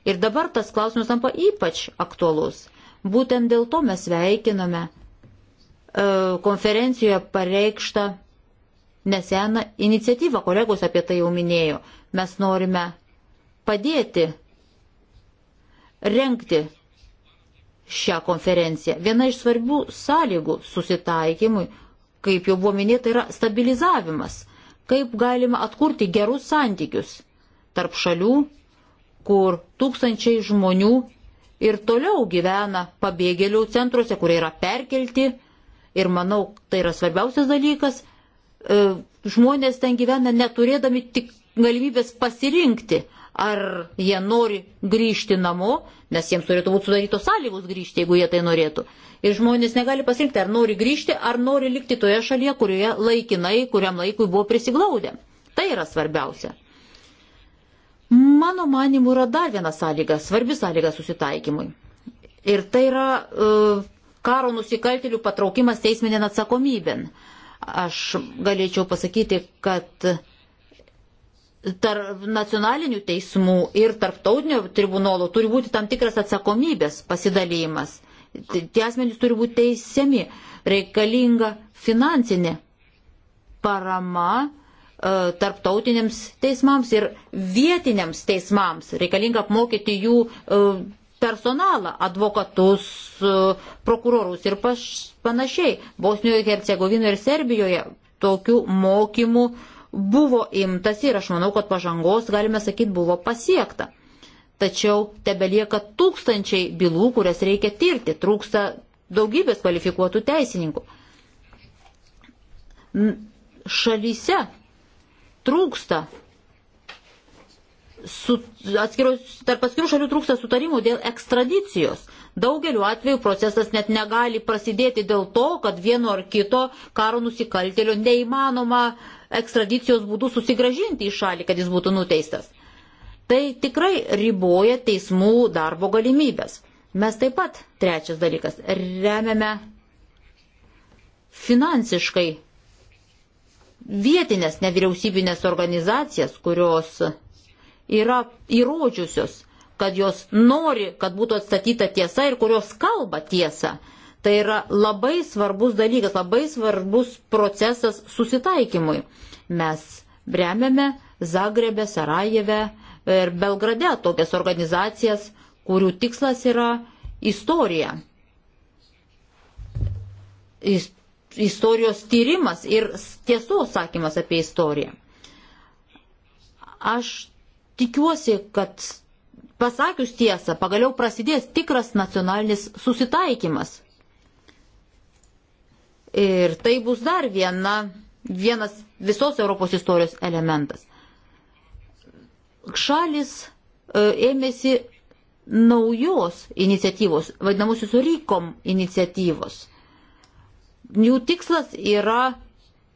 Ir dabar tas klausimas tampa ypač aktualus. Būtent dėl to mes veikiname e, konferencijoje pareikštą neseną iniciatyvą, kolegos apie tai jau minėjo. Mes norime padėti renkti šią konferenciją. Viena iš svarbių sąlygų susitaikymui, kaip jau buvo minėta, yra stabilizavimas. Kaip galima atkurti gerus santykius tarp šalių, kur tūkstančiai žmonių ir toliau gyvena pabėgėlių centruose, kurie yra perkelti. Ir manau, tai yra svarbiausias dalykas. E, žmonės ten gyvena neturėdami tik galimybės pasirinkti, ar jie nori grįžti namo, nes jiems turėtų būti sudarytos sąlygos grįžti, jeigu jie tai norėtų. Ir žmonės negali pasirinkti, ar nori grįžti, ar nori likti toje šalyje, kurioje laikinai, kuriam laikui buvo prisiglaudę. Tai yra svarbiausia. Mano manimu yra dar viena sąlyga, svarbi sąlyga susitaikymui. Ir tai yra e, karo nusikaltėlių patraukimas teisminėn atsakomybėn. Aš galėčiau pasakyti, kad tarp nacionalinių teismų ir tarptautinio tribunolo turi būti tam tikras atsakomybės pasidalymas. Tie asmenys turi būti teisiami, reikalinga finansinė parama e, tarptautiniams teismams ir vietiniams teismams. Reikalinga apmokyti jų e, personalą, advokatus, e, prokurorus ir panašiai. Bosnijoje, Hercegovinoje ir Serbijoje tokių mokymų uh, buvo imtas ir aš manau, kad pažangos, galime sakyti, buvo pasiekta. Tačiau tebelieka tūkstančiai bylų, kurias reikia tirti, trūksta daugybės kvalifikuotų teisininkų. Šalyse trūksta su, atskiros, tarp atskirų šalių trūksta sutarimų dėl ekstradicijos. Daugeliu atveju procesas net negali prasidėti dėl to, kad vieno ar kito karo nusikaltėlio neįmanoma uh, ekstradicijos būdų susigražinti į šalį, kad jis būtų nuteistas. Tai tikrai riboja teismų darbo galimybės. Mes taip pat, trečias dalykas, remiame finansiškai vietinės nevyriausybinės organizacijas, kurios yra įrodžiusios, kad jos nori, kad būtų atstatyta tiesa ir kurios kalba tiesą. Tai yra labai svarbus dalykas, labai svarbus procesas susitaikymui. Mes remiame Zagrebė, Sarajeve ir Belgrade tokias organizacijas, kurių tikslas yra istorija. Istorijos tyrimas ir tiesos sakymas apie istoriją. Aš tikiuosi, kad pasakius tiesą, pagaliau prasidės tikras nacionalinis susitaikymas Ir tai bus dar viena, vienas visos Europos istorijos elementas. Šalis e, ėmėsi naujos iniciatyvos, vadinamusios rykom iniciatyvos. Jų tikslas yra,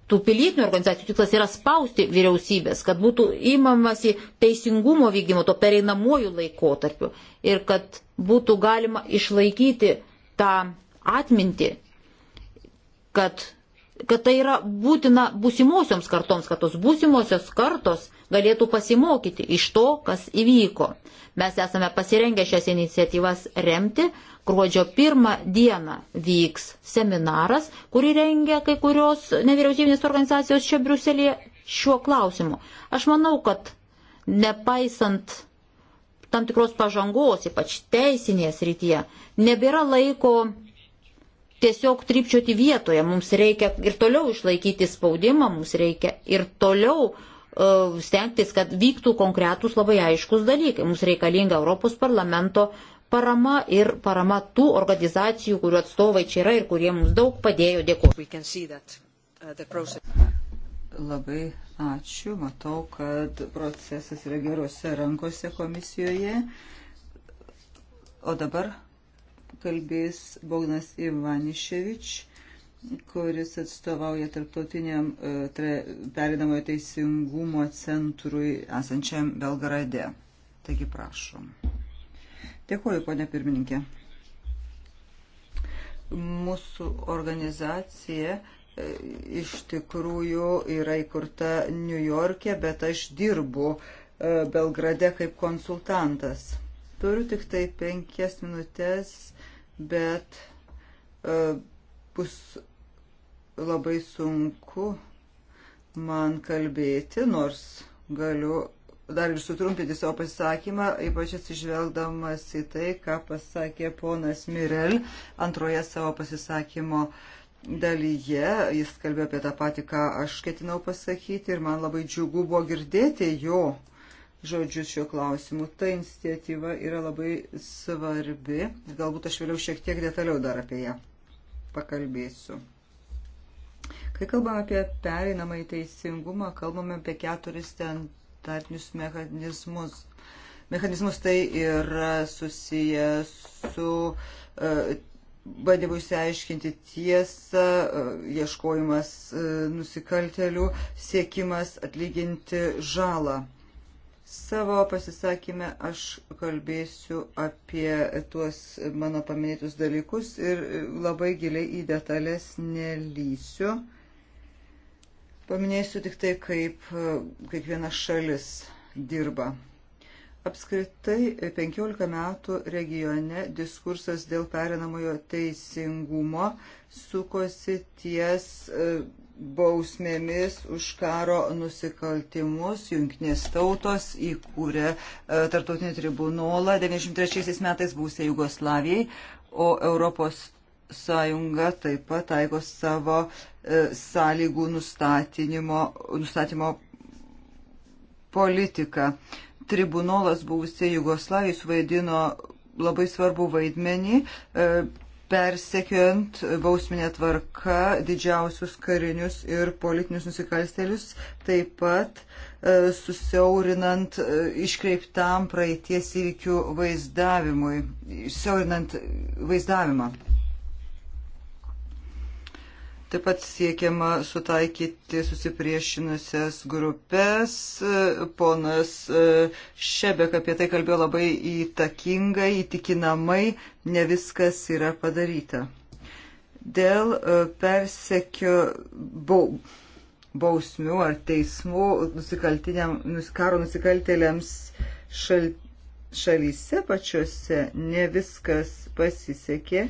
tų pilietinių organizacijų tikslas yra spausti vyriausybės, kad būtų įmamasi teisingumo vykdymo to pereinamojų laikotarpiu ir kad būtų galima išlaikyti tą atmintį kad, kad tai yra būtina būsimosioms kartoms, kad tos būsimosios kartos galėtų pasimokyti iš to, kas įvyko. Mes esame pasirengę šias iniciatyvas remti. Gruodžio pirmą dieną vyks seminaras, kurį rengia kai kurios nevyriausybinės organizacijos čia Briuselėje šiuo klausimu. Aš manau, kad nepaisant tam tikros pažangos, ypač teisinės rytyje, nebėra laiko tiesiog tripčioti vietoje. Mums reikia ir toliau išlaikyti spaudimą, mums reikia ir toliau uh, stengtis, kad vyktų konkretus labai aiškus dalykai. Mums reikalinga Europos parlamento parama ir parama tų organizacijų, kurių atstovai čia yra ir kurie mums daug padėjo. Dėkuoju. Uh, labai ačiū. Matau, kad procesas yra gerose rankose komisijoje. O dabar kalbės Bogdanas Ivaniševič, kuris atstovauja tarptautiniam e, perinamojo teisingumo centrui esančiam Belgrade. Taigi prašom. Dėkuoju, ponė pirmininkė. Mūsų organizacija e, iš tikrųjų yra įkurta New York'e, bet aš dirbu e, Belgrade kaip konsultantas. Turiu tik tai penkias minutės bet e, bus labai sunku man kalbėti, nors galiu dar ir sutrumpinti savo pasisakymą, ypač atsižvelgdamas į tai, ką pasakė ponas Mirel antroje savo pasisakymo dalyje. Jis kalbėjo apie tą patį, ką aš ketinau pasakyti ir man labai džiugu buvo girdėti jo žodžius šiuo klausimu. Ta iniciatyva yra labai svarbi ir galbūt aš vėliau šiek tiek detaliau dar apie ją pakalbėsiu. Kai kalbame apie pereinamą į teisingumą, kalbame apie keturis standartinius mechanizmus. Mechanizmus tai yra susiję su uh, bandymu išsiaiškinti tiesą, e, ieškojimas e, nusikaltelių, siekimas atlyginti žalą. Savo pasisakymę aš kalbėsiu apie tuos mano paminėtus dalykus ir labai giliai į detalės nelysiu. Paminėsiu tik tai, kaip e, kiekviena šalis dirba. Apskritai 15 e, metų regione diskursas dėl perinamojo teisingumo sukosi ties e, bausmėmis už karo nusikaltimus jungtinės tautos įkūrė e, tarptautinį tribunolą 93 metais būsė Jugoslavijai, o Europos Sąjunga taip pat taiko savo e, sąlygų nustatymo politiką. Tribunolas buvusiai Jugoslavijai suvaidino labai svarbu vaidmenį, e, persekiant bausminė tvarka didžiausius karinius ir politinius nusikalstelius, taip pat e, susiaurinant e, iškreiptam praeities įvykių vaizdavimui, išsiaurinant vaizdavimą. Taip pat siekiama sutaikyti susipriešinusias grupės. Ponas e, Šebek apie tai kalbėjo labai įtakingai, įtikinamai, ne viskas yra padaryta. Dėl e, persekio bausmių ar teismų karo nusikaltėliams šal, šalyse pačiose ne viskas pasisekė.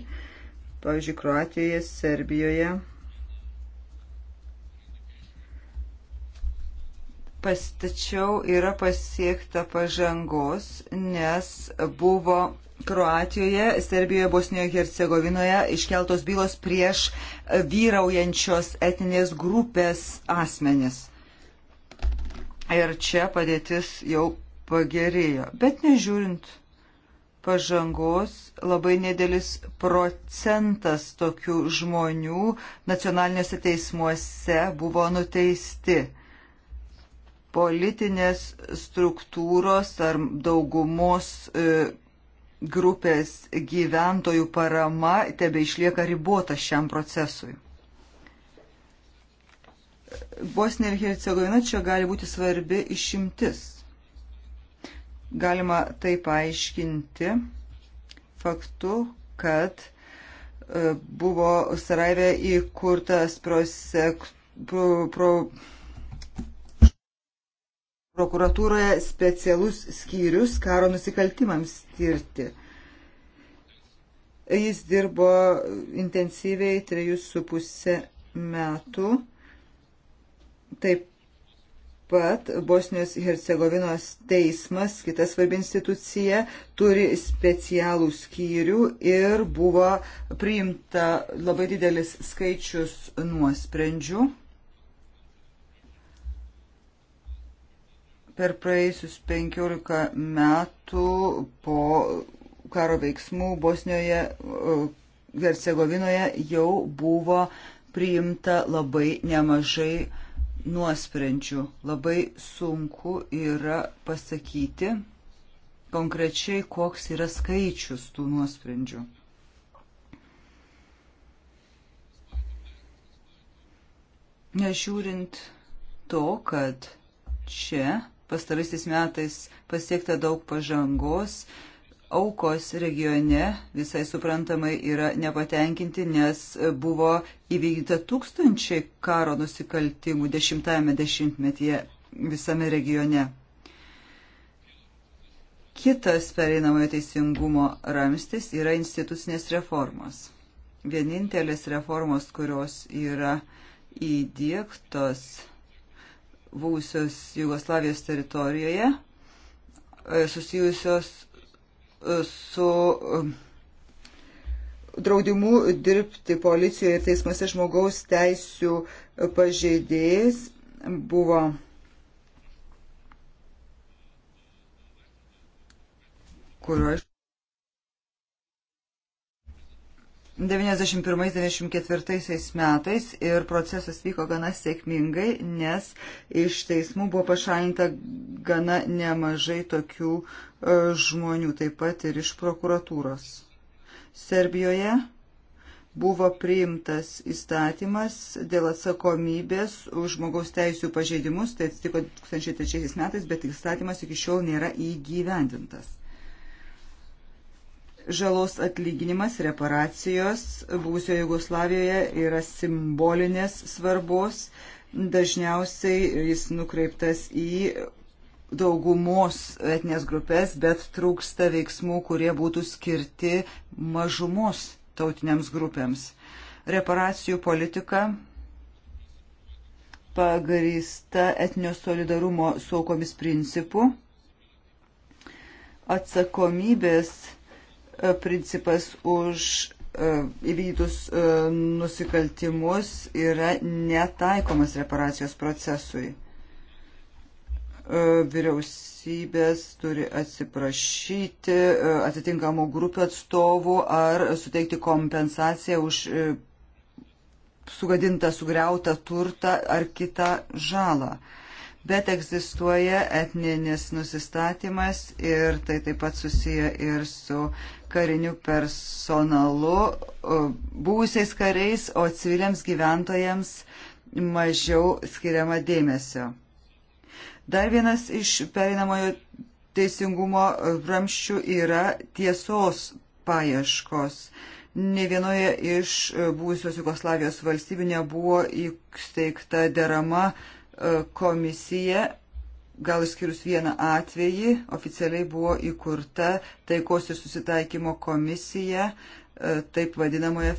Pavyzdžiui, Kroatijoje, Serbijoje. Pastačiau yra pasiekta pažangos, nes buvo Kroatijoje, Serbijoje, Bosnijoje, Hercegovinoje iškeltos bylos prieš vyraujančios etinės grupės asmenis. Ir čia padėtis jau pagerėjo. Bet nežiūrint pažangos, labai nedėlis procentas tokių žmonių nacionaliniuose teismuose buvo nuteisti politinės struktūros ar daugumos e, grupės gyventojų parama tebe išlieka ribota šiam procesui. Bosnija ir Hercegovina čia gali būti svarbi išimtis. Galima tai paaiškinti faktu, kad e, buvo Sarajeve įkurtas prosektorius pro, prokuratūroje specialus skyrius karo nusikaltimams tirti. Jis dirbo intensyviai trejus su pusę metų. Taip pat Bosnijos Hercegovinos teismas, kita svarbi institucija, turi specialų skyrių ir buvo priimta labai didelis skaičius nuosprendžių. Per praėjusius 15 metų po karo veiksmų Bosnijoje, e, Hercegovinoje jau buvo priimta labai nemažai nuosprendžių. Labai sunku yra pasakyti konkrečiai, koks yra skaičius tų nuosprendžių. Nežiūrint to, kad čia pastaraisiais metais pasiekta daug pažangos. Aukos regione visai suprantamai yra nepatenkinti, nes buvo įvykdyta tūkstančiai karo nusikaltimų dešimtajame dešimtmetyje visame regione. Kitas pereinamojo teisingumo ramstis yra institucinės reformos. Vienintelės reformos, kurios yra įdėktos buvusios Jugoslavijos teritorijoje e, susijusios e, su e, draudimu dirbti policijoje ir teismuose žmogaus teisų pažeidėjais buvo kur aš 91-94 metais ir procesas vyko gana sėkmingai, nes iš teismų buvo pašalinta gana nemažai tokių e, žmonių, taip pat ir iš prokuratūros. Serbijoje buvo priimtas įstatymas dėl atsakomybės už žmogaus teisų pažeidimus, tai atsitiko 2003 metais, bet įstatymas iki šiol nėra įgyvendintas žalos atlyginimas, reparacijos būsioje Jugoslavijoje yra simbolinės svarbos. Dažniausiai jis nukreiptas į daugumos etinės grupės, bet trūksta veiksmų, kurie būtų skirti mažumos tautiniams grupėms. Reparacijų politika pagrįsta etnio solidarumo saukomis principu. Atsakomybės E, principas už e, įvykdytus e, nusikaltimus yra netaikomas reparacijos procesui. Vyriausybės turi atsiprašyti atitinkamų grupių atstovų ar suteikti kompensaciją už sugadintą, sugriautą turtą ar kitą žalą. Bet egzistuoja etninis nusistatymas ir tai taip pat susiję ir su kariniu personalu, buvusiais kariais, o civiliams gyventojams mažiau skiriama dėmesio. Dar vienas iš pereinamojo teisingumo ramščių yra tiesos paieškos. Ne vienoje iš buvusios Jugoslavijos valstybių nebuvo įsteigta derama e, komisija gal išskyrus vieną atvejį, oficialiai buvo įkurta taikos ir susitaikymo komisija, e, taip vadinamoje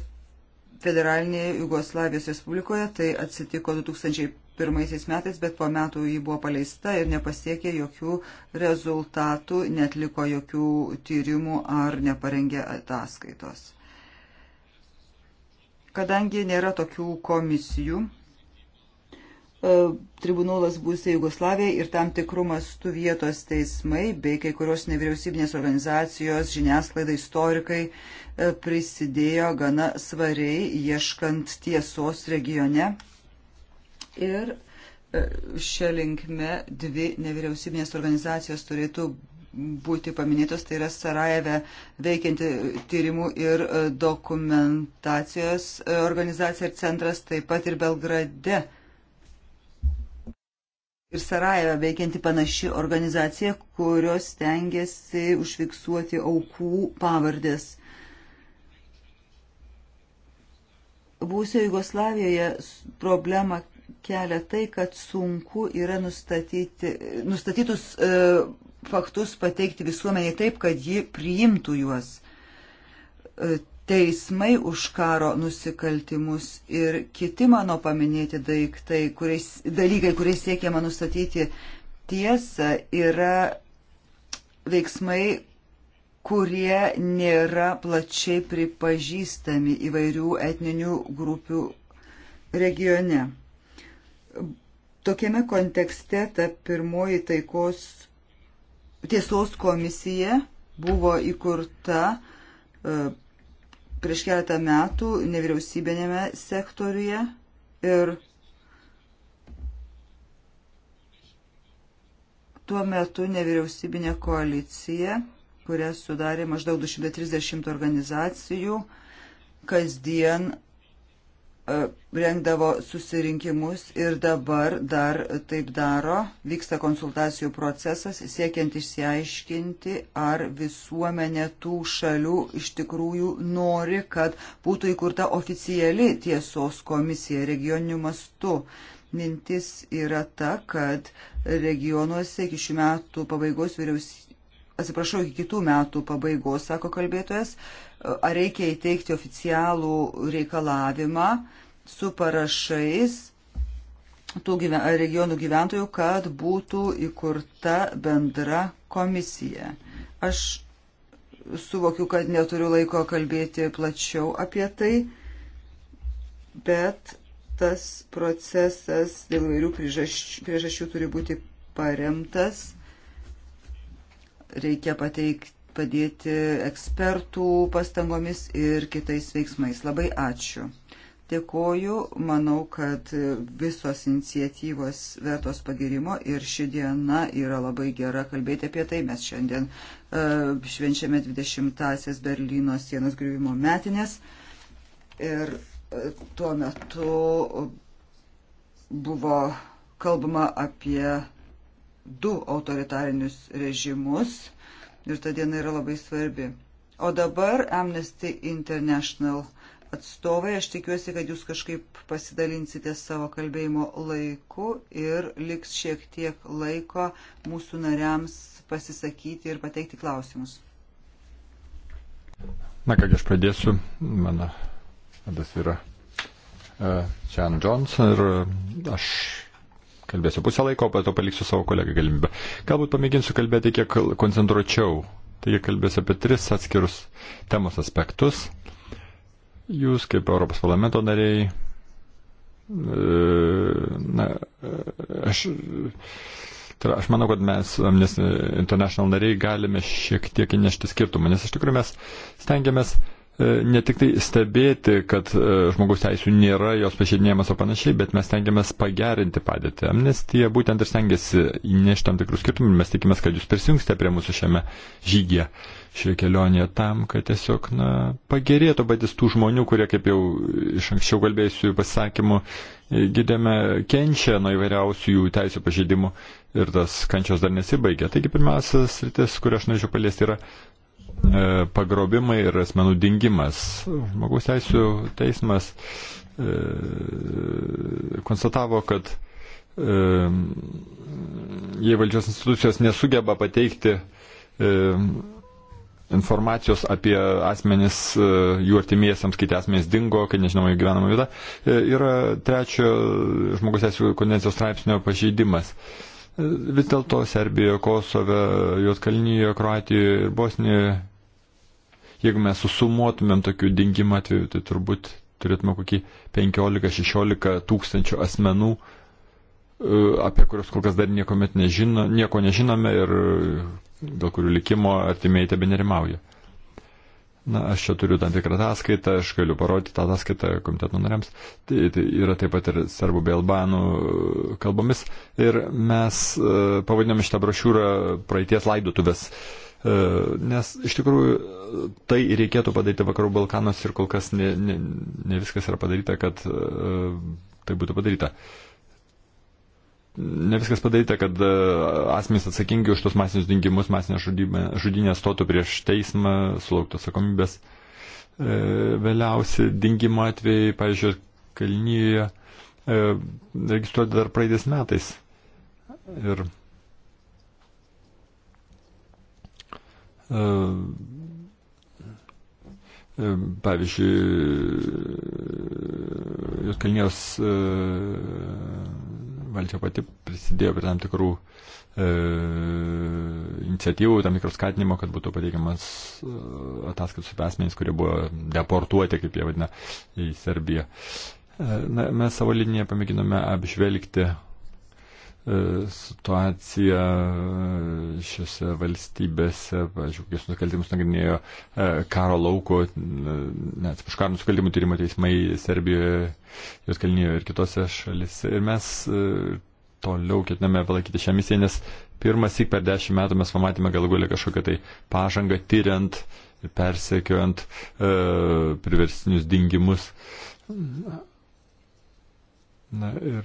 federalinėje Jugoslavijos Respublikoje. Tai atsitiko 2001 metais, bet po metų ji buvo paleista ir nepasiekė jokių rezultatų, netliko jokių tyrimų ar neparengė ataskaitos. Kadangi nėra tokių komisijų, E, tribunolas bus Jugoslavija ir tam tikrumas tų vietos teismai bei kai kurios nevyriausybinės organizacijos, žiniasklaida, istorikai e, prisidėjo gana svariai ieškant tiesos regione. Ir e, šią linkme dvi nevyriausybinės organizacijos turėtų būti paminėtos, tai yra Sarajeve veikianti tyrimų ir dokumentacijos organizacija ir centras, taip pat ir Belgrade ir Sarajeve veikianti panaši organizacija, kurios tengiasi užfiksuoti aukų pavardės. Būsio Jugoslavijoje problema kelia tai, kad sunku yra nustatyti, nustatytus e, faktus pateikti visuomeniai taip, kad ji priimtų juos. E, teismai už karo nusikaltimus ir kiti mano paminėti daiktai, kuriais, dalykai, kuriais siekiama nustatyti tiesą, yra veiksmai, kurie nėra plačiai pripažįstami įvairių etninių grupių regione. Tokiame kontekste ta pirmoji taikos tiesos komisija buvo įkurta e, prieš keletą metų nevyriausybinėme sektoriuje ir tuo metu nevyriausybinė koalicija, kurią sudarė maždaug 230 organizacijų, kasdien E, rengdavo susirinkimus ir dabar dar taip daro. Vyksta konsultacijų procesas siekiant išsiaiškinti, ar visuomenė tų šalių iš tikrųjų nori, kad būtų įkurta oficiali tiesos komisija regioniniu mastu. Mintis yra ta, kad regionuose iki šių metų pabaigos vyriausybė, atsiprašau, iki kitų metų pabaigos, sako kalbėtojas, ar reikia įteikti oficialų reikalavimą su parašais tų gyven, regionų gyventojų, kad būtų įkurta bendra komisija. Aš suvokiu, kad neturiu laiko kalbėti plačiau apie tai, bet tas procesas dėl vairių priežasčių, priežasčių turi būti paremtas. Reikia pateikti padėti ekspertų pastangomis ir kitais veiksmais. Labai ačiū. Dėkoju, manau, kad visos iniciatyvos vertos pagirimo ir ši diena yra labai gera kalbėti apie tai. Mes šiandien uh, švenčiame 20-asias Berlyno sienos griuvimo metinės ir uh, tuo metu buvo kalbama apie du autoritarinius režimus ir ta diena yra labai svarbi. O dabar Amnesty International atstovai, aš tikiuosi, kad jūs kažkaip pasidalinsite savo kalbėjimo laiku ir liks šiek tiek laiko mūsų nariams pasisakyti ir pateikti klausimus. Na kągi, aš pradėsiu. Mano vadas yra Čian e, uh, Johnson ir e, aš kalbėsiu pusę laiko, bet to paliksiu savo kolegai galimybę. Galbūt pamėginsiu kalbėti kiek koncentruočiau. Taigi kalbėsiu apie tris atskirus temos aspektus. Jūs kaip Europos parlamento nariai. E, na, e, aš, tai yra, aš manau, kad mes, Amnesty International nariai, galime šiek tiek įnešti skirtumą, nes iš tikrųjų mes stengiamės uh, E, ne tik tai stebėti, kad e, žmogaus teisų nėra, jos pažeidinėjimas ar panašiai, bet mes tengiamės pagerinti padėtį. Amnestija būtent ir stengiasi įnešti tam tikrus skirtumus ir mes tikimės, kad jūs prisijungsite prie mūsų šiame žygyje, šioje kelionėje tam, kad tiesiog na, pagerėtų patys tų žmonių, kurie, kaip jau iš anksčiau kalbėjusių pasisakymų, e, gydėme kenčia nuo įvairiausių jų teisų pažeidimų ir tas kančios dar nesibaigia. Taigi pirmasis rytis, kur aš norėčiau paliesti, yra E, pagrobimai ir asmenų dingimas. Žmogaus teisų teismas e, konstatavo, kad e, jei valdžios institucijos nesugeba pateikti informacijos apie asmenis, jų artimiesiams, kai tie asmenys dingo, kai nežinoma jų gyvenama vieta, yra trečio žmogus teisų konvencijos straipsnio pažeidimas. Vis dėlto Serbijoje, Kosove, Juotkalnyje, Kroatijoje ir Bosnijoje Jeigu mes susumuotumėm tokių dingimų atveju, tai turbūt turėtume kokį 15-16 tūkstančių asmenų, e, apie kuriuos kol kas dar nieko, nežino, nieko nežinome ir e, dėl kurių likimo artimiai tebe nerimauja. Na, aš čia turiu tam tikrą ataskaitą, aš galiu parodyti tą ataskaitą komiteto nariams. Tai, tai yra taip pat ir serbų bei albanų e, kalbomis. Ir mes uh, pavadinam šitą brošiūrą praeities laidotuvės. Uh, nes iš tikrųjų tai reikėtų padaryti Vakarų Balkanos ir kol kas ne, ne, ne viskas yra padaryta, kad e, tai būtų padaryta. Ne viskas padaryta, kad e, asmenys atsakingi už tos masinius dingimus, masinę žudinę stotų prieš teismą, sulauktų atsakomybės. E, vėliausi dingimo atvejai, pavyzdžiui, Kalnyje registruoti dar praeitais metais. Ir Uh, E, pavyzdžiui, e, jos kalnijos e, valdžia pati prisidėjo prie tam tikrų e, iniciatyvų, tam tikro skatinimo, kad būtų pateikiamas ataskaitos apie asmenys, kurie buvo deportuoti, kaip jie vadina, į Serbiją. Na, mes savo liniją pamėginome apžvelgti E, situacija e, šiuose valstybėse, pažiūrėjau, kokius nusikaltimus nagrinėjo e, karo lauko, net už karo nusikaltimų tyrimo teismai Serbijoje, jos kalnyje ir kitose šalise. Ir mes toliau ketiname palaikyti šią misiją, nes pirmas įk per dešimt metų mes pamatėme galų galę kažkokią tai pažangą tyriant, persekiojant priversinius dingimus. Na ir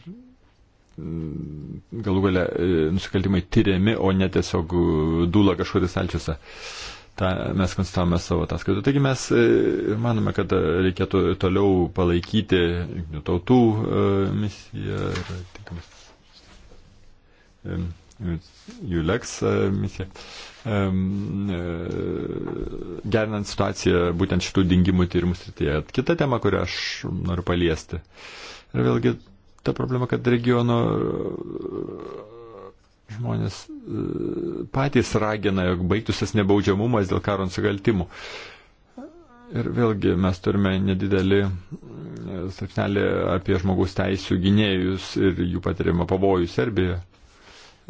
Mm, galų galę e, nusikaltimai tyriami, o ne tiesiog e, dūla kažkur į stalčiuose. Ta mes konstatavome savo ataskaitą. Taigi mes e, manome, kad reikėtų toliau palaikyti tautų misiją ir tinkamas Juleks misija, gerinant situaciją būtent šitų dingimų tyrimų srityje. Kita tema, kurią aš noriu paliesti. Ir vėlgi ta problema, kad regiono e, žmonės e, patys ragina, jog baigtusias nebaudžiamumas dėl karo nusikaltimų. Ir vėlgi mes turime nedidelį e, straipsnelį apie žmogaus teisų gynėjus ir jų patiriamą pavojų Serbijoje.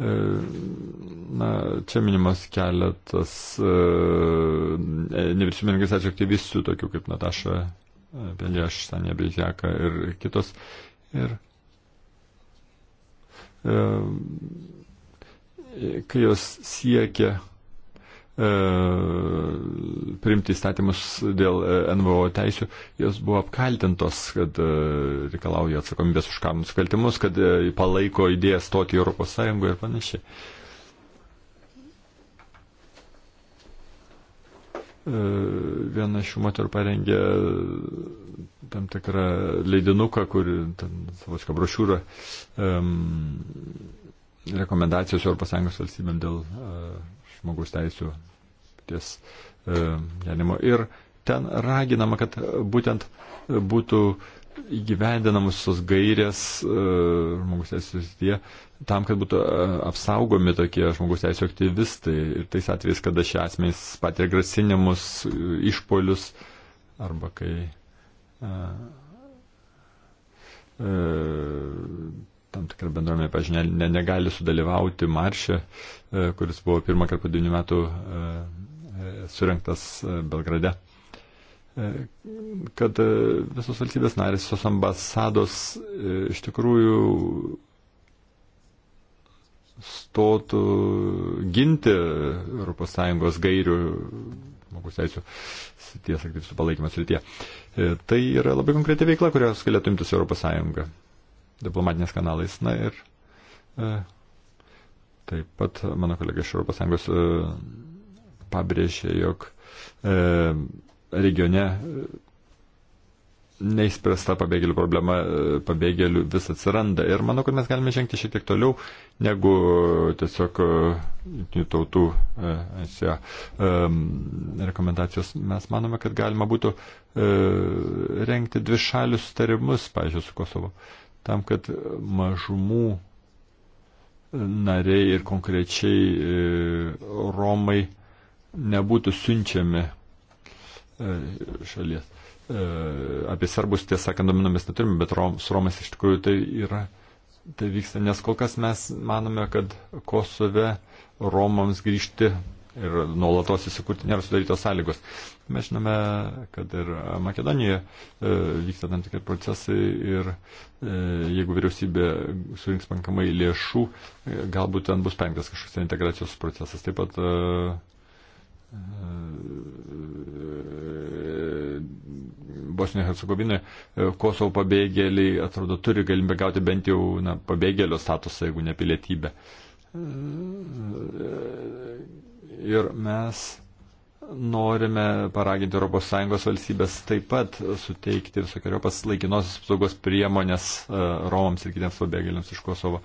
Na, čia minimas keletas nevyriausybinės organizacijų aktyvistų, tokių kaip Nataša Pelėš, Sanė Bežeka ir kitos. Ir kai jos siekia e, priimti įstatymus dėl e, NVO teisų, jos buvo apkaltintos, kad e, reikalauja atsakomybės už kam nusikaltimus, kad palaiko idėją stoti į Europos Sąjungą ir panašiai. Viena šių moterų parengė tam tikrą leidinuką, kur savočką brošiūrą um, rekomendacijos Europos Sąjungos valstybėm dėl uh, žmogaus teisų ties uh, e, gyvenimo. Ir ten raginama, kad būtent būtų įgyvendinamos tos gairės uh, e, žmogus teisų srityje tam, kad būtų uh, apsaugomi tokie žmogus teisų aktyvistai ir tais atvejais, kada šie asmenys patiria grasinimus, išpolius arba kai E, tam tikra bendruomenė, pažiūrėjau, ne, negali sudalyvauti maršė, e, kuris buvo pirmą kartą po 9 metų e, surinktas Belgrade. Kad visos valstybės narės, visos ambasados iš tikrųjų stotų ginti ES gairių žmogus teisų ties aktyvistų palaikymas rytie. E, tai yra labai konkreti veikla, kurios galėtų imtis ES diplomatinės kanalais. Na ir e, taip pat mano kolega iš ES e, pabrėžė, jog e, regione neįspręsta pabėgėlių problema, e, pabėgėlių vis atsiranda. Ir manau, kad mes galime žengti šiek tiek toliau negu e, tiesiog e, jungtinių tautų e, rekomendacijos. Mes manome, kad galima būtų e, rengti dvi šalių sutarimus, pažiūrėjau, su Kosovo, tam, kad mažumų nariai ir konkrečiai e, Romai nebūtų siunčiami e, šalies apie serbus, tiesą sakant, dominomis neturime, bet Rom, su Romais iš tikrųjų tai yra, tai vyksta, nes kol kas mes manome, kad Kosove Romams grįžti ir nuolatos įsikurti nėra sudarytos sąlygos. Mes žinome, kad ir Makedonijoje e, vyksta tam tikri procesai ir e, jeigu vyriausybė surinks pankamai lėšų, e, galbūt ten bus penktas kažkoks integracijos procesas. Taip pat e, e Bosnijoje Hercegovinoje, Kosovo pabėgėliai, atrodo, turi galimybę gauti bent jau na, pabėgėlio statusą, jeigu ne pilietybę. Ir mes norime paraginti ES valstybės taip pat suteikti visokiojopas laikinosios apsaugos priemonės e, Romams ir kitiems pabėgėliams iš Kosovo,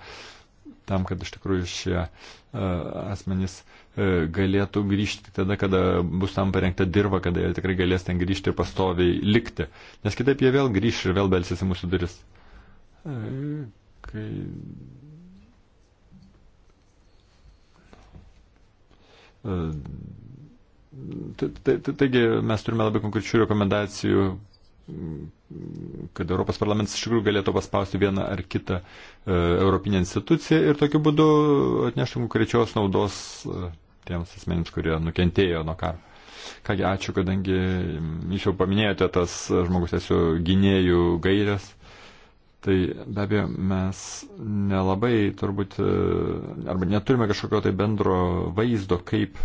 tam, kad iš tikrųjų šie e, asmenys E, galėtų grįžti tada, kada bus tam parengta dirba, kada jie tikrai galės ten grįžti ir pastoviai likti. Nes kitaip jie vėl grįš ir vėl belsis į mūsų duris. E, kai... E, taigi mes turime labai konkrečių rekomendacijų, kad Europos parlamentas iš tikrųjų galėtų paspausti vieną ar kitą e, Europinę instituciją ir tokiu būdu atneštų konkrečios naudos e, tiems asmenims, kurie nukentėjo nuo karo. Kągi, ačiū, kadangi jūs jau paminėjote tas žmogus esu gynėjų gairias. Tai be abejo, mes nelabai turbūt, arba neturime kažkokio tai bendro vaizdo, kaip,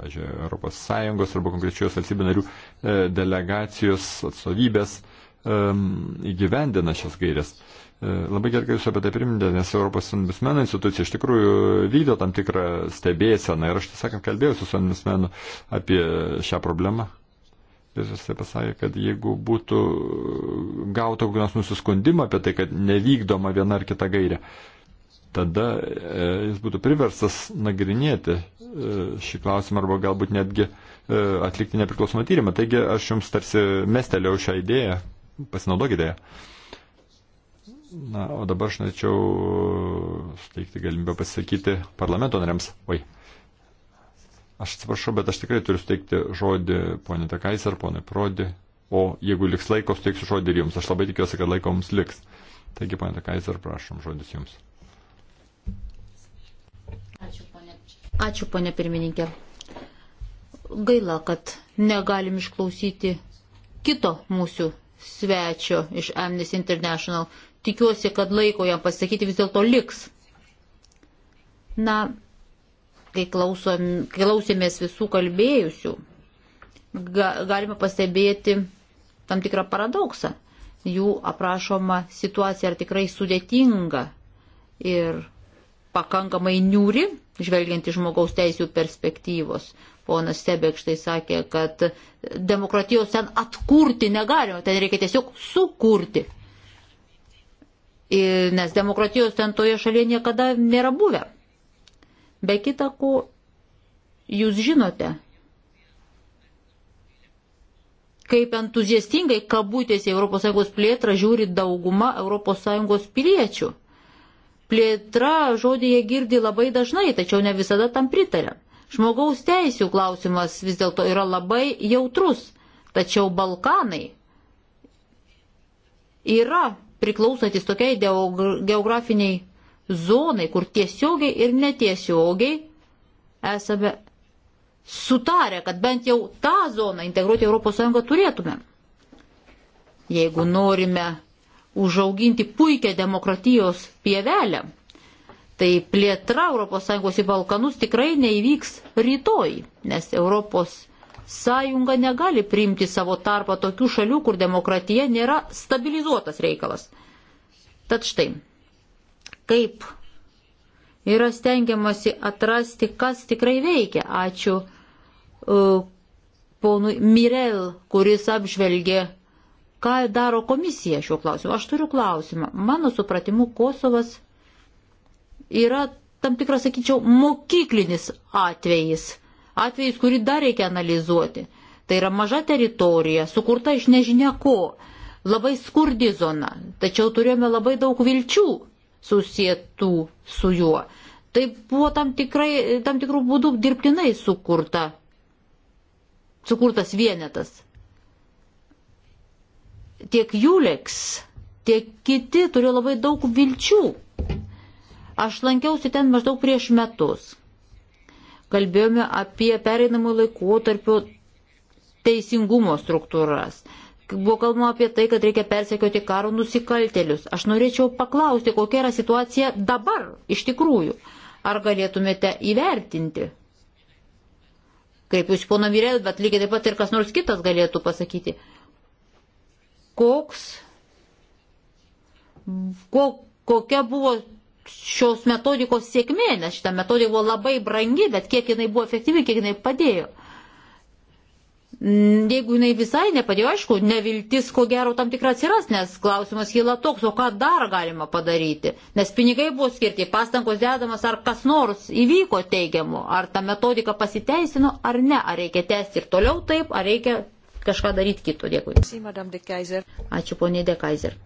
pažiūrėjau, ES arba konkrečios valstybių narių e, delegacijos atstovybės įgyvendina šias gairias. E, labai gerai, kad jūs apie tai priminėte, nes Europos ombudsmeno institucija iš tikrųjų vykdo tam tikrą stebėseną ir aš, sakant, kalbėjausi su ombudsmenu apie šią problemą. Ir jisai pasakė, kad jeigu būtų gauta kokį nors nusiskundimą apie tai, kad nevykdoma viena ar kita gairė, tada e, jis būtų priverstas nagrinėti e, šį klausimą arba galbūt netgi atlikti nepriklausomą tyrimą. Taigi aš jums tarsi mestelėjau šią idėją, pasinaudokite ją. Na, o dabar aš norėčiau uh, suteikti galimybę pasisakyti parlamento nariams. Oi. Aš atsiprašau, bet aš tikrai turiu suteikti žodį ponė Tekais ar ponė Prodi. O jeigu liks laiko, suteiksiu žodį ir jums. Aš labai tikiuosi, kad laiko mums liks. Taigi, ponė Tekais, ar prašom, žodis jums. Ačiū, ponė. Ačiū, ponė pirmininkė. Gaila, kad negalim išklausyti kito mūsų svečio iš Amnesty International tikiuosi, kad laiko jam pasakyti vis dėlto liks. Na, kai, klausom, kai klausėmės visų kalbėjusių, ga, galime pastebėti tam tikrą paradoksą. Jų aprašoma situacija yra tikrai sudėtinga ir pakankamai niūri, žvelgiant į žmogaus teisų perspektyvos. Ponas Sebekštai sakė, kad demokratijos ten atkurti negalima, ten reikia tiesiog sukurti Ir, nes demokratijos ten toje šalyje niekada nėra buvę. Be kita ko, jūs žinote, kaip entuziastingai kabutėse ES plėtrą žiūri dauguma ES piliečių. Plėtra žodį jie girdi labai dažnai, tačiau ne visada tam pritarė. Žmogaus teisų klausimas vis dėlto yra labai jautrus, tačiau Balkanai yra priklausantis tokiai geografiniai zonai, kur tiesiogiai ir netiesiogiai esame sutarę, kad bent jau tą zoną integruoti ES turėtume. Jeigu norime užauginti puikią demokratijos pievelę, tai plėtra ES į Balkanus tikrai neįvyks rytoj, nes ES sąjunga negali priimti savo tarpą tokių šalių, kur demokratija nėra stabilizuotas reikalas. Tad štai, kaip yra stengiamasi atrasti, kas tikrai veikia. Ačiū uh, ponui Mirel, kuris apžvelgė, ką daro komisija šiuo klausimu. Aš turiu klausimą. Mano supratimu, Kosovas yra tam tikras, sakyčiau, mokyklinis atvejis atvejis, kurį dar reikia analizuoti. Tai yra maža teritorija, sukurta iš nežinia ko, labai skurdi zona, tačiau turėjome labai daug vilčių susietų su juo. Tai buvo tam, tikrai, tam tikrų būdų dirbtinai sukurta, sukurtas vienetas. Tiek Juleks, tiek kiti turėjo labai daug vilčių. Aš lankiausi ten maždaug prieš metus kalbėjome apie pereinamų laikotarpių teisingumo struktūras. Buvo kalbama apie tai, kad reikia persekioti karo nusikaltelius. Aš norėčiau paklausti, kokia yra situacija dabar iš tikrųjų. Ar galėtumėte įvertinti? Kreipiuosi pono Virel, bet lygiai taip pat ir kas nors kitas galėtų pasakyti. Koks, ko, kokia buvo šios metodikos sėkmė, nes šita metodika buvo labai brangi, bet kiek jinai buvo efektyvi, kiek jinai padėjo. Mm, jeigu jinai visai nepadėjo, aišku, neviltis, ko gero, tam tikras atsiras, nes klausimas kyla toks, o ką dar galima padaryti, nes pinigai buvo skirti, pastangos dedamas, ar kas nors įvyko teigiamu, ar ta metodika pasiteisino, ar ne, ar reikia tęsti ir toliau taip, ar reikia kažką daryti kito. Dėkui. Ačiū, poniai De Kaiser.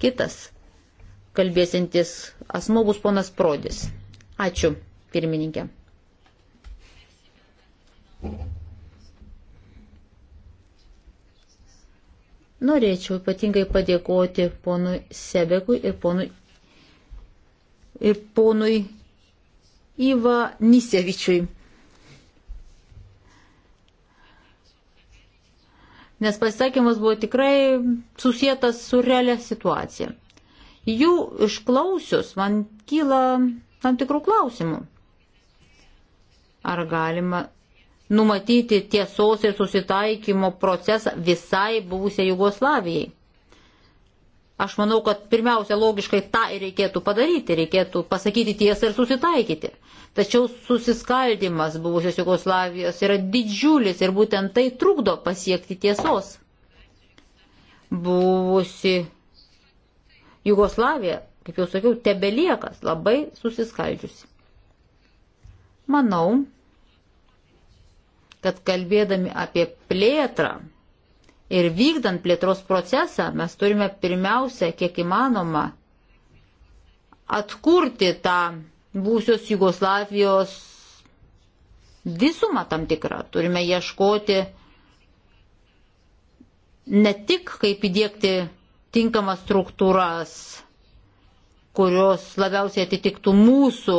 Kitas kalbėsintis asmo bus ponas Prodis. Ačiū, pirmininkė. Norėčiau ypatingai padėkoti ponui Sebekui ir ponui, ir ponui Iva Nisevičiui. Nes pasisakymas buvo tikrai susijęs su realia situacija. Jų išklausius man kyla tam tikrų klausimų. Ar galima numatyti tiesos ir susitaikymo procesą visai buvusiai Jugoslavijai? Aš manau, kad pirmiausia logiškai tą ir reikėtų padaryti, reikėtų pasakyti tiesą ir susitaikyti. Tačiau susiskaldimas buvusios Jugoslavijos yra didžiulis ir būtent tai trukdo pasiekti tiesos. Buvusi Jugoslavija, kaip jau sakiau, tebeliekas labai susiskaldžiusi. Manau, kad kalbėdami apie plėtrą ir vykdant plėtros procesą, mes turime pirmiausia, kiek įmanoma, atkurti tą būsios Jugoslavijos visumą tam tikrą. Turime ieškoti ne tik, kaip įdėkti tinkamas struktūras, kurios labiausiai atitiktų mūsų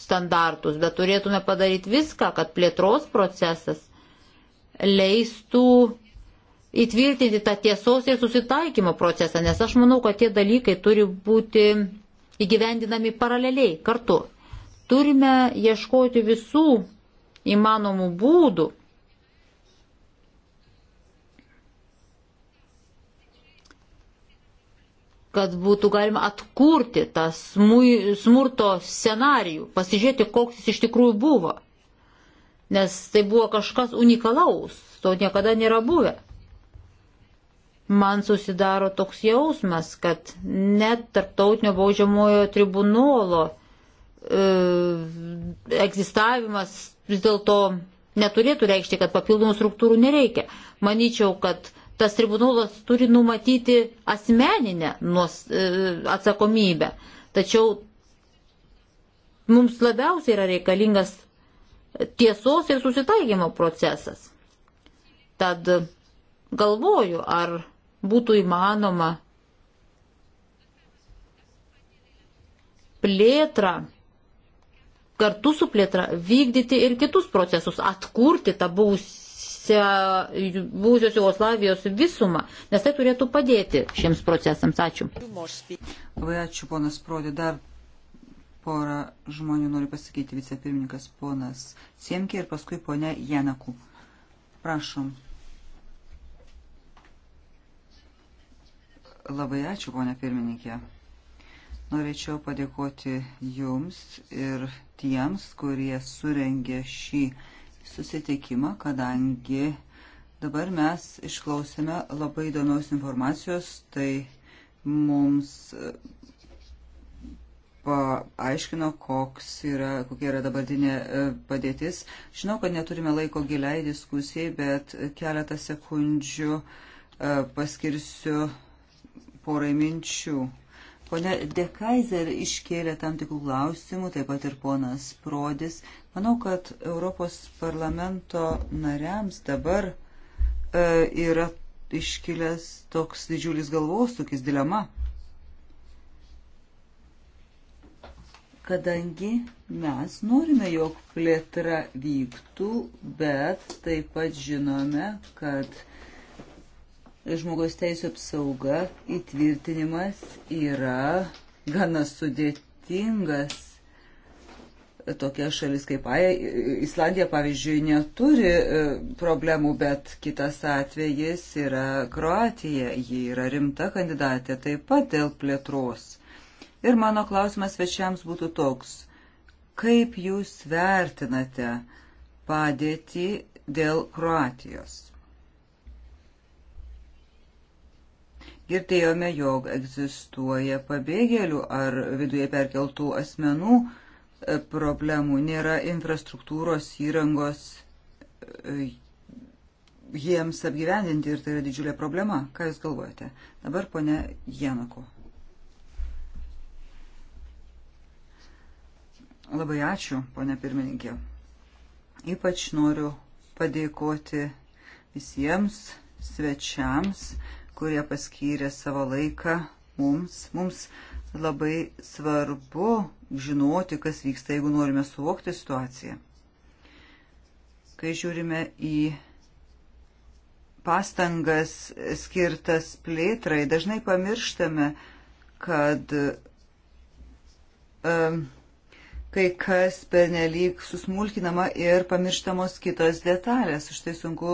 standartus, bet turėtume padaryti viską, kad plėtros procesas leistų įtvirtinti tą tiesos ir susitaikymo procesą, nes aš manau, kad tie dalykai turi būti įgyvendinami paraleliai kartu. Turime ieškoti visų įmanomų būdų, kad būtų galima atkurti tą smurto scenarijų, pasižiūrėti, koks jis iš tikrųjų buvo. Nes tai buvo kažkas unikalaus, to niekada nėra buvę. Man susidaro toks jausmas, kad net tarptautinio baudžiamojo tribunolo e, egzistavimas vis dėlto neturėtų reikšti, kad papildomų struktūrų nereikia. Manyčiau, kad tas tribunolas turi numatyti asmeninę nuos, e, atsakomybę. Tačiau mums labiausiai yra reikalingas tiesos ir susitaikymo procesas. Tad galvoju, ar būtų įmanoma plėtrą, kartu su plėtra vykdyti ir kitus procesus, atkurti tą buvus, buvusią, buvusios Jugoslavijos visumą, nes tai turėtų padėti šiems procesams. Ačiū. Labai ačiū, ponas Prodi. Dar porą žmonių nori pasakyti vicepirmininkas ponas Siemkė ir paskui ponia Janakų. Prašom. Labai ačiū, ponia pirmininkė. Norėčiau padėkoti jums ir tiems, kurie surengė šį susitikimą, kadangi dabar mes išklausėme labai įdomios informacijos, tai mums e, paaiškino, koks yra, kokia yra dabartinė e, padėtis. Žinau, kad neturime laiko giliai diskusijai, bet keletą sekundžių e, paskirsiu porai minčių. Pone Dekaiser iškėlė tam tikrų klausimų, taip pat ir ponas Prodis. Manau, kad Europos parlamento nariams dabar e, yra iškilęs toks didžiulis galvos, tokis dilema. Kadangi mes norime, jog plėtra vyktų, bet taip pat žinome, kad žmogaus teisų apsauga, įtvirtinimas yra gana sudėtingas. Tokia šalis kaip Aja, Islandija, pavyzdžiui, neturi e, problemų, bet kitas atvejis yra Kroatija. Ji yra rimta kandidatė taip pat dėl plėtros. Ir mano klausimas svečiams būtų toks. Kaip jūs vertinate padėtį dėl Kroatijos? Girdėjome, jog egzistuoja pabėgėlių ar viduje perkeltų asmenų e, problemų, nėra infrastruktūros įrangos e, jiems apgyvendinti ir tai yra didžiulė problema. Ką Jūs galvojate? Dabar ponė Janako. Labai ačiū, ponė pirmininkė. Ypač noriu padėkoti visiems svečiams kurie paskyrė savo laiką mums. Mums labai svarbu žinoti, kas vyksta, jeigu norime suvokti situaciją. Kai žiūrime į pastangas skirtas plėtrai, dažnai pamirštame, kad um, kai kas pernelyg susmulkinama ir pamirštamos kitos detalės. Štai sunku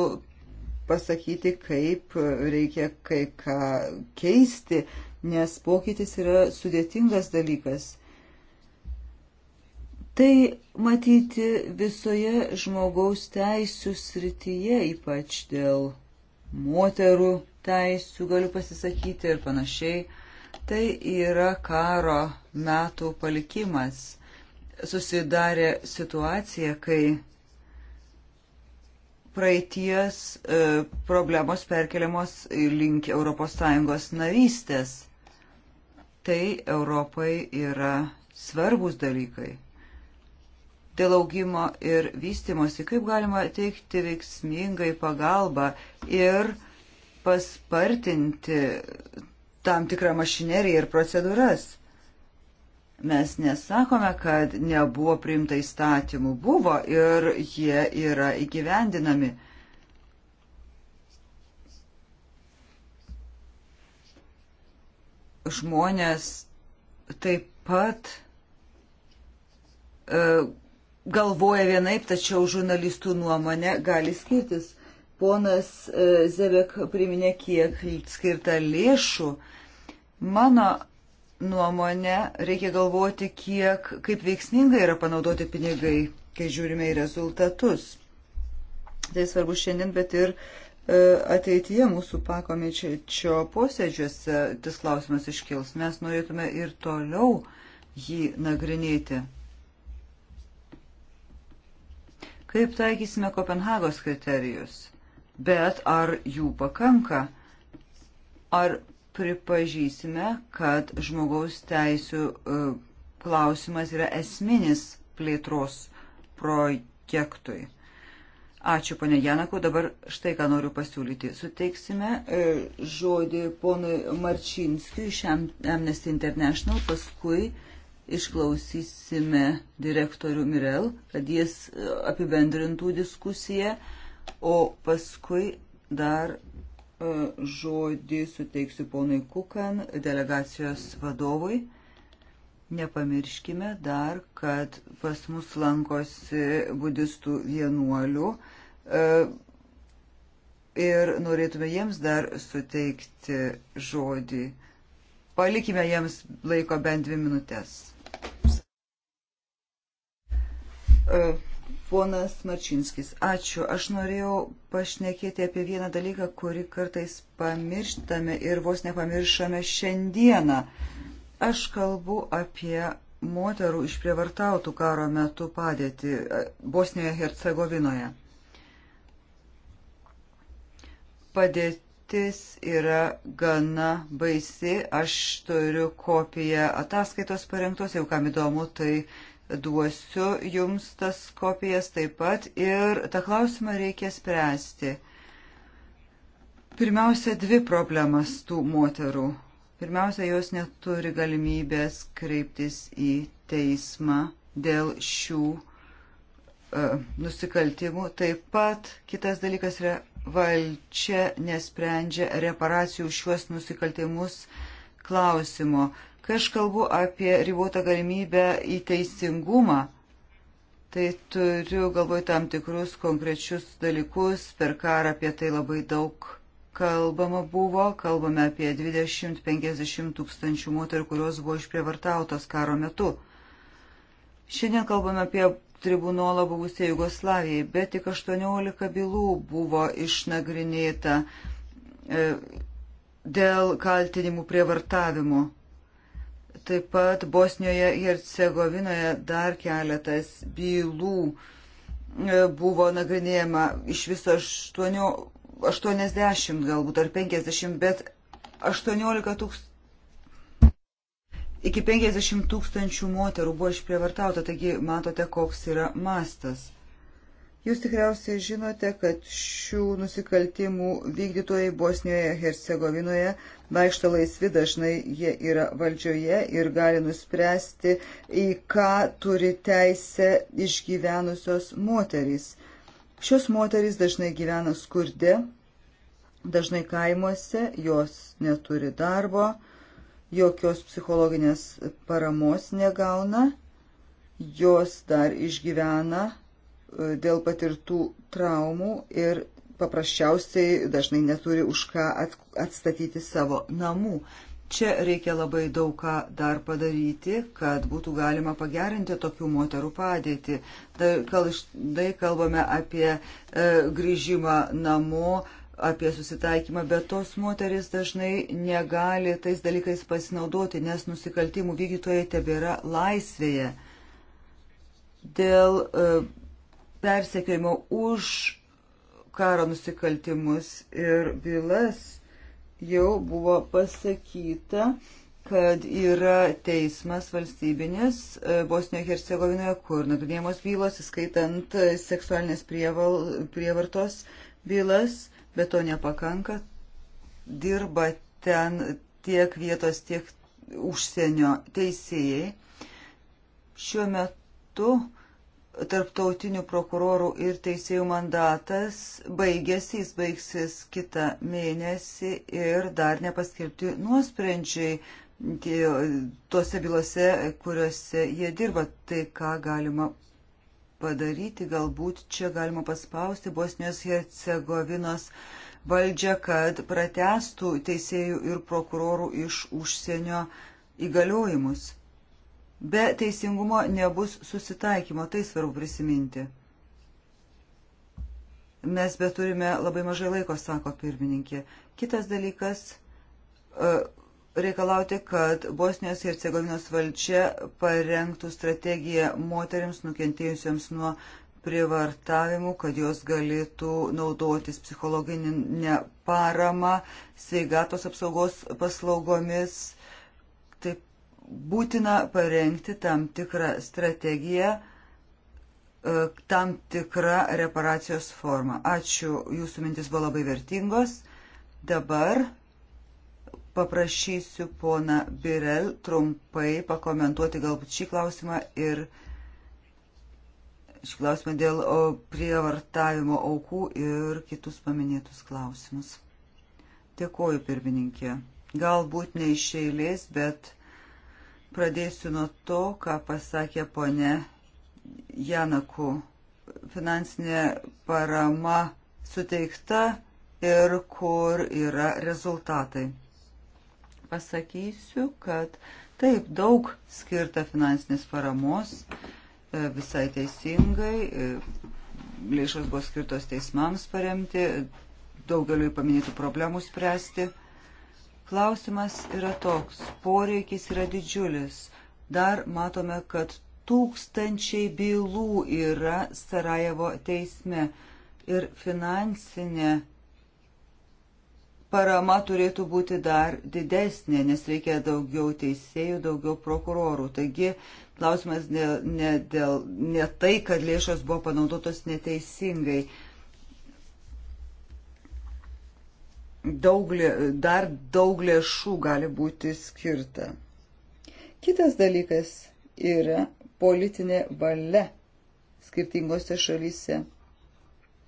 pasakyti, kaip reikia kai ką keisti, nes pokytis yra sudėtingas dalykas. Tai matyti visoje žmogaus teisų srityje, ypač dėl moterų teisų galiu pasisakyti ir panašiai. Tai yra karo metų palikimas. Susidarė situacija, kai praeities e, problemos perkeliamos link ES narystės. Tai Europai yra svarbus dalykai. Dėl augimo ir vystimosi, kaip galima teikti veiksmingai pagalbą ir paspartinti tam tikrą mašineriją ir procedūras. Mes nesakome, kad nebuvo priimta įstatymų, buvo ir jie yra įgyvendinami. Žmonės taip pat e, galvoja vienaip, tačiau žurnalistų nuomonė gali skirtis. Ponas e, Zebek priminė, kiek skirta lėšų. Mano nuomonę reikia galvoti, kiek, kaip veiksmingai yra panaudoti pinigai, kai žiūrime į rezultatus. Tai svarbu šiandien, bet ir e, ateityje mūsų pakomičio posėdžiuose tas klausimas iškils. Mes norėtume ir toliau jį nagrinėti. Kaip taikysime Kopenhagos kriterijus? Bet ar jų pakanka? Ar pripažįsime, kad žmogaus teisų e, klausimas yra esminis plėtros projektui. Ačiū, ponė Janako. Dabar štai ką noriu pasiūlyti. Suteiksime e, žodį ponui Marčinskiui iš Amnesty International, paskui išklausysime direktorių Mirel, kad jis e, apibendrintų diskusiją, o paskui dar E, žodį suteiksiu ponui Kukan, delegacijos vadovui. Nepamirškime dar, kad pas mus lankosi budistų vienuolių e, ir norėtume jiems dar suteikti žodį. Palikime jiems laiko bent dvi minutės. Uh. Ponas Marčinskis, ačiū. Aš norėjau pašnekėti apie vieną dalyką, kurį kartais pamirštame ir vos nepamiršame šiandieną. Aš kalbu apie moterų išprievartautų karo metu padėti e, Bosnijoje Hercegovinoje. Padėtis yra gana baisi. Aš turiu kopiją ataskaitos parengtos, jau kam įdomu, tai duosiu jums tas kopijas taip pat ir tą klausimą reikia spręsti. Pirmiausia, dvi problemas tų moterų. Pirmiausia, jos neturi galimybės kreiptis į teismą dėl šių e, nusikaltimų. Taip pat kitas dalykas yra valdžia nesprendžia reparacijų šiuos nusikaltimus klausimo. Kai aš kalbu apie ribotą galimybę į teisingumą, tai turiu galvoj tam tikrus konkrečius dalykus, per karą apie tai labai daug kalbama buvo, kalbame apie 20-50 tūkstančių moterų, kurios buvo išprievartautos karo metu. Šiandien kalbame apie tribunolą buvusiai Jugoslavijai, bet tik 18 bylų buvo išnagrinėta e, dėl kaltinimų prievartavimu. Taip pat Bosnijoje ir Cegovinoje dar keletas bylų e, buvo nagrinėjama iš viso 8, 80 galbūt ar 50, bet 18 tūkstančių. Iki 50 tūkstančių moterų buvo išprievartauta, taigi matote, koks yra mastas. Jūs tikriausiai žinote, kad šių nusikaltimų vykdytojai Bosnijoje, Hercegovinoje vaikšto laisvi, dažnai jie yra valdžioje ir gali nuspręsti, į ką turi teisę išgyvenusios moterys. Šios moterys dažnai gyvena skurde, dažnai kaimuose, jos neturi darbo, jokios psichologinės paramos negauna, jos dar išgyvena e, dėl patirtų traumų ir paprasčiausiai dažnai neturi už ką atstatyti savo namų. Čia reikia labai daug ką dar padaryti, kad būtų galima pagerinti tokių moterų padėtį. Tai kalbame apie e, grįžimą namo, apie susitaikymą, bet tos moteris dažnai negali tais dalykais pasinaudoti, nes nusikaltimų vykdytojai tebėra laisvėje. Dėl e, persekiojimo už karo nusikaltimus ir bylas, jau buvo pasakyta, kad yra teismas valstybinis e, Bosnijoje Hercegovinoje, kur nagrinėjamos bylos, įskaitant e, seksualinės prieval, prievartos bylas, bet to nepakanka. Dirba ten tiek vietos, tiek užsienio teisėjai. Šiuo metu tarptautinių prokurorų ir teisėjų mandatas baigėsi, jis baigsis kitą mėnesį ir dar nepaskirti nuosprendžiai tose bylose, kuriuose jie dirba. Tai ką galima padaryti, galbūt čia galima paspausti Bosnijos Hercegovinos valdžią, kad pratestų teisėjų ir prokurorų iš užsienio įgaliojimus. Be teisingumo nebus susitaikymo, tai svarbu prisiminti. Mes bet turime labai mažai laiko, sako pirmininkė. Kitas dalykas e, reikalauti, kad Bosnijos ir Cegovinos valdžia parengtų strategiją moteriams nukentėjusiems nuo privartavimų, kad jos galėtų naudotis psichologinę paramą, sveikatos apsaugos paslaugomis būtina parengti tam tikrą strategiją, e, tam tikrą reparacijos formą. Ačiū, jūsų mintis buvo labai vertingos. Dabar paprašysiu pona Birel trumpai pakomentuoti galbūt šį klausimą ir šį klausimą dėl prievartavimo aukų ir kitus paminėtus klausimus. Dėkoju, pirmininkė. Galbūt ne iš eilės, bet Pradėsiu nuo to, ką pasakė ponė Janaku. Finansinė parama suteikta ir kur yra rezultatai. Pasakysiu, kad taip daug skirta finansinės paramos, e, visai teisingai, e, lėšos buvo skirtos teismams paremti, daugeliu paminėtų problemų spręsti. Klausimas yra toks, poreikis yra didžiulis. Dar matome, kad tūkstančiai bylų yra Sarajevo teisme ir finansinė parama turėtų būti dar didesnė, nes reikia daugiau teisėjų, daugiau prokurorų. Taigi klausimas ne, ne, dėl, ne tai, kad lėšos buvo panaudotos neteisingai. daug, dar daug lėšų gali būti skirta. Kitas dalykas yra politinė valia skirtingose šalyse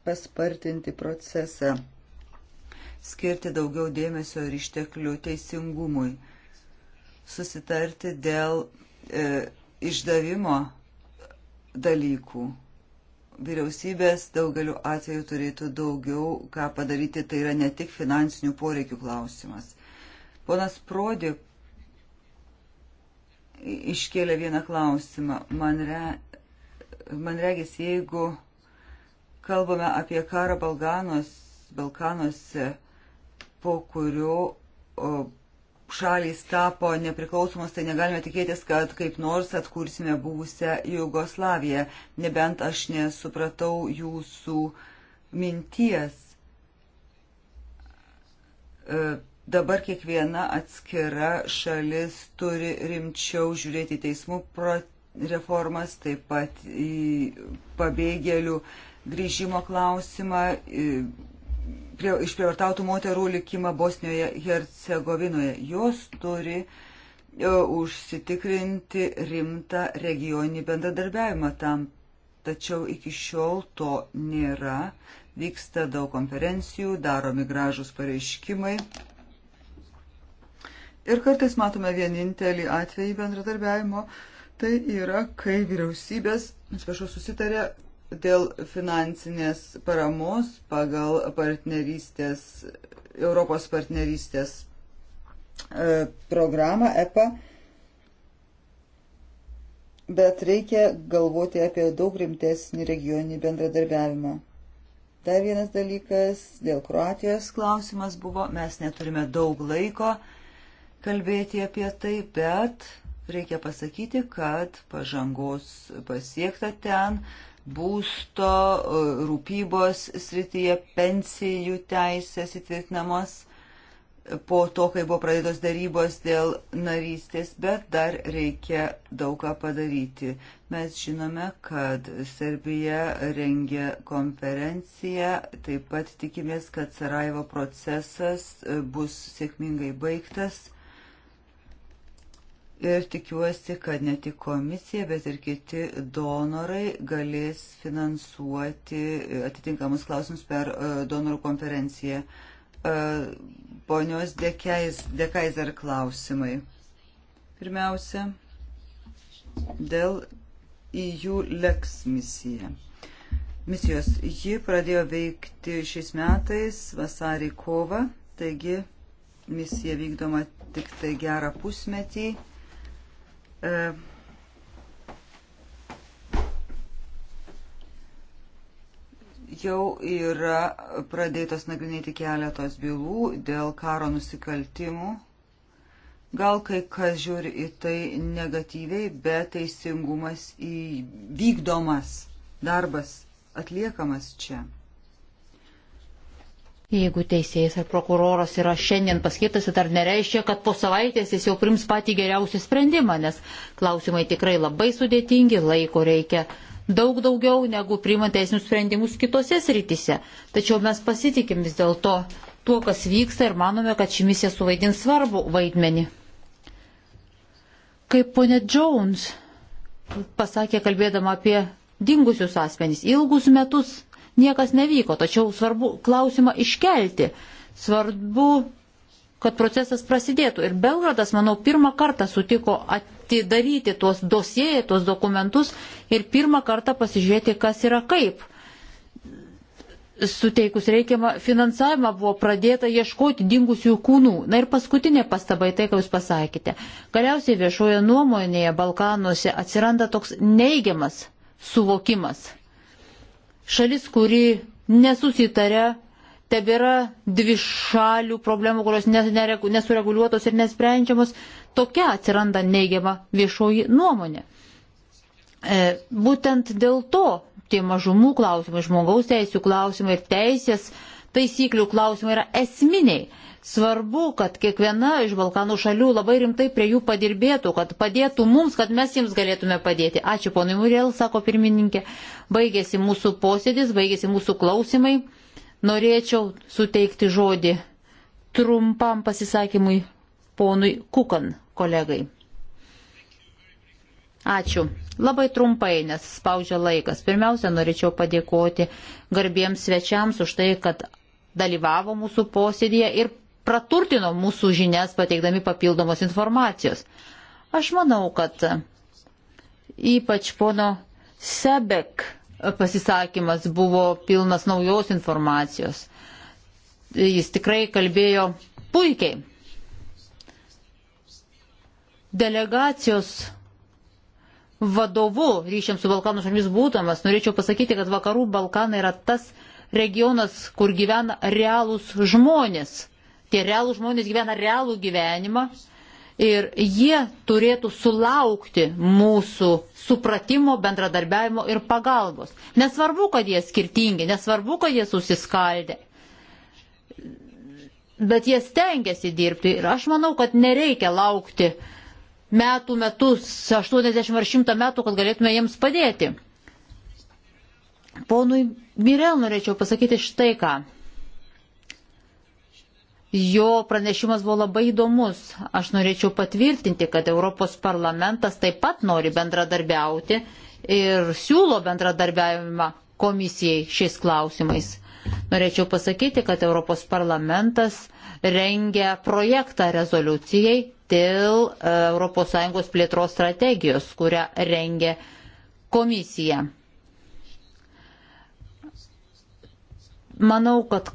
paspartinti procesą, skirti daugiau dėmesio ir išteklių teisingumui, susitarti dėl e, išdavimo dalykų vyriausybės daugeliu atveju turėtų daugiau ką padaryti, tai yra ne tik finansinių poreikių klausimas. Ponas Prodi iškėlė vieną klausimą. Man, re, man regis, jeigu kalbame apie karą Balkanos, Balkanuose, po kurio o, šalys tapo nepriklausomos, tai negalime tikėtis, kad kaip nors atkursime buvusią Jugoslaviją, nebent aš nesupratau jūsų minties. E, dabar kiekviena atskira šalis turi rimčiau žiūrėti teismų reformas, taip pat į pabėgėlių grįžimo klausimą, prie, išprievartautų moterų likimą Bosnijoje Hercegovinoje. Jos turi e, užsitikrinti rimtą regioninį bendradarbiavimą tam. Tačiau iki šiol to nėra. Vyksta daug konferencijų, daromi gražus pareiškimai. Ir kartais matome vienintelį atvejį bendradarbiavimo. Tai yra, kai vyriausybės, atsiprašau, susitarė dėl finansinės paramos pagal partnerystės, Europos partnerystės e, programą EPA, bet reikia galvoti apie daug rimtesnį regioninį bendradarbiavimą. Dar vienas dalykas, dėl Kroatijos klausimas buvo, mes neturime daug laiko kalbėti apie tai, bet reikia pasakyti, kad pažangos pasiekta ten, būsto, e, rūpybos srityje, pensijų teisės įtvirtinamos e, po to, kai buvo pradėtos darybos dėl narystės, bet dar reikia daug ką padaryti. Mes žinome, kad Serbija rengia konferenciją, taip pat tikimės, kad Sarajevo procesas e, bus sėkmingai baigtas ir tikiuosi, kad ne tik komisija, bet ir kiti donorai galės finansuoti atitinkamus klausimus per e, donorų konferenciją. E, ponios Dekaiser klausimai. Pirmiausia, dėl EU Lex misija. Misijos ji pradėjo veikti šiais metais vasarį kovą, taigi misija vykdoma tik tai gerą pusmetį E, jau yra pradėtos nagrinėti keletos bylų dėl karo nusikaltimų. Gal kai kas žiūri į tai negatyviai, bet teisingumas įvykdomas darbas atliekamas čia. Jeigu teisėjas ar prokuroras yra šiandien paskirtas, tai dar nereiškia, kad po savaitės jis jau prims patį geriausią sprendimą, nes klausimai tikrai labai sudėtingi, laiko reikia daug daugiau negu priimant teisinius sprendimus kitose srityse. Tačiau mes pasitikim vis dėlto tuo, kas vyksta ir manome, kad ši misija suvaidins svarbu vaidmenį. Kaip ponė Jones pasakė kalbėdama apie dingusius asmenys ilgus metus niekas nevyko, tačiau svarbu klausimą iškelti, svarbu, kad procesas prasidėtų. Ir Belgradas, manau, pirmą kartą sutiko atidaryti tuos dosieji, tuos dokumentus ir pirmą kartą pasižiūrėti, kas yra kaip suteikus reikiamą finansavimą buvo pradėta ieškoti dingusių kūnų. Na ir paskutinė pastaba į tai, ką Jūs pasakėte. Galiausiai viešoje nuomonėje Balkanuose atsiranda toks neigiamas suvokimas. Šalis, kuri nesusitarė, tebėra dvi šalių problemų, kurios nesureguliuotos ir nesprendžiamos, tokia atsiranda neigiama viešoji nuomonė. E, būtent dėl to tie mažumų klausimai, žmogaus teisų klausimai ir teisės taisyklių klausimai yra esminiai Svarbu, kad kiekviena iš Balkanų šalių labai rimtai prie jų padirbėtų, kad padėtų mums, kad mes jiems galėtume padėti. Ačiū ponui Murėl, sako pirmininkė. Baigėsi mūsų posėdis, baigėsi mūsų klausimai. Norėčiau suteikti žodį trumpam pasisakymui ponui Kukan kolegai. Ačiū. Labai trumpai, nes spaudžia laikas. Pirmiausia, norėčiau padėkoti garbiems svečiams už tai, kad dalyvavo mūsų posėdėje ir praturtino mūsų žinias pateikdami papildomos informacijos. Aš manau, kad ypač pono Sebek pasisakymas buvo pilnas naujos informacijos. Jis tikrai kalbėjo puikiai. Delegacijos vadovu ryšiams su Balkanų šalimis būdamas, norėčiau pasakyti, kad vakarų Balkanai yra tas regionas, kur gyvena realūs žmonės tie realų žmonės gyvena realų gyvenimą ir jie turėtų sulaukti mūsų supratimo, bendradarbiavimo ir pagalbos. Nesvarbu, kad jie skirtingi, nesvarbu, kad jie susiskaldė. Bet jie stengiasi dirbti ir aš manau, kad nereikia laukti metų metus, 80 ar 100 metų, kad galėtume jiems padėti. Ponui Mirel norėčiau pasakyti štai ką. Jo pranešimas buvo labai įdomus. Aš norėčiau patvirtinti, kad Europos parlamentas taip pat nori bendradarbiauti ir siūlo bendradarbiavimą komisijai šiais klausimais. Norėčiau pasakyti, kad Europos parlamentas rengia projektą rezoliucijai dėl e, ES plėtros strategijos, kurią rengia komisija. Manau, kad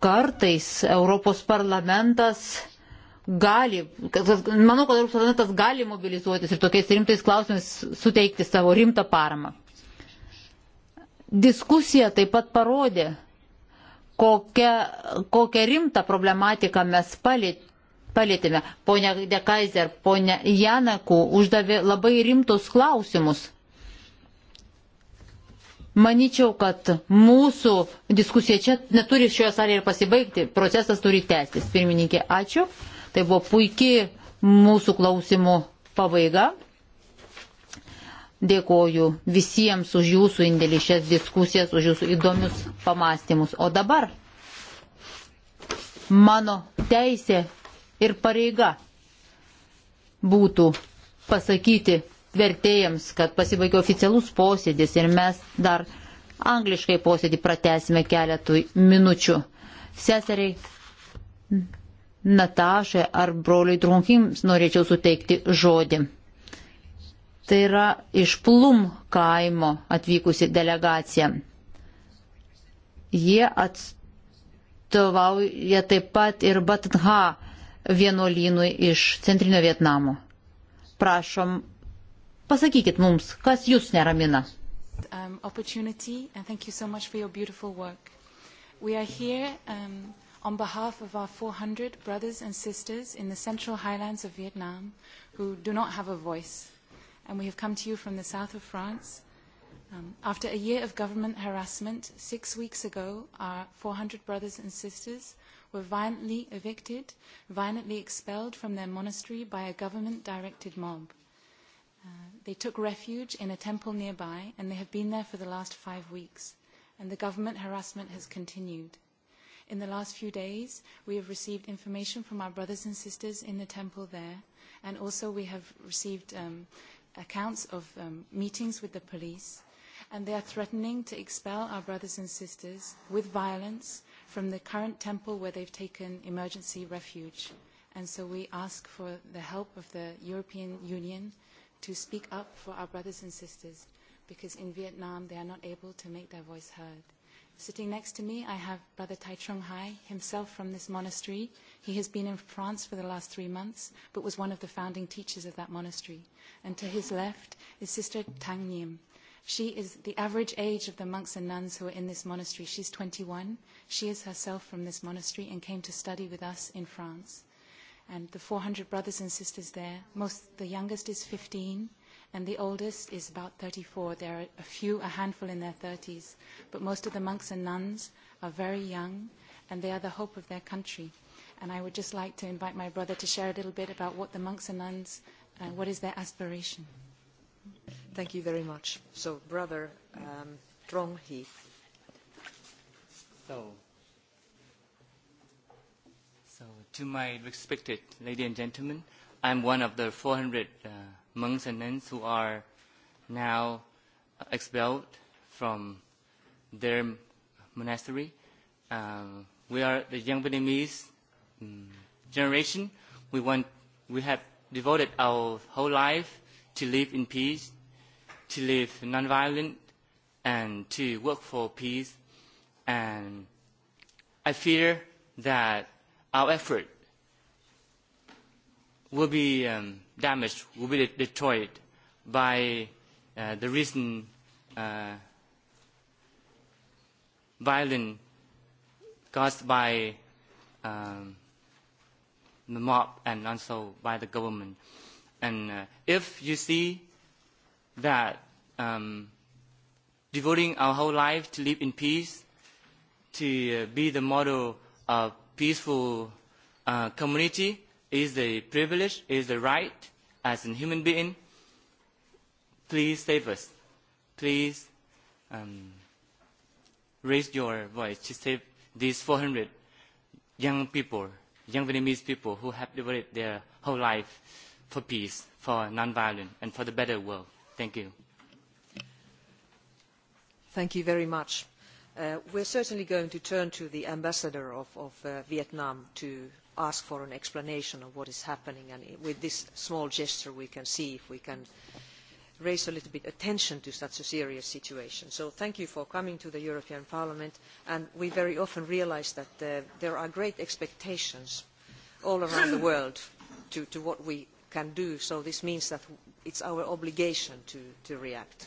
kartais Europos parlamentas gali, manau, kad Europos parlamentas gali mobilizuotis ir tokiais rimtais klausimais suteikti savo rimtą paramą. Diskusija taip pat parodė, kokią, kokią rimtą problematiką mes palėtėme palėtėme. Pone Dekaiser, pone Janaku uždavė labai rimtus klausimus. Maničiau, kad mūsų diskusija čia neturi šioje salėje ir pasibaigti, procesas turi tęstis. Pirmininkė, ačiū. Tai buvo puikiai mūsų klausimų pabaiga. Dėkoju visiems už jūsų indėlį šias diskusijas, už jūsų įdomius pamastymus. O dabar mano teisė ir pareiga būtų pasakyti vertėjams, kad pasibaigė oficialus posėdis ir mes dar angliškai posėdį pratesime keletų minučių. Seseriai Natašai ar broliai Trunkims norėčiau suteikti žodį. Tai yra iš Plum kaimo atvykusi delegacija. Jie atstovauja taip pat ir Batha vienuolynui iš centrinio Vietnamo. Prašom Pasakykit mums, kas jūs neramina. Um, We are here um, on behalf of our 400 brothers and sisters in the central highlands of Vietnam who do not have a voice. And we have come to you from the south of France. Um, after a year of government harassment, six weeks ago, our 400 brothers and sisters were violently evicted, violently expelled from their monastery by a government-directed mob. Uh, they took refuge in a temple nearby and they have been there for the last five weeks, and the government harassment has continued. In the last few days, we have received information from our brothers and sisters in the temple there, and also we have received um, accounts of um, meetings with the police, and they are threatening to expel our brothers and sisters with violence from the current temple where they've taken emergency refuge. And so we ask for the help of the European Union to speak up for our brothers and sisters because in Vietnam they are not able to make their voice heard. Sitting next to me, I have Brother Tai Trung Hai, himself from this monastery. He has been in France for the last three months, but was one of the founding teachers of that monastery. And to his left is Sister Tang Nim. She is the average age of the monks and nuns who are in this monastery. She's 21. She is herself from this monastery and came to study with us in France and the 400 brothers and sisters there. Most, the youngest is 15, and the oldest is about 34. There are a few, a handful in their 30s, but most of the monks and nuns are very young, and they are the hope of their country. And I would just like to invite my brother to share a little bit about what the monks and nuns, uh, what is their aspiration. Thank you very much. So, brother um, Trong Hee. So, to my respected ladies and gentlemen. I'm one of the 400 uh, monks and nuns who are now uh, expelled from their monastery. Um, we are the young Vietnamese um, generation. We, want, we have devoted our whole life to live in peace, to live nonviolent, and to work for peace. And I fear that our effort will be um, damaged, will be destroyed by uh, the recent uh, violence caused by um, the mob and also by the government. And uh, if you see that um, devoting our whole life to live in peace, to uh, be the model of peaceful uh, community is a privilege, is a right as a human being. Please save us. Please um, raise your voice to save these 400 young people, young Vietnamese people who have devoted their whole life for peace, for non-violence, and for the better world. Thank you. Thank you very much. Uh, we're certainly going to turn to the ambassador of, of uh, Vietnam to ask for an explanation of what is happening. And with this small gesture, we can see if we can raise a little bit attention to such a serious situation. So thank you for coming to the European Parliament. And we very often realize that uh, there are great expectations all around the world to, to what we can do. So this means that it's our obligation to, to react